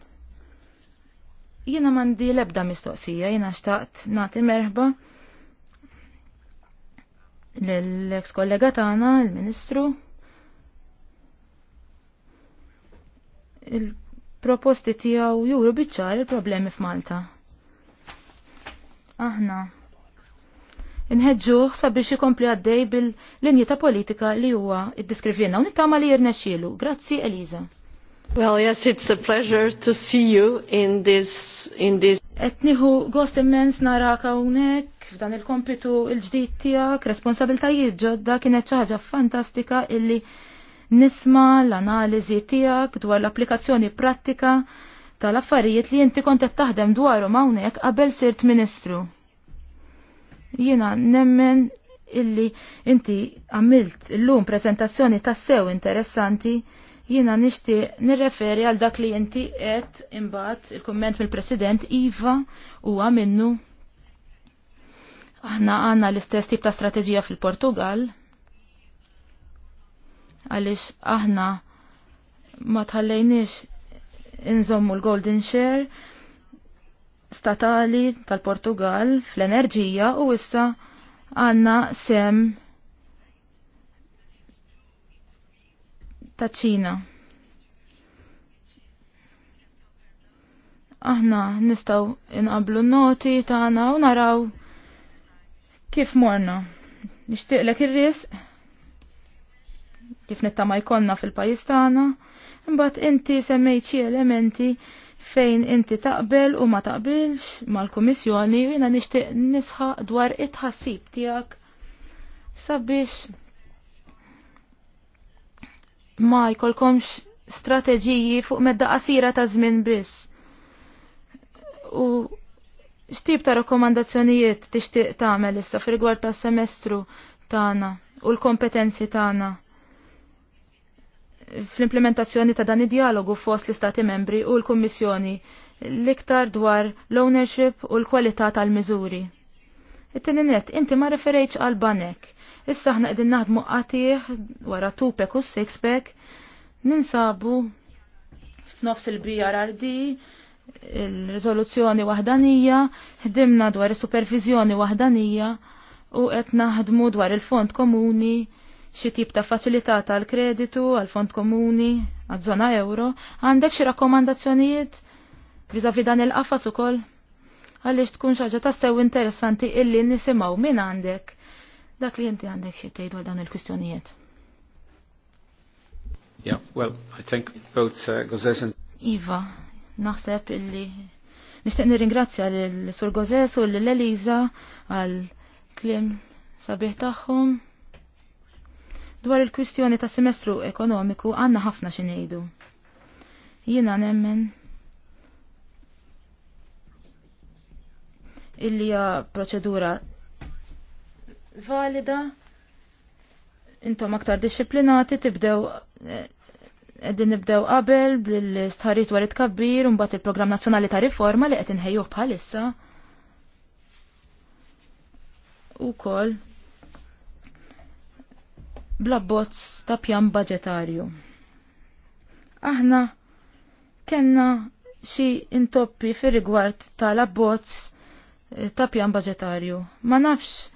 Jiena mandi lebda mistoqsija, jiena xtaqt nagħti merħba l ex kollega tagħna, il-Ministru. Il-proposti tiegħu juru biċċar il-problemi f'Malta. Aħna inħedġuħ sabiex ikompli għaddej bil-linji ta' politika li huwa id-diskrivjena u nittama li jirnexxielu. Grazzi, Eliza. Well, yes, it's a pleasure to see you in this in this Etniħu gost immens nara hawnhekk f'dan il-kompitu il-ġdid tiegħek, responsabiltajiet ġodda kienet ċaħġa ħaġa fantastika illi nisma l-analiżi tiegħek dwar l-applikazzjoni prattika tal-affarijiet li inti kont qed taħdem dwarhom hawnhekk qabel sirt Ministru. Jiena nemmen illi inti għamilt illum prezentazzjoni tassew interessanti Jiena nixtieq nirreferi għal dak li inti qed imbagħad il-kumment mill-President Iva huwa minnu aħna għandna l-istess tip ta' strateġija fil-Portugal għaliex aħna ma tħallejniex inżommu l-Golden Share statali tal-Portugal fl-enerġija u issa għanna sem ta' ċina. Aħna nistaw inqablu noti tagħna u naraw kif morna. Nixtieqlek ir-risq kif ma jkollna fil-pajjiż tagħna, imbagħad inti semmejt xi elementi fejn inti taqbel u ma taqbilx mal-Kummissjoni u jiena nixtieq nisħaq dwar it-ħassib tiegħek sabiex ma jkolkomx strateġiji fuq medda qasira ta' żmien biss. U x'tip ta' rakkomandazzjonijiet tixtieq tagħmel issa fir-rigward tas-semestru tagħna u l-kompetenzi tagħna fl-implementazzjoni ta' dan id-dialogu fost l-Istati membri u l-Kummissjoni l-iktar dwar l-ownership u l-kwalità tal-miżuri. It-tininet, inti ma referejċ għal banek Issa ħna qegħdin naħdmu qatih wara tupek u sixpack ninsabu f'nofs il-BRRD il-riżoluzzjoni wahdanija, ħdimna dwar is-supervizjoni waħdanija u qed naħdmu dwar il-fond komuni xi tip ta' faċilità tal-kreditu għal fond komuni għaż-żona euro, għandek xi rakkomandazzjonijiet viżavi dan il-qafas ukoll? Għaliex tkun xi ħaġa tassew interessanti illi nisimgħu min għandek Dak li inti għandek xi tgħidu għal dawn il-kwistjonijiet. Yeah, well, I think both uh, Gozes and... Iva, naħseb illi nixtieq nirringrazzja l-Sur Gozes u l-Eliza għal klim sabiħ tagħhom. Dwar il-kwistjoni ta' semestru ekonomiku għandna ħafna xi ngħidu. Jiena nemmen illi hija proċedura valida, intom aktar disciplinati tibdew Eddin eh, nibdew qabel bil-istħarriet wara t-kabbir un il-Programm Nazzjonali ta' Riforma li qed inħejjuh bħalissa. kol bla bozz ta' pjan budgetarju. Aħna kenna xi intoppi fir-rigward tal-abbozz eh, ta' pjan budgetarju. Ma nafx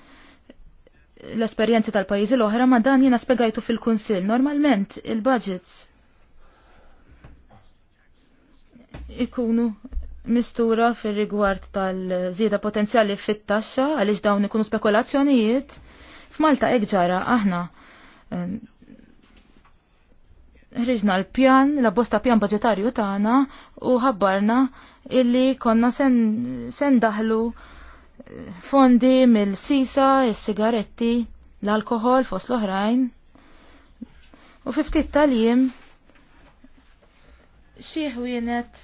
l-esperjenzi tal-pajjiżi l-oħra ma dan jiena spjegajtu fil-Kunsill. Normalment il-budgets ikunu mistura fil-rigward tal-żieda potenzjali fit-taxxa għaliex dawn ikunu spekulazzjonijiet. F'Malta hekk ġara aħna ħriġna l-pjan, la bosta pjan budgetarju tagħna u ħabbarna illi konna sen, sen daħlu fondi mill-sisa, il sigaretti l-alkohol fost l-oħrajn. U fiftit tal jim xieħwienet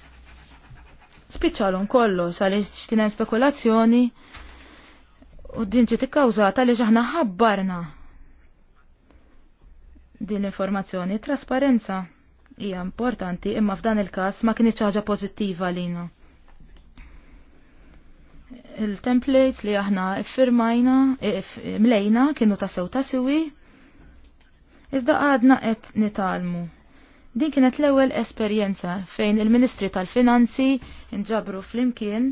spiċalun kollu, kollox għaliex kien hemm spekulazzjoni u din ġiet ikkawżata li ġaħna ħabbarna din l-informazzjoni. Trasparenza hija importanti imma f'dan il-każ ma kienx ħaġa pożittiva lina il-templates li aħna firmajna, mlejna, kienu ta' sew ta' siwi, iżda għadna qed nitalmu. Din kienet l-ewwel esperjenza fejn il-Ministri tal-Finanzi inġabru flimkien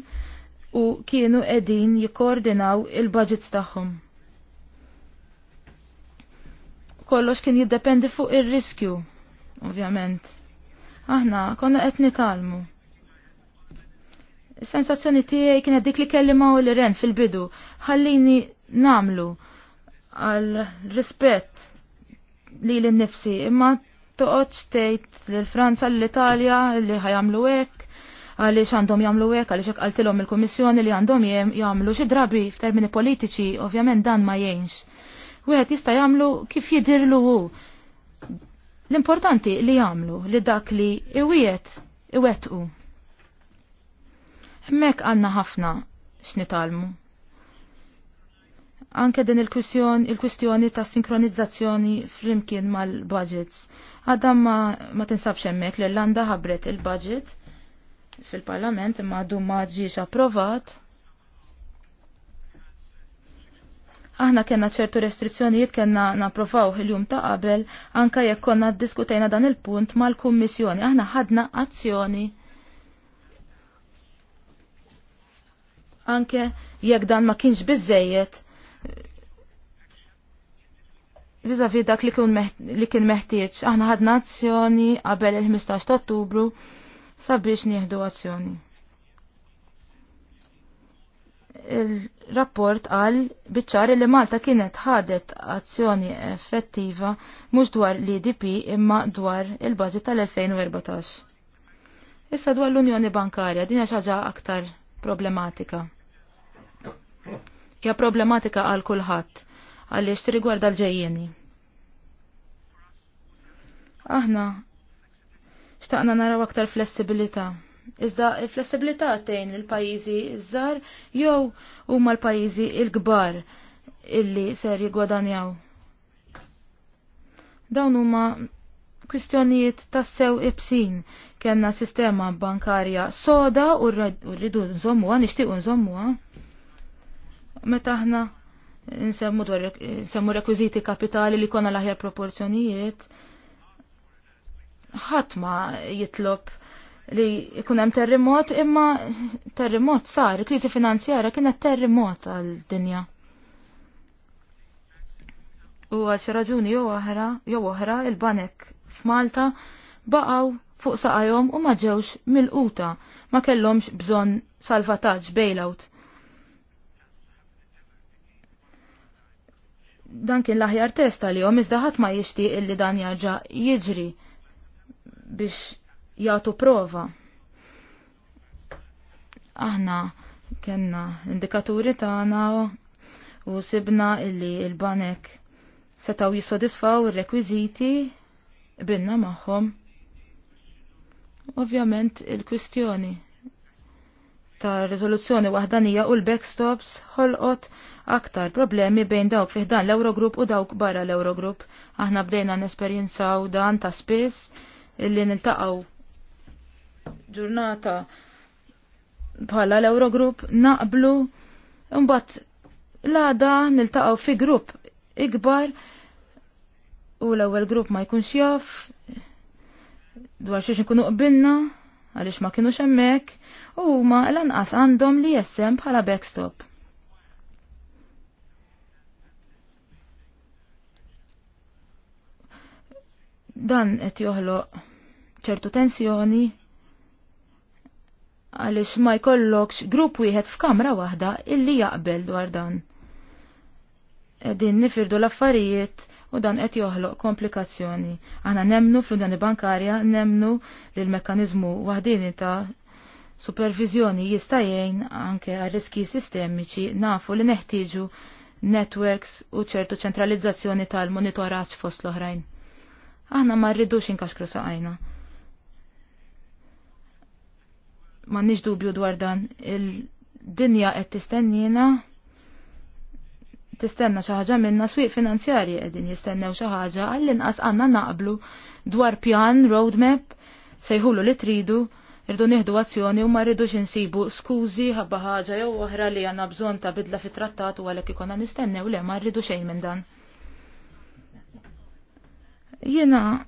u kienu qegħdin jikkoordinaw il-budgets tagħhom. Kollox kien jiddependi fuq ir-riskju, ovvjament. Aħna konna qed nitalmu sensazzjoni tiegħi kienet dik li kellima u li ren fil-bidu. Ħallini namlu għal rispett li l-nifsi imma toqgħod tgħid lil Franza l-Italja li ħajamlu hekk għaliex għandhom jagħmlu hekk għaliex hekk qaltilhom il-Kummissjoni li għandhom jagħmlu xi drabi f'termini politiċi ovvjament dan ma jgħinx. Wieħed jista' jagħmlu kif jidirlu hu. L-importanti li jagħmlu li dak li iwiet iwettqu. Mek għanna ħafna x'nitalmu. Anke din il-kwistjoni il ta' sinkronizzazzjoni flimkien mal-budgets. Għadam ma, ma tinsabx hemmhekk l-Irlanda ħabret il-budget fil-Parlament imma għadu ma ġiex approvat. Aħna kena ċertu restrizzjonijiet kena naprofaw il-jum ta' qabel anka jekk konna ddiskutejna dan il-punt mal-Kummissjoni. Aħna ħadna azzjoni anke jekk dan ma kienx biżejjed vizavi dak li, li kien meħtieġ aħna ħadna azzjoni qabel il-15 ta' Ottubru sabiex nieħdu azzjoni. Il-rapport qal biċċar li Malta kienet ħadet azzjoni effettiva mhux dwar l-IDP imma dwar il-budget tal-2014. Issa dwar l-Unjoni Bankarja din hija xi ħaġa aktar problematika. Ja problematika għal kulħadd għaliex tirrigwarda l-ġejjeni. Aħna xtaqna naraw aktar flessibilità. Iżda il-flessibilità tgħin il-pajjiżi żgħar jew huma l-pajjiżi l-kbar illi ser jigwadanjaw. Dawn huma kwistjonijiet tassew ibsin kellna sistema bankarja soda u rridu nżommuha, nixtiequ nżommuha. Meta ħna nsemmu dwar rekwiżiti kapitali li konna l-aħjar proporzjonijiet, ħadd ma jitlob li jkun hemm terremot imma terremot sar, kriżi finanzjara kienet terremot għal-dinja. U għal xi raġuni jew oħra, jew oħra il-banek f'Malta baqgħu fuq saqajhom u ma ġewx mill-quta ma kellhomx bżonn salvataġġ bailout. dan kien l-aħjar testa li jom iżda ħadd ma jixtieq illi dan jaġa jiġri biex jgħatu prova. Aħna kena indikaturi tagħna u sibna illi il-banek setaw jissodisfaw ir-rekwiżiti binna magħhom. Ovvjament il-kwistjoni ta' riżoluzzjoni waħdanija u l-backstops ħolqot aktar problemi bejn dawk fih dan l-Eurogrupp u dawk barra l-Eurogrupp. Aħna bdejna nesperjenzaw dan ta' spiss illi niltaqgħu ġurnata bħala l-Eurogrupp naqblu mbagħad l-għada niltaqgħu fi grupp ikbar u l-ewwel grupp ma jkunx jaf dwar xiex nkunu qbilna għaliex ma kienu hemmhekk u huma l-anqas għandhom li jessem bħala backstop. Dan qed joħloq ċertu tensjoni għaliex ma jkollokx grupp wieħed f'kamra waħda illi jaqbel dwar dan. Qegħdin nifirdu l-affarijiet u dan qed joħloq komplikazzjoni. Aħna nemnu fl-Unjoni Bankarja nemnu li l-mekkaniżmu waħdini ta' supervizjoni jista' jgħin anke għal riski sistemiċi nafu li neħtieġu networks u ċertu ċentralizzazzjoni tal-monitoraġġ fost l-oħrajn. Aħna ma rridux inkaxkru saqajna. Ma nix dubju dwar dan. Il-dinja qed tistennina tistenna xi ħaġa minna swieq finanzjarji qegħdin jistennew xi ħaġa għall-inqas għandna naqblu dwar pjan roadmap sejħulu li tridu irdu nieħdu azzjoni u ma rridux insibu skużi ħabba ħaġa jew oħra li għandna bżonn ta' bidla fit-trattat u għalhekk ikonna nistennew le ma rridu xejn minn dan. Jena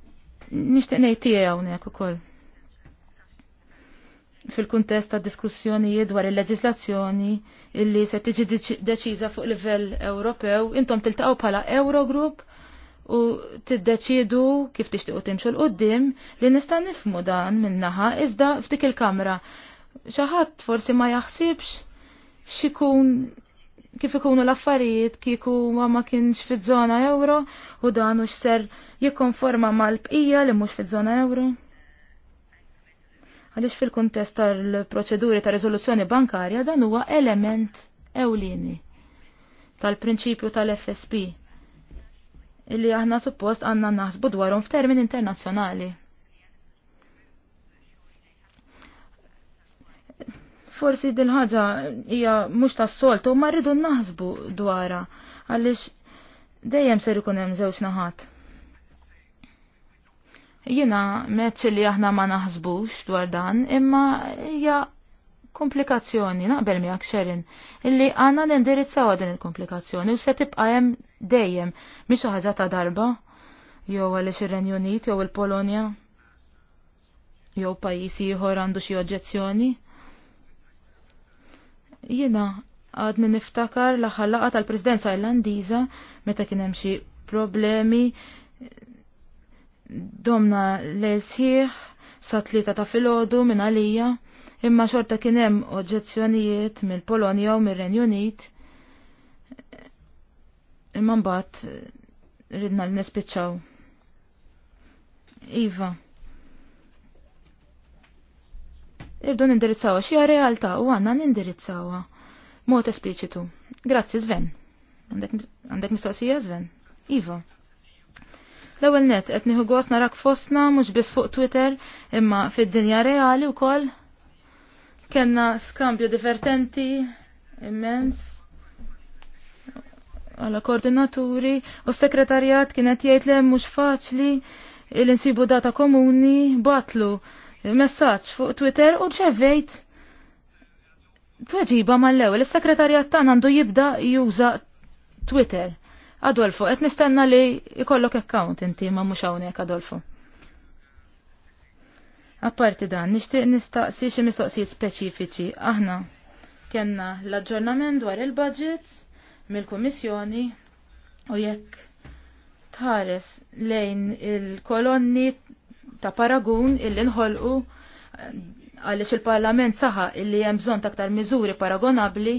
nishtiq ngħid tiegħi hawnhekk ukoll. Fil-kuntest ta' diskussjonijiet dwar il-leġislazzjoni illi se tiġi deċiża fuq livell Ewropew, intom tiltaqgħu bħala Eurogroup u tiddeċidu kif tixtiqu timxu l qudiem li nista' nifmu dan minnaħa iżda ftik il-kamra. Xi ħadd forsi ma jaħsibx xikun kif ikunu l-affarijiet kieku ma ma kienx fiż-żona euro u dan u ser jikkonforma mal-bqija li mhux fiż-żona euro. Għaliex fil-kuntest tal-proċeduri ta' riżoluzzjoni bankarja dan huwa element ewlieni tal-prinċipju tal-FSP illi aħna suppost għanna naħsbu dwarhom f'termin internazzjonali. Forsi din ħaġa hija mhux tas-soltu ma rridu naħsbu dwara għaliex dejjem ser ikun hemm żewġ naħat. Jiena meċ li aħna ma naħsbux dwar dan, imma hija komplikazzjoni, naqbel miegħek xerin, illi għandna nindirizzaw din il-komplikazzjoni u se tibqa' hemm dejjem mhix ħaġa ta' darba jew għaliex ir-Renju Unit jew il-Polonja jew pajjiż ieħor għandu xi oġġezzjoni. Jiena għadni niftakar l ħallaqa tal-Presidenza Irlandiża meta kien hemm xi problemi domna l-sħiħ sa tlieta ta' filgħodu minn għalija imma xorta kien hemm oġġezzjonijiet mill-Polonja u mir-Renju Unit. Imma mbagħad ridna l-nispiċċaw. Iva, Irdu nindirizzawa xija realtà u għanna nindirizzawa. Mod espliċitu. Grazzi, Sven. Għandek mistoqsija, Sven? Iva. L-ewwel net qed nieħu gost narak fostna mhux biss fuq Twitter imma fid-dinja reali wkoll. Kenna skambju divertenti immens għala koordinaturi u s-sekretarjat kienet jajt li mhux faċli il insibu data komuni batlu il-messaġġ fuq Twitter u ċevejt tweġiba mal lew is-sekretarjat tagħna għandu jibda juża Twitter. Adolfo, et nistenna li jkollok account inti ma mhux hawnhekk Adolfo. Apparti dan, nixtieq nistaqsi xi mistoqsijiet speċifiċi. Aħna kellna l-aġġornament dwar il-budget mill-Kummissjoni u jekk tħares lejn il-kolonni ta' paragun illi nħolqu għaliex il-Parlament saħa illi hemm bżonn aktar miżuri paragonabbli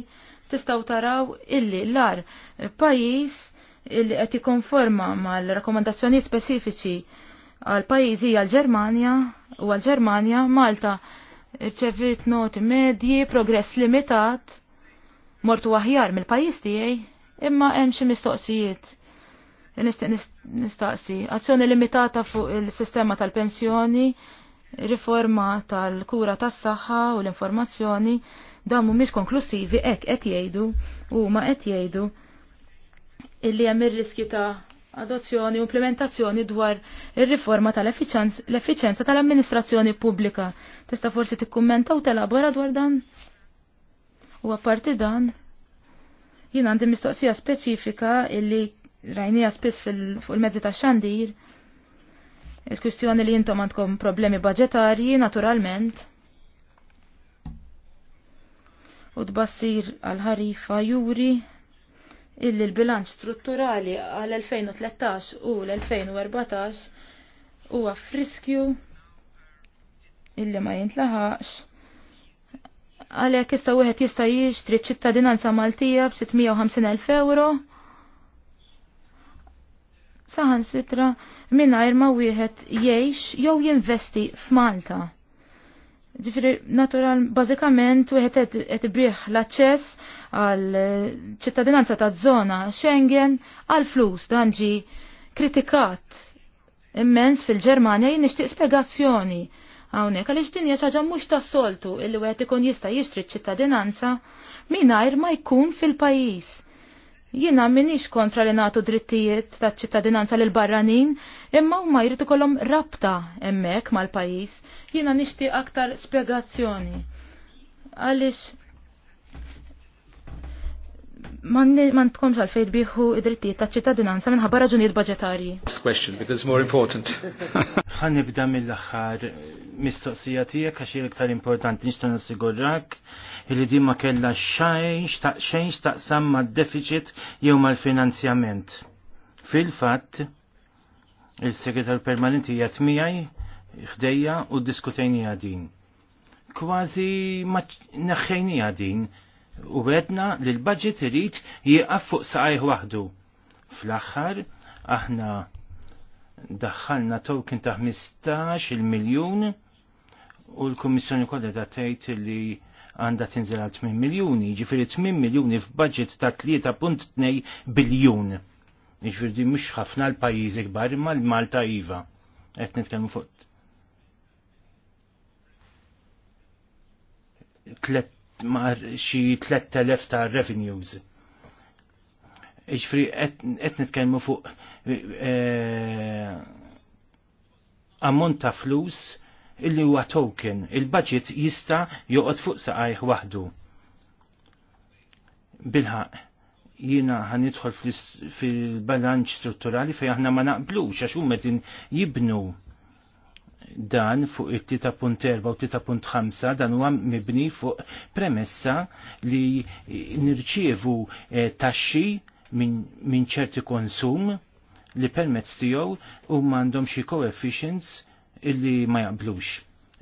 tistgħu taraw illi l-ar pajjiż illi qed ikkonforma mal-rakkomandazzjoni speċifiċi għal pajjiżi għal-Ġermanja u għal-Ġermanja Malta irċevit noti medji, progress limitat, mortu aħjar mill-pajis tiegħi, imma hemm xi mistoqsijiet nistaqsi. Azzjoni limitata fuq il-sistema tal-pensjoni, riforma tal-kura tas-saħħa u l-informazzjoni dawn mhumiex konklusivi hekk qed jgħidu huma qed jgħidu illi hemm ir-riskju ta' adozzjoni u implementazzjoni dwar ir-riforma tal-effiċenza tal-amministrazzjoni pubblika. Tista' forsi tikkummenta u telabora dwar dan? U apparti dan, jien għandi mistoqsija speċifika illi rajnija spiss fuq il-mezzi ta' xandir. Il-kwistjoni li jintom għandkom problemi budgetarji, naturalment. U tbassir għal-ħarifa juri illi l-bilanċ strutturali għal-2013 u l-2014 huwa friskju illi ma jintlaħax għalek issa wieħed jista' jixtri ċittadinanza Maltija b'650,000 euro saħan sitra minnajr ma wieħed jgħix jew jinvesti f'Malta. Ġifiri, natural, bazikament, u għet bieħ l aċċess għal ċittadinanza ta' zona Schengen għal flus dan ġi kritikat immens fil-Ġermanja nixtieq spiegazzjoni hawnhekk għaliex din hija ħaġa mhux tas-soltu illi wieħed ikun jista' jixtri ċittadinanza mingħajr ma jkun fil-pajjiż Jiena minix kontra li nagħtu drittijiet taċ ċittadinanza lil barranin, imma huma jrid ikollhom rabta hemmhekk mal-pajjiż. Jiena nixtieq aktar spjegazzjoni. Għaliex ma tkomx fejt biħu id-drittijiet taċ ċittadinanza minħabba raġunijiet budġetarji. question because more important. <laughs> nibda mill-aħħar mistoqsija tiegħek għax iktar importanti nixtieq nassigurrak li dimma kella kellha xejn taqsam mad-deficit jew mal-finanzjament. Fil-fatt, il-segretar permanenti jgħat miegħi ħdejja u diskutejnija din. Kważi ma neħħejnija din u għedna li l-budget irid jieqaf fuq saqajh waħdu. Fl-aħħar aħna daħħalna token ta' 15 il-miljun u l-Kommissjoni kollha ta' tgħid li għanda tinżel għal 8 miljoni, ġifiri 8 miljoni f'budget ta' 3.2 biljon. Ġifiri di mhux ħafna l pajizi kbar imma l-Malta iva. Qed nitkellmu fuq 3 xi 3000 ta' revenues ġifri qed nitkellmu fuq eh, ammont ta' flus illi huwa token, il-budget jista' joqgħod fuq saqajh waħdu. Bilħaq, jina ħanidħol fil-balanċ strutturali fej aħna ma naqblux għax huma din jibnu dan fuq il-3.4 u 3.5 dan huwa mibni fuq premessa li nirċievu eh, taxxi minn ċerti konsum li permezz tiegħu u m'għandhom xi coefficients illi ma jaqblux.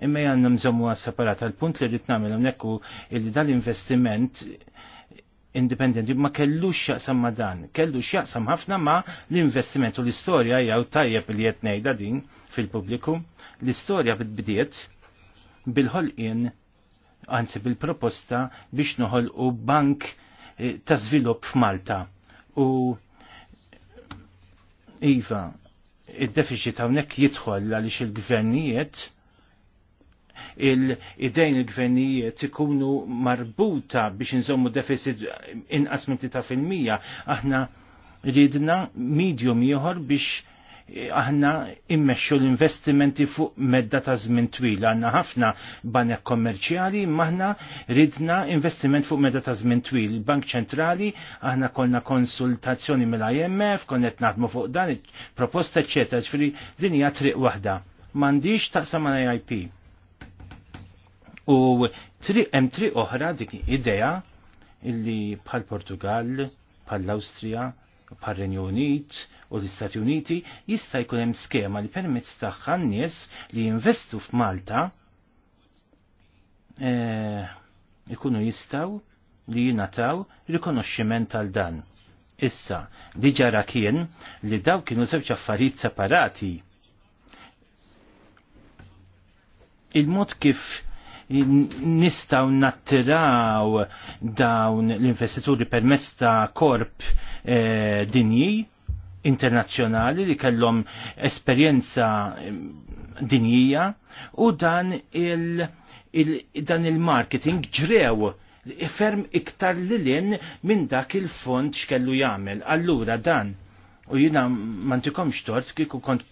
Imma għanna mżommu għas-separat għal-punt li rritna namel nekku illi dal-investiment independent ma kellux xaqsam ma dan, kellux xaqsam ħafna ma l-investiment u l-istorja jgħu tajjeb li jtnejda din fil-publiku. L-istorja bid-bidiet bil-ħolqien, anzi bil-proposta biex noħolqu bank eh, ta' zvilup f'Malta. U Iva, id-deficit hawnhekk jidħol għaliex il-gvernijiet il-idejn il-gvernijiet ikunu marbuta biex nżommu deficit inqas minn 3%. Aħna ridna medium ieħor biex aħna immexxu l-investimenti fuq medda ta' żmien twil. Għandna ħafna banek kommerċjali maħna ridna investiment fuq medda ta' żmien twil. Il-Bank Ċentrali aħna konna konsultazzjoni mill-IMF, konnet naħdmu fuq dan il proposta eċetera. ġifieri din hija triq waħda. M'għandix taqsam mal IP. U triq hemm triq oħra dik idea illi bħal Portugal, bħal Awstrija, bħal Renju Unit, u l-Istati Uniti jista' jkun hemm skema li permezz tagħha nies li jinvestu f'Malta eh, ikunu jistgħu jistaw li jinataw rikonoxximent għal dan. Issa, li ġara kien li daw kienu żewġ affarijiet separati. Il-mod kif nistaw nattiraw dawn l-investituri permezz ta' korp e, dinji internazzjonali li kellhom esperjenza dinjija u dan il, il dan il-marketing ġrew ferm iktar lilin minn dak il-fond xkellu jagħmel. Allura dan u jina mantikomx tort kiku kont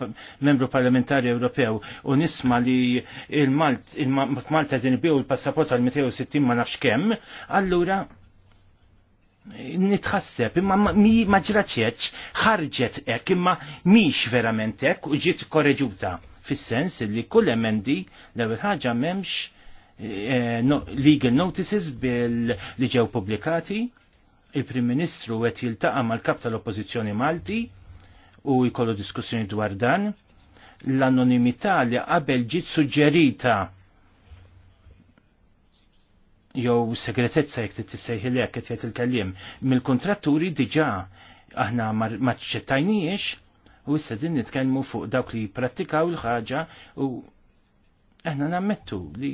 membru parlamentari Ewropew u nisma li il-Malta il din biju l-passaport għal 260 ma nafx kemm, allura nitħasseb, imma mi maġraċieċ ħarġet ek, imma miex verament ek u ġiet korreġuta. Fis-sens li kull emendi l-ewwel ħaġa m'hemmx eh, legal notices bil li ġew pubblikati, il-Prim Ministru qed jiltaqa' mal-kap tal-Oppożizzjoni Malti u jkollu diskussjoni dwar dan, l-anonimità li qabel ġiet suġġerita jew segretezza jek tissejħilek qed jgħid il-kelliem. Mill-kontratturi diġà aħna ma ċċettajniex u issa din nitkellmu fuq dawk li jippratikaw il-ħaġa u aħna nammettu li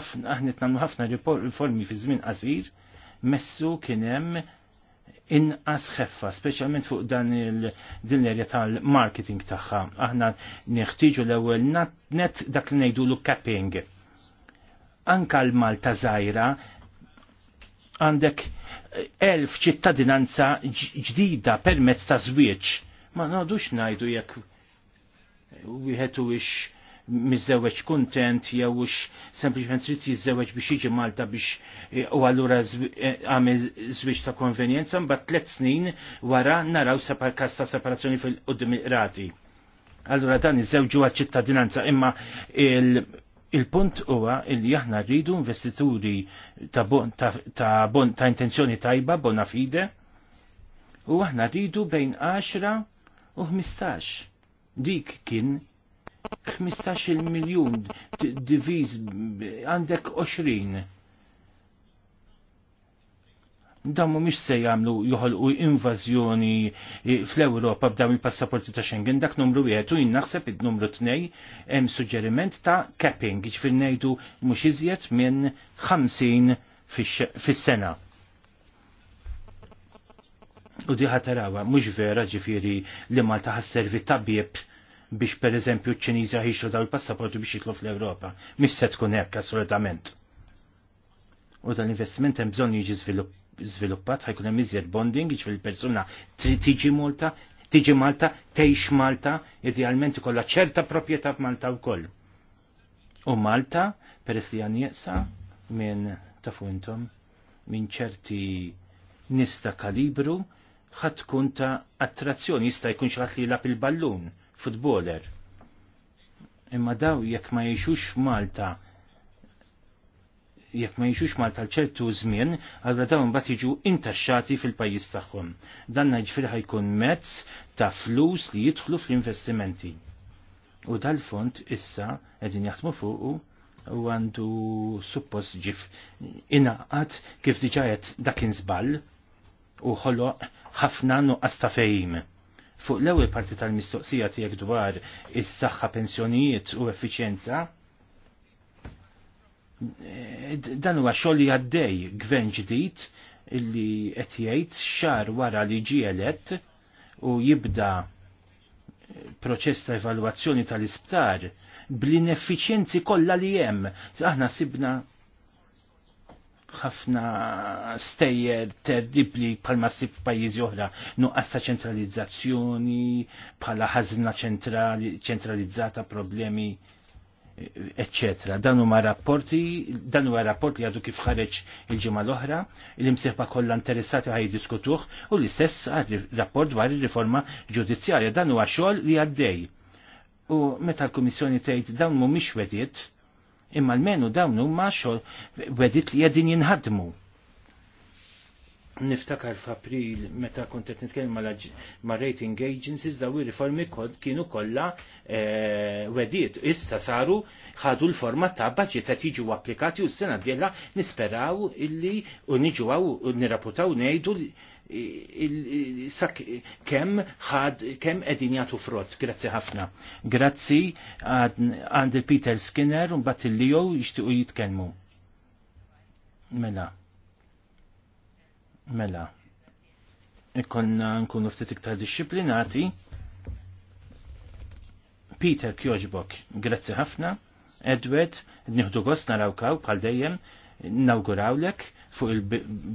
aħna tnamlu ħafna riformi fi żmien qasir messu kien hemm inqas ħeffa, speċjalment fuq dan il-din tal-marketing tagħha. Aħna neħtieġu l-ewwel net dak li ngħidu capping anka l-Malta Zajra għandek elf ċittadinanza ġdida permezz ta' żwieġ. Ma nodux ngħidu jekk wieħed huwiex miżewweġ kuntent jew sempliċement trid jiżewweġ biex jiġi Malta biex e, u allura e, għamel żwieġ ta' konvenjenza mbagħad tliet snin wara naraw kas ta' separazzjoni fil-qudiem il-qrati. Allura dan iż-żewġu għal ċittadinanza imma il- Il-punt huwa li aħna rridu investituri ta' bon ta', ta, bon, ta intenzjoni tajba bona fide u aħna rridu bejn 10 u 15. Dik kien 15 il miljun diviz għandek 20 dammu mhumiex se jagħmlu joħolqu invażjoni eh, fl-Ewropa b'dawn il-passaporti ta' Schengen, dak numru wieħed u naħseb id-numru tnej hemm suġġeriment ta' capping, ġifir ngħidu mhux iżjed minn 50 fis-sena. U diħa tarawa, mhux vera ġifieri li Malta ħasservi tabib biex per eżempju ċ-Ċiniża ħiexu daw il-passaporti biex jitlu fl europa Mhix se tkun hekk assolutament. U dan l-investiment hemm bżonn jiġi żvilupp żviluppat ħajkun hemm iżjed bonding jiġri persuna tiġi Malta, tiġi Malta, tgħix Malta, idealment ikollha ċerta proprjetà f'Malta wkoll. U Malta peress li nieqsa minn tafu intom minn ċerti nista kalibru ħadd tkun ta' attrazzjoni jista' jkun xi ħadd li lab il-ballun, futboler. Imma daw jekk ma jiexux Malta jekk ma jiġux Malta ċertu żmien, għalra dawn imbagħad jiġu intaxxati fil-pajjiż tagħhom. Dan jiġifieri ħajkun mezz ta' flus li jidħlu fl-investimenti. U dal-fond issa qegħdin jaħdmu fuqu u għandu suppost ġif inaqat kif qed dakin żball u ħoloq ħafna nuqqas ta' fejim. Fuq l-ewwel parti tal-mistoqsija tiegħek dwar is-saħħa pensjonijiet u effiċjenza, dan huwa xogħol li għaddej gvern ġdid illi qed jgħid xar wara li ġie elett u jibda proċess ta' evalwazzjoni tal-isptar bl-ineffiċjenzi kollha li hemm. Aħna sibna ħafna stejjer terribli bħal massif pajjiżi oħra, nuqqas ta' ċentralizzazzjoni, bħala ħażna ċentralizzata problemi etc. Dan huma rapporti, dan huwa rapport li għadu kif ħareġ il-ġimgħa l-oħra, il-imsieħba kollha interessati ħaj diskutuh u l-istess rapport dwar ir-riforma ġudizzjarja dan huwa xogħol li għaddej. U meta l-Kummissjoni tgħid dawn mhumiex wediet, imma l-menu dawn huma xogħol wedit li qegħdin jinħadmu niftakar f'April meta kont qed nitkellem ma' rating agencies daw ir-riformi kod kienu kollha e, wediet. Issa saru ħadu l-forma ta' budget qed jiġu applikati u s-sena djela nisperaw illi u niġu u nirraputaw ngħidu kemm kem ħad kem qegħdin jagħtu frott, grazzi ħafna. Grazzi għand Peter Skinner u mbagħad il-liju jixtiequ jitkellmu Mela. Mela, ikkonna nkunu ftit iktar disciplinati Peter Kjoġbok, grazzi ħafna. Edward, nieħdu gost narawkaw bħal dejjem, nawgurawlek fuq il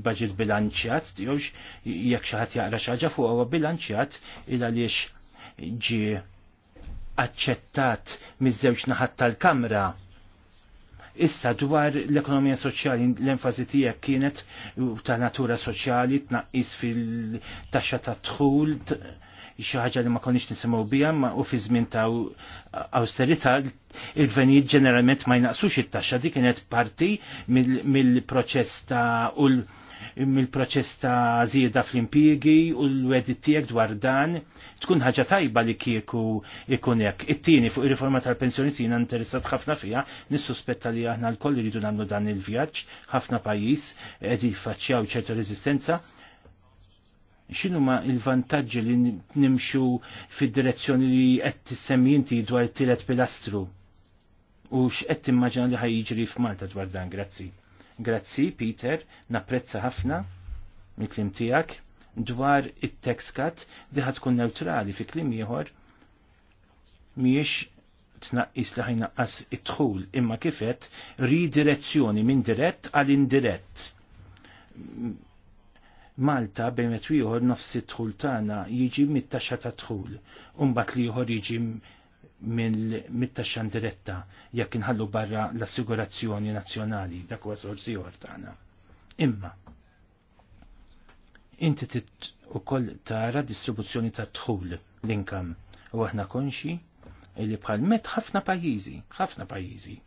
baġit bilanċjat, tiegħux jekk xi ħadd jaqra xi ħaġa fuq huwa bilanċjat il għaliex ġi aċċettat miż-żewġ naħat tal-kamra Issa dwar l-ekonomija soċjali l-enfasi tiegħek kienet ta' natura soċjali tnaqqis fil-taxxa ta' dħul xi ħaġa li ma konniex nisimgħu biha u fi żmien ta' austerità il-gvernijiet ġeneralment ma jnaqsux it-taxxa di kienet parti mill-proċess ta' u l- il proċess ta' zieda fl-impjiegi u l-wedit tiegħek dwar dan tkun ħaġa tajba li kieku ikun hekk. It-tieni fuq ir-riforma tal-pensjoni tina interessat ħafna fiha, nissuspetta li aħna l-koll iridu nagħmlu dan il-vjaġġ ħafna pajjiż qed jiffaċċjaw ċertu reżistenza xinu ma il-vantagġi li nimxu fid-direzzjoni li qed tissemmi inti dwar it-tielet pilastru? U x'qed timmaġina li ħajjiġri f'Malta dwar dan, grazzi. Grazzi, Peter, napprezza ħafna mill-klim tijak dwar it tekskat li diħa tkun neutrali fi klim ieħor miex tnaqqis li ħajnaqqas it-tħul imma kifet ridirezzjoni minn dirett għal indirett. Malta bejn qed ieħor nofs it-tħul tagħna jiġi mit-taxxa ta' tħul u mbagħad li ieħor jiġi mit-taxxan diretta jekk inħallu barra l-assigurazzjoni nazzjonali dak huwa sors ieħor tagħna. Imma inti tit ukoll tara distribuzzjoni ta' dħul l-inkam u aħna konxi li bħal met ħafna pajjiżi, ħafna pajjiżi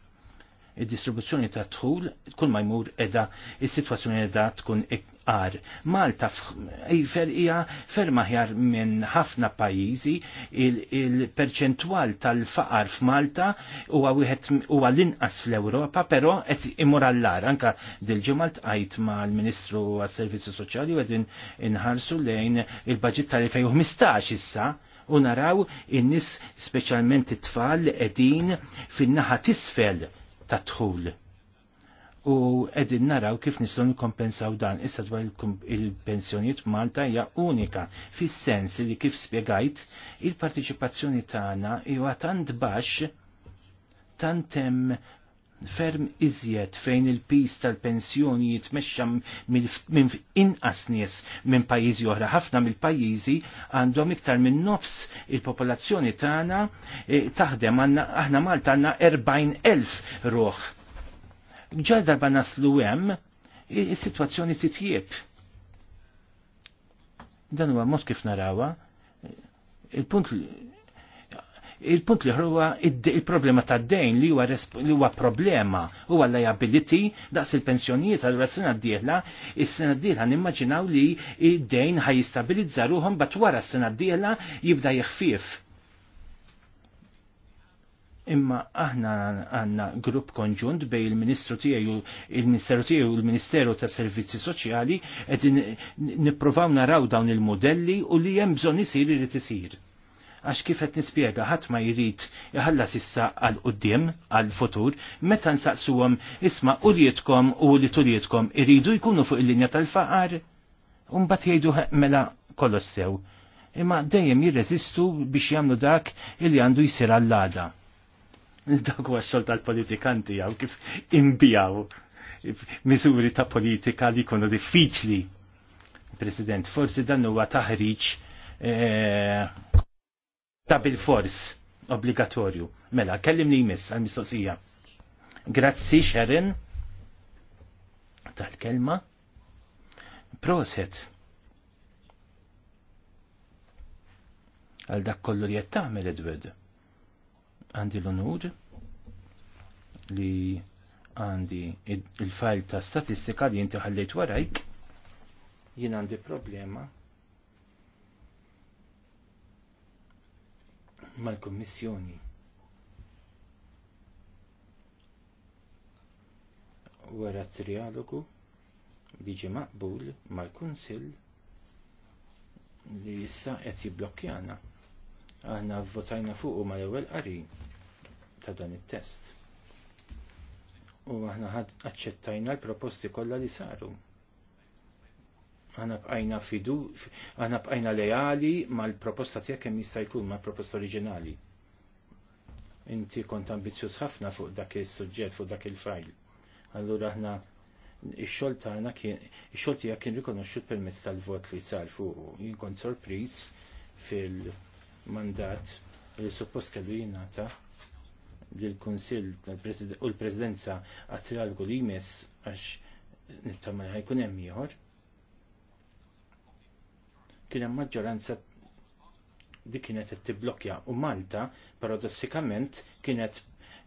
id-distribuzzjoni ta' tħul kull ma jmur edha is-sitwazzjoni edha tkun iqqar. Malta fer hija ferma ħjar minn ħafna pajjiżi il-perċentwal il perċentwal tal faqar f'Malta huwa wieħed huwa l-inqas fl-Ewropa, però qed imur għall-lar anka dil-ġimgħa tqajt mal-Ministru għas-Servizzi Soċjali u qegħdin inħarsu lejn il-baġit tal-2015 issa u naraw in-nis speċjalment it-tfal qegħdin fin-naħa tisfel ta' tħul. U edin naraw kif nistgħu nikkompensaw dan issa dwar il-pensjonijiet Malta hija unika fis-sens li kif spjegajt il-partiċipazzjoni tagħna huwa tant baxx tant hemm ferm iżjed fejn il-pis tal-pensjoni jitmexxa minn inqas nies minn pajjiżi oħra. Ħafna mill-pajjiżi għandhom iktar minn nofs il-popolazzjoni tagħna e, taħdem aħna Malta għandna 40,000 ruħ. Ġal darba naslu hemm is-sitwazzjoni titjieb. Dan huwa mod kif narawha. E, il-punt Il-punt li huwa il-problema ta' dejn li huwa li huwa problema huwa liability daqs il-pensjonijiet għal sena d-dieħla, is-sena d-dieħla nimmaġinaw li id-dejn ħajjistabilizza ruhom bat wara s-sena d-dieħla jibda jeħfief. Imma aħna għanna grupp konġunt bej il-Ministru tiegħu il-Ministeru tiegħu il-Ministeru ta' Servizzi Soċjali qed nippruvaw naraw dawn il-modelli u li hemm bżonn isir irid isir għax kif qed nispjega ħadd ma jrid iħallas issa għal qudiem għal futur meta nsaqsuhom isma' ulietkom u li tulietkom iridu jkunu fuq il-linja tal-faqar u mbagħad jgħidu mela kollox sew. Imma dejjem jirreżistu biex jagħmlu dak illi għandu jsir għall-għada <laughs> dak huwa x-xogħol tal-politikanti jew kif imbijaw miżuri ta' politika li jkunu diffiċli. President, forsi dan huwa taħriġ eh, ta' bil-fors obbligatorju. Mela, kellimni jmiss għal-mistoqsija. Grazzi, Sharon, tal-kelma. Proset. Għal dak kollu li jettaħmel tagħmel Edward. Għandi l-onur li għandi il-fajl ta' statistika li jinti ħallejt warajk. Jien għandi problema mal-Kummissjoni. Wara trialogu biġi maqbul mal-Kunsill li issa qed jibblokkjana. Aħna vvotajna fuqu mal-ewwel qari ta' dan it-test. U aħna ħadd aċċettajna l-proposti kollha li saru Għana bqajna fidu, għana bqajna leali mal-proposta tijak kem jista' jkun mal-proposta oriġinali. Inti kont ambizjuż ħafna fuq dak il-suġġett, fuq dak il-fajl. Allura aħna il xogħol tagħna kien il xogħol tiegħek kien rikonoxxut permezz tal-vot li sar fuq. Jien kont sorpriż fil-mandat li suppost kellu jingħata l kunsill u l-Presidenza għat-trialgu li għax nittamel ħajkun hemm ieħor kien hemm maġġoranza dik kienet qed tibblokja u Malta paradossikament kienet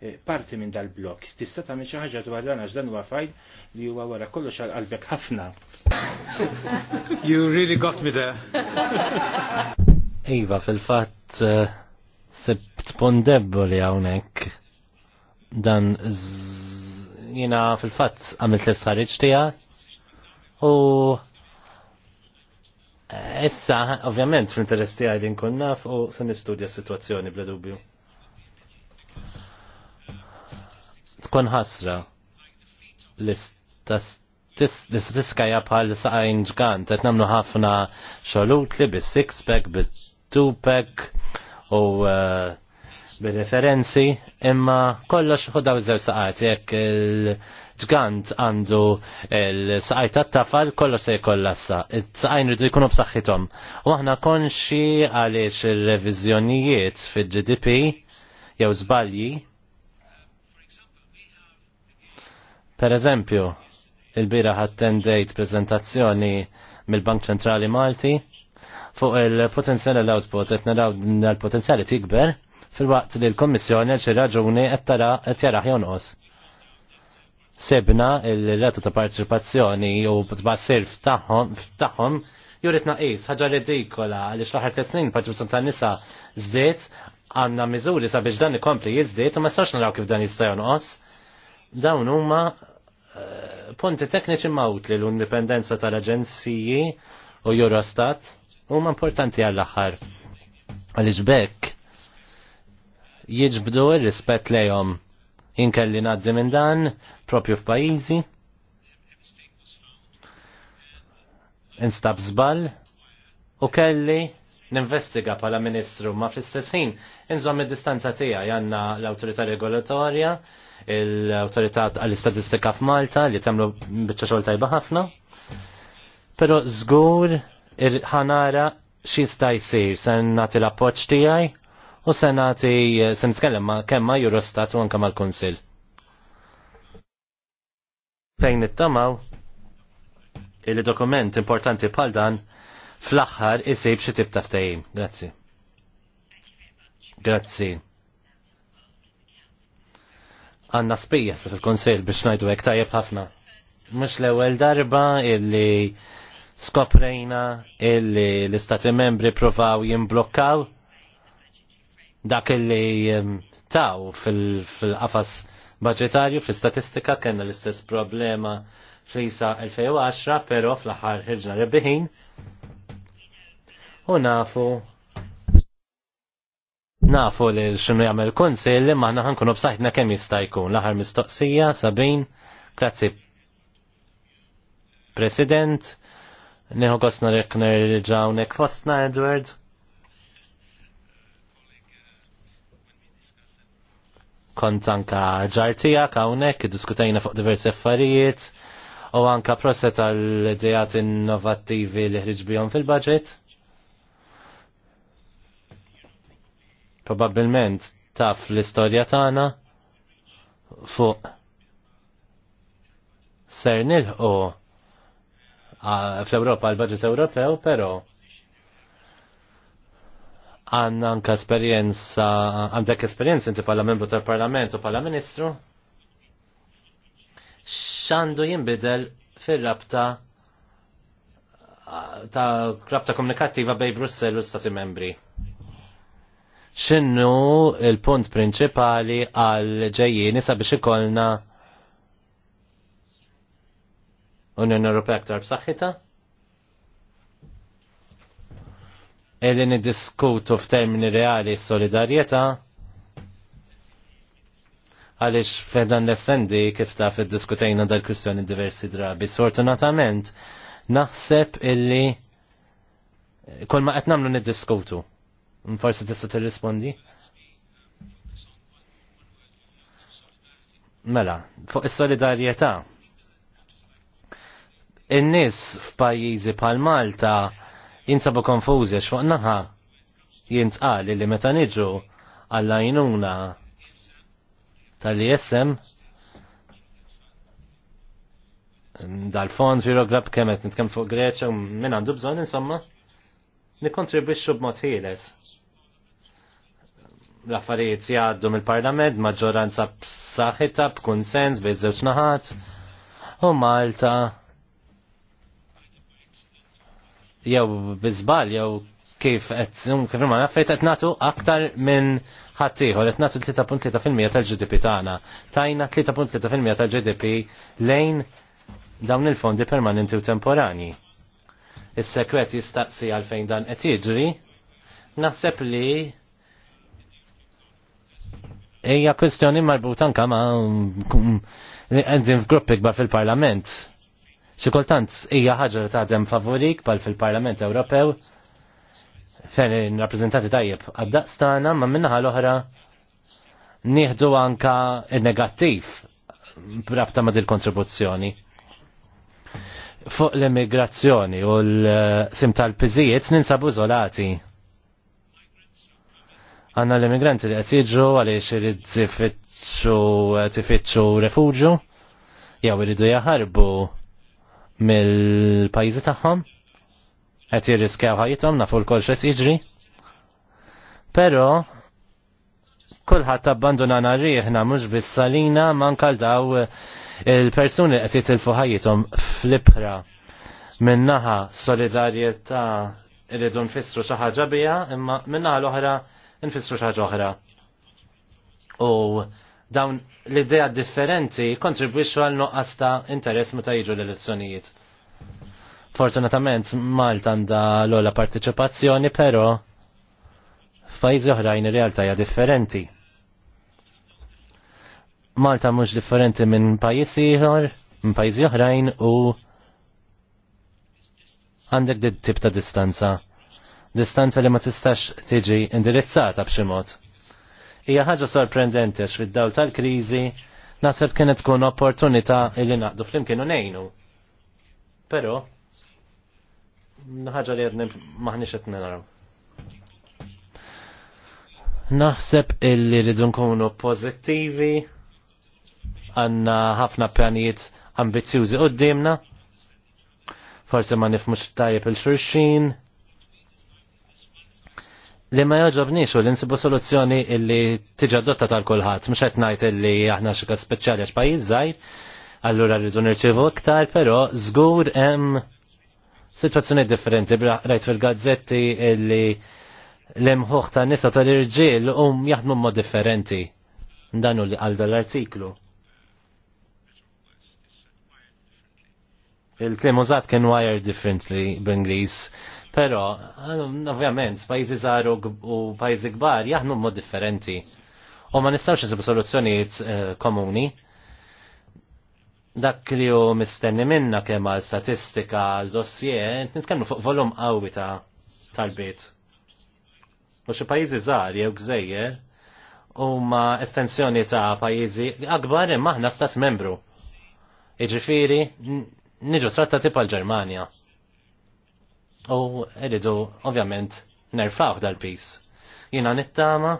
eh, parti minn dal-blok. Tista' tagħmel xi ħaġa dwar dan għax dan huwa fajl li huwa wara kollox għal qalbek ħafna. <laughs> You really got me there. <laughs> iva, fil-fatt eh, se pondebbo li hawnhekk dan jiena fil-fatt għamilt l-istħarriġ tiegħek u Issa, ovvjament, fl interesti tiegħi li naf u se nistudja s-sitwazzjoni bla dubju. Tkun ħasra l-istatistika hija bħal saqajn ġgant qed nagħmlu ħafna xolutli bis-six pack, bi two pack u uh, bi referenzi imma kollox ħodda iż-żewġ saqajt jekk il- ġgant għandu l saqajta ta' tafal kollu se jkollassa. Il-saqajn rridu jkunu b'saħħithom. U aħna konxi għaliex ir-reviżjonijiet fil-GDP jew żbalji. Per eżempju, il-bira ħattendejt prezentazzjoni mill-Bank Ċentrali Malti fuq il-potenzjali l-output, qed naraw l-potenzjali tikber fil-waqt li l-Kommissjoni għal xi raġuni qed tara qed jaraħ jonqos sebna il-rata ta' partiċipazzjoni u tbassir f'taħħom jurit naqis, ħagġa ridikola li xlaħar t snin partiċipazzjoni ta' nisa zdiet għanna miżuri sabiex dan ikompli jizdiet u ma sarx naraw kif dan jista' jonqos. Dawn huma eh, punti tekniċi mawt li l-indipendenza tal-aġenziji u Eurostat huma importanti għall-aħħar. Għaliex bekk jiġbdu il rispett lejom inkelli naddi minn dan propju f'pajjiżi. Instab żball u kelli ninvestiga pala ministru ma fl-istess ħin inżomm id-distanza tiegħi għandna l-awtorità regolatorja, l-awtorità għall-istatistika f'Malta li temlu biċċa xogħol tajba ħafna. Però żgur ħanara xi sta jsir se nagħti l-appoġġ tiegħi u se nagħti se nitkellem ma' kemm ma' u anke mal-Kunsill fejn it-tamaw il dokument importanti bħal dan fl-aħħar isib xi tib ta' Grazzi. Grazzi. Għanna spija fil-Konsil biex ngħidu hekk tajjeb ħafna. Mhux l-ewwel darba illi skoprejna illi l-istati membri provaw jimblokkaw dak illi ehm, taw fil-qafas budgetarju fl-istatistika kena l-istess problema fl-isa 2010, pero fl-ħar ħirġna rebbiħin u nafu nafu li xinu jagħmel konsil li maħna ħankun u kemm jista' jkun l-aħħar mistoqsija Sabin, grazzi President, nieħu kosna rekner ġawnek fostna Edward. kont anka ġartija kawnek, diskutajna fuq diversi affarijiet, u anka proset għal-idejat innovattivi li ħriġbijom fil-budget. Probabilment taf l-istorja tagħna fuq ser nilħu fl-Europa l-budget Ewropew, pero għanna anka esperienza, għandek esperienza inti pala membru tal-parlament u pala ministru? Xandu jimbidel fil-rabta ta' rabta komunikattiva bej Brussel u stati membri. Xinnu il-punt prinċipali għal ġejjini sabiex ikollna Unjoni Ewropea aktar b'saħħitha? Eli niddiskutu f'termini reali solidarjetà għaliex f'dan l-essendi kif ta' fid-diskutejna dal-kwistjoni diversi drabi. Sfortunatament, naħseb illi kol ma qed nagħmlu niddiskutu. Forsi tista' tirrispondi? Mela, fuq is-solidarjetà. In-nies f'pajjiżi bħal Malta jinsabu konfuzja xfuq naħa jintqal li meta niġu għall jinuna tal jessem dal-fond ġiro grab kemet nitkem fuq Greċa u minn għandu bżon insomma nikontribwixxu b'mod ħieles. L-affarijiet jgħaddu mill-Parlament, maġġoranza b'saħħitha b'kunsens bejn żewġ naħat u Malta jew bizbal jew kif qed um, kif ma fejt qed nagħtu aktar minn ħaddieħor qed nagħtu 3.3% tal-GDP tagħna. Tajna 3.3% tal-GDP lejn dawn il-fondi permanenti u temporani. Is-sekret jistaqsi għalfejn dan qed jiġri, naħseb li hija kwestjoni marbutan kama ma' um, għandin f'gruppi kbar fil-Parlament Xi ija hija ħaġa li taħdem favorik bħal fil-Parlament Ewropew fejn rappreżentati tajjeb għaddaqs tagħna ma minna l-oħra nieħdu anka il-negattiv rabta ma' dil-kontribuzzjoni. Fuq l-immigrazzjoni u l-sim tal pizijiet ninsabu zolati. Għanna l-immigranti li qed jiġu għaliex irid tifittxu refugju jew iridu jaħarbu mill pajzi tagħhom qed jirriskjaw ħajjithom nafu l-kol x'qed jiġri. Però kulħadd abbandunana rieħna mhux bis-salina manka daw il-persuni qed jitilfu ħajjithom fl-ibħra minnaħa solidarjetà irridu nfissru xi ħaġa biha, imma minnaħa l-oħra nfissru xi ħaġa oħra. U dawn l-idea differenti kontribwixxu għal noqqas ta' interess meta jiġu l-elezzjonijiet. Fortunatament Malta għandha l-ola partiċipazzjoni, però f'pajjiżi oħrajn ir-realtà hija differenti. Malta mhux differenti minn pajjiż ieħor, minn pajjiżi oħrajn u għandek dit tip ta' distanza. Distanza li ma tistax tiġi indirizzata b'xi mod hija ħaġa sorprendente x fid-dawl tal-kriżi naħseb kienet tkun opportunità li naqdu flimkien u ngħinu. Però ħaġa li jadni maħniex qed naraw. Naħseb illi rridu nkunu pożittivi għandna ħafna pjanijiet ambizzjużi qoddimna, forse ma nifmux tajjeb il-xurxin, li ma joġobniex u li nsibu soluzzjoni illi tiġi adotta tal-kulħadd, mhux qed ngħid illi aħna xi każ speċjali għax pajjiż żgħir, allura rridu nirċievu iktar, però żgur hemm situazzjoni differenti, rajt fil-gazzetti illi l-imħuħ ta' nisa tal-irġiel u jaħdmu mod differenti. Ndanu li għal dal-artiklu. il klimużat kien wired differently b'Inglis. Pero, ovvjament, pajjiżi żgħar u pajjiżi kbar jaħdmu mod differenti. U ma nistgħux nisibu soluzzjonijiet eh, komuni. Dak li hu mistenni minna kemm għal statistika għal dossier, nitkellmu fuq volum qawwi ta' tal-bit. U xi pajjiżi żgħar jew gżejjer huma estensjoni ta' pajjiżi akbar imma aħna stat membru. Jiġifieri niġu trattati pal-Ġermanja u rridu ovvjament nerfaw dal-pis. Jina nittama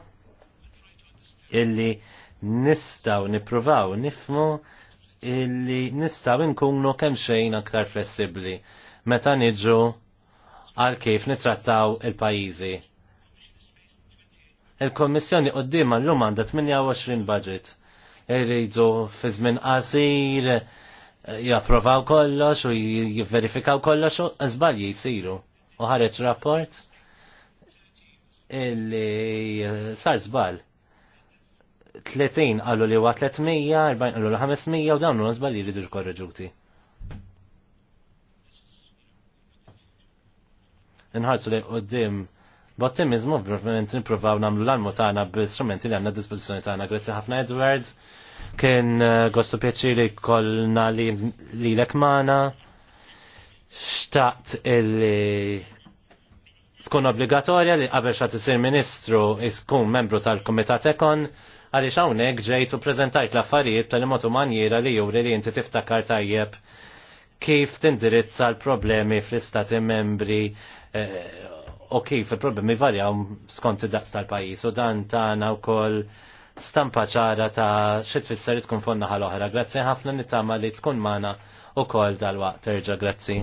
illi nistaw nipruvaw nifmu illi nistaw inkunu kemm xejn aktar flessibli meta niġu għal kif nitrattaw il-pajizi. Il-Kommissjoni qoddima l-lum għandha 28 budget. Irridu fi żmien qasir japprovaw kollox u jivverifikaw kollox u zbalji jisiru. U ħareċ rapport illi sar zbal. 30 għallu li huwa 300, 40 għallu li 500 u dawn huma żbalji jridu jkorreġuti. Inħarsu li qudiem bottimizmu, ovvjament nippruvaw nagħmlu l-almu tagħna bl-istrumenti li għandna dispożizzjoni tagħna. Grazzi ħafna Edwards. Kien eh, gostu pjaċiri kolna li, li l ekmana xtaqt illi tkun obbligatorja li qabel xa t-sir ministru iskun membru tal-Kumitat Ekon għaliex hawnhekk ġejt u preżentajt l-affarijiet tal-imotu manjera li juri li inti tiftakar tajjeb kif tindirizza l-problemi fl-istati membri eh, u kif il-problemi varjaw skont id-daqs tal-pajis u dan tagħna wkoll stampa ċara ta' xit fisser tkun fonna ħal oħra. Grazzi ħafna nittama li tkun mana u kol dal-waqt terġa' grazzi.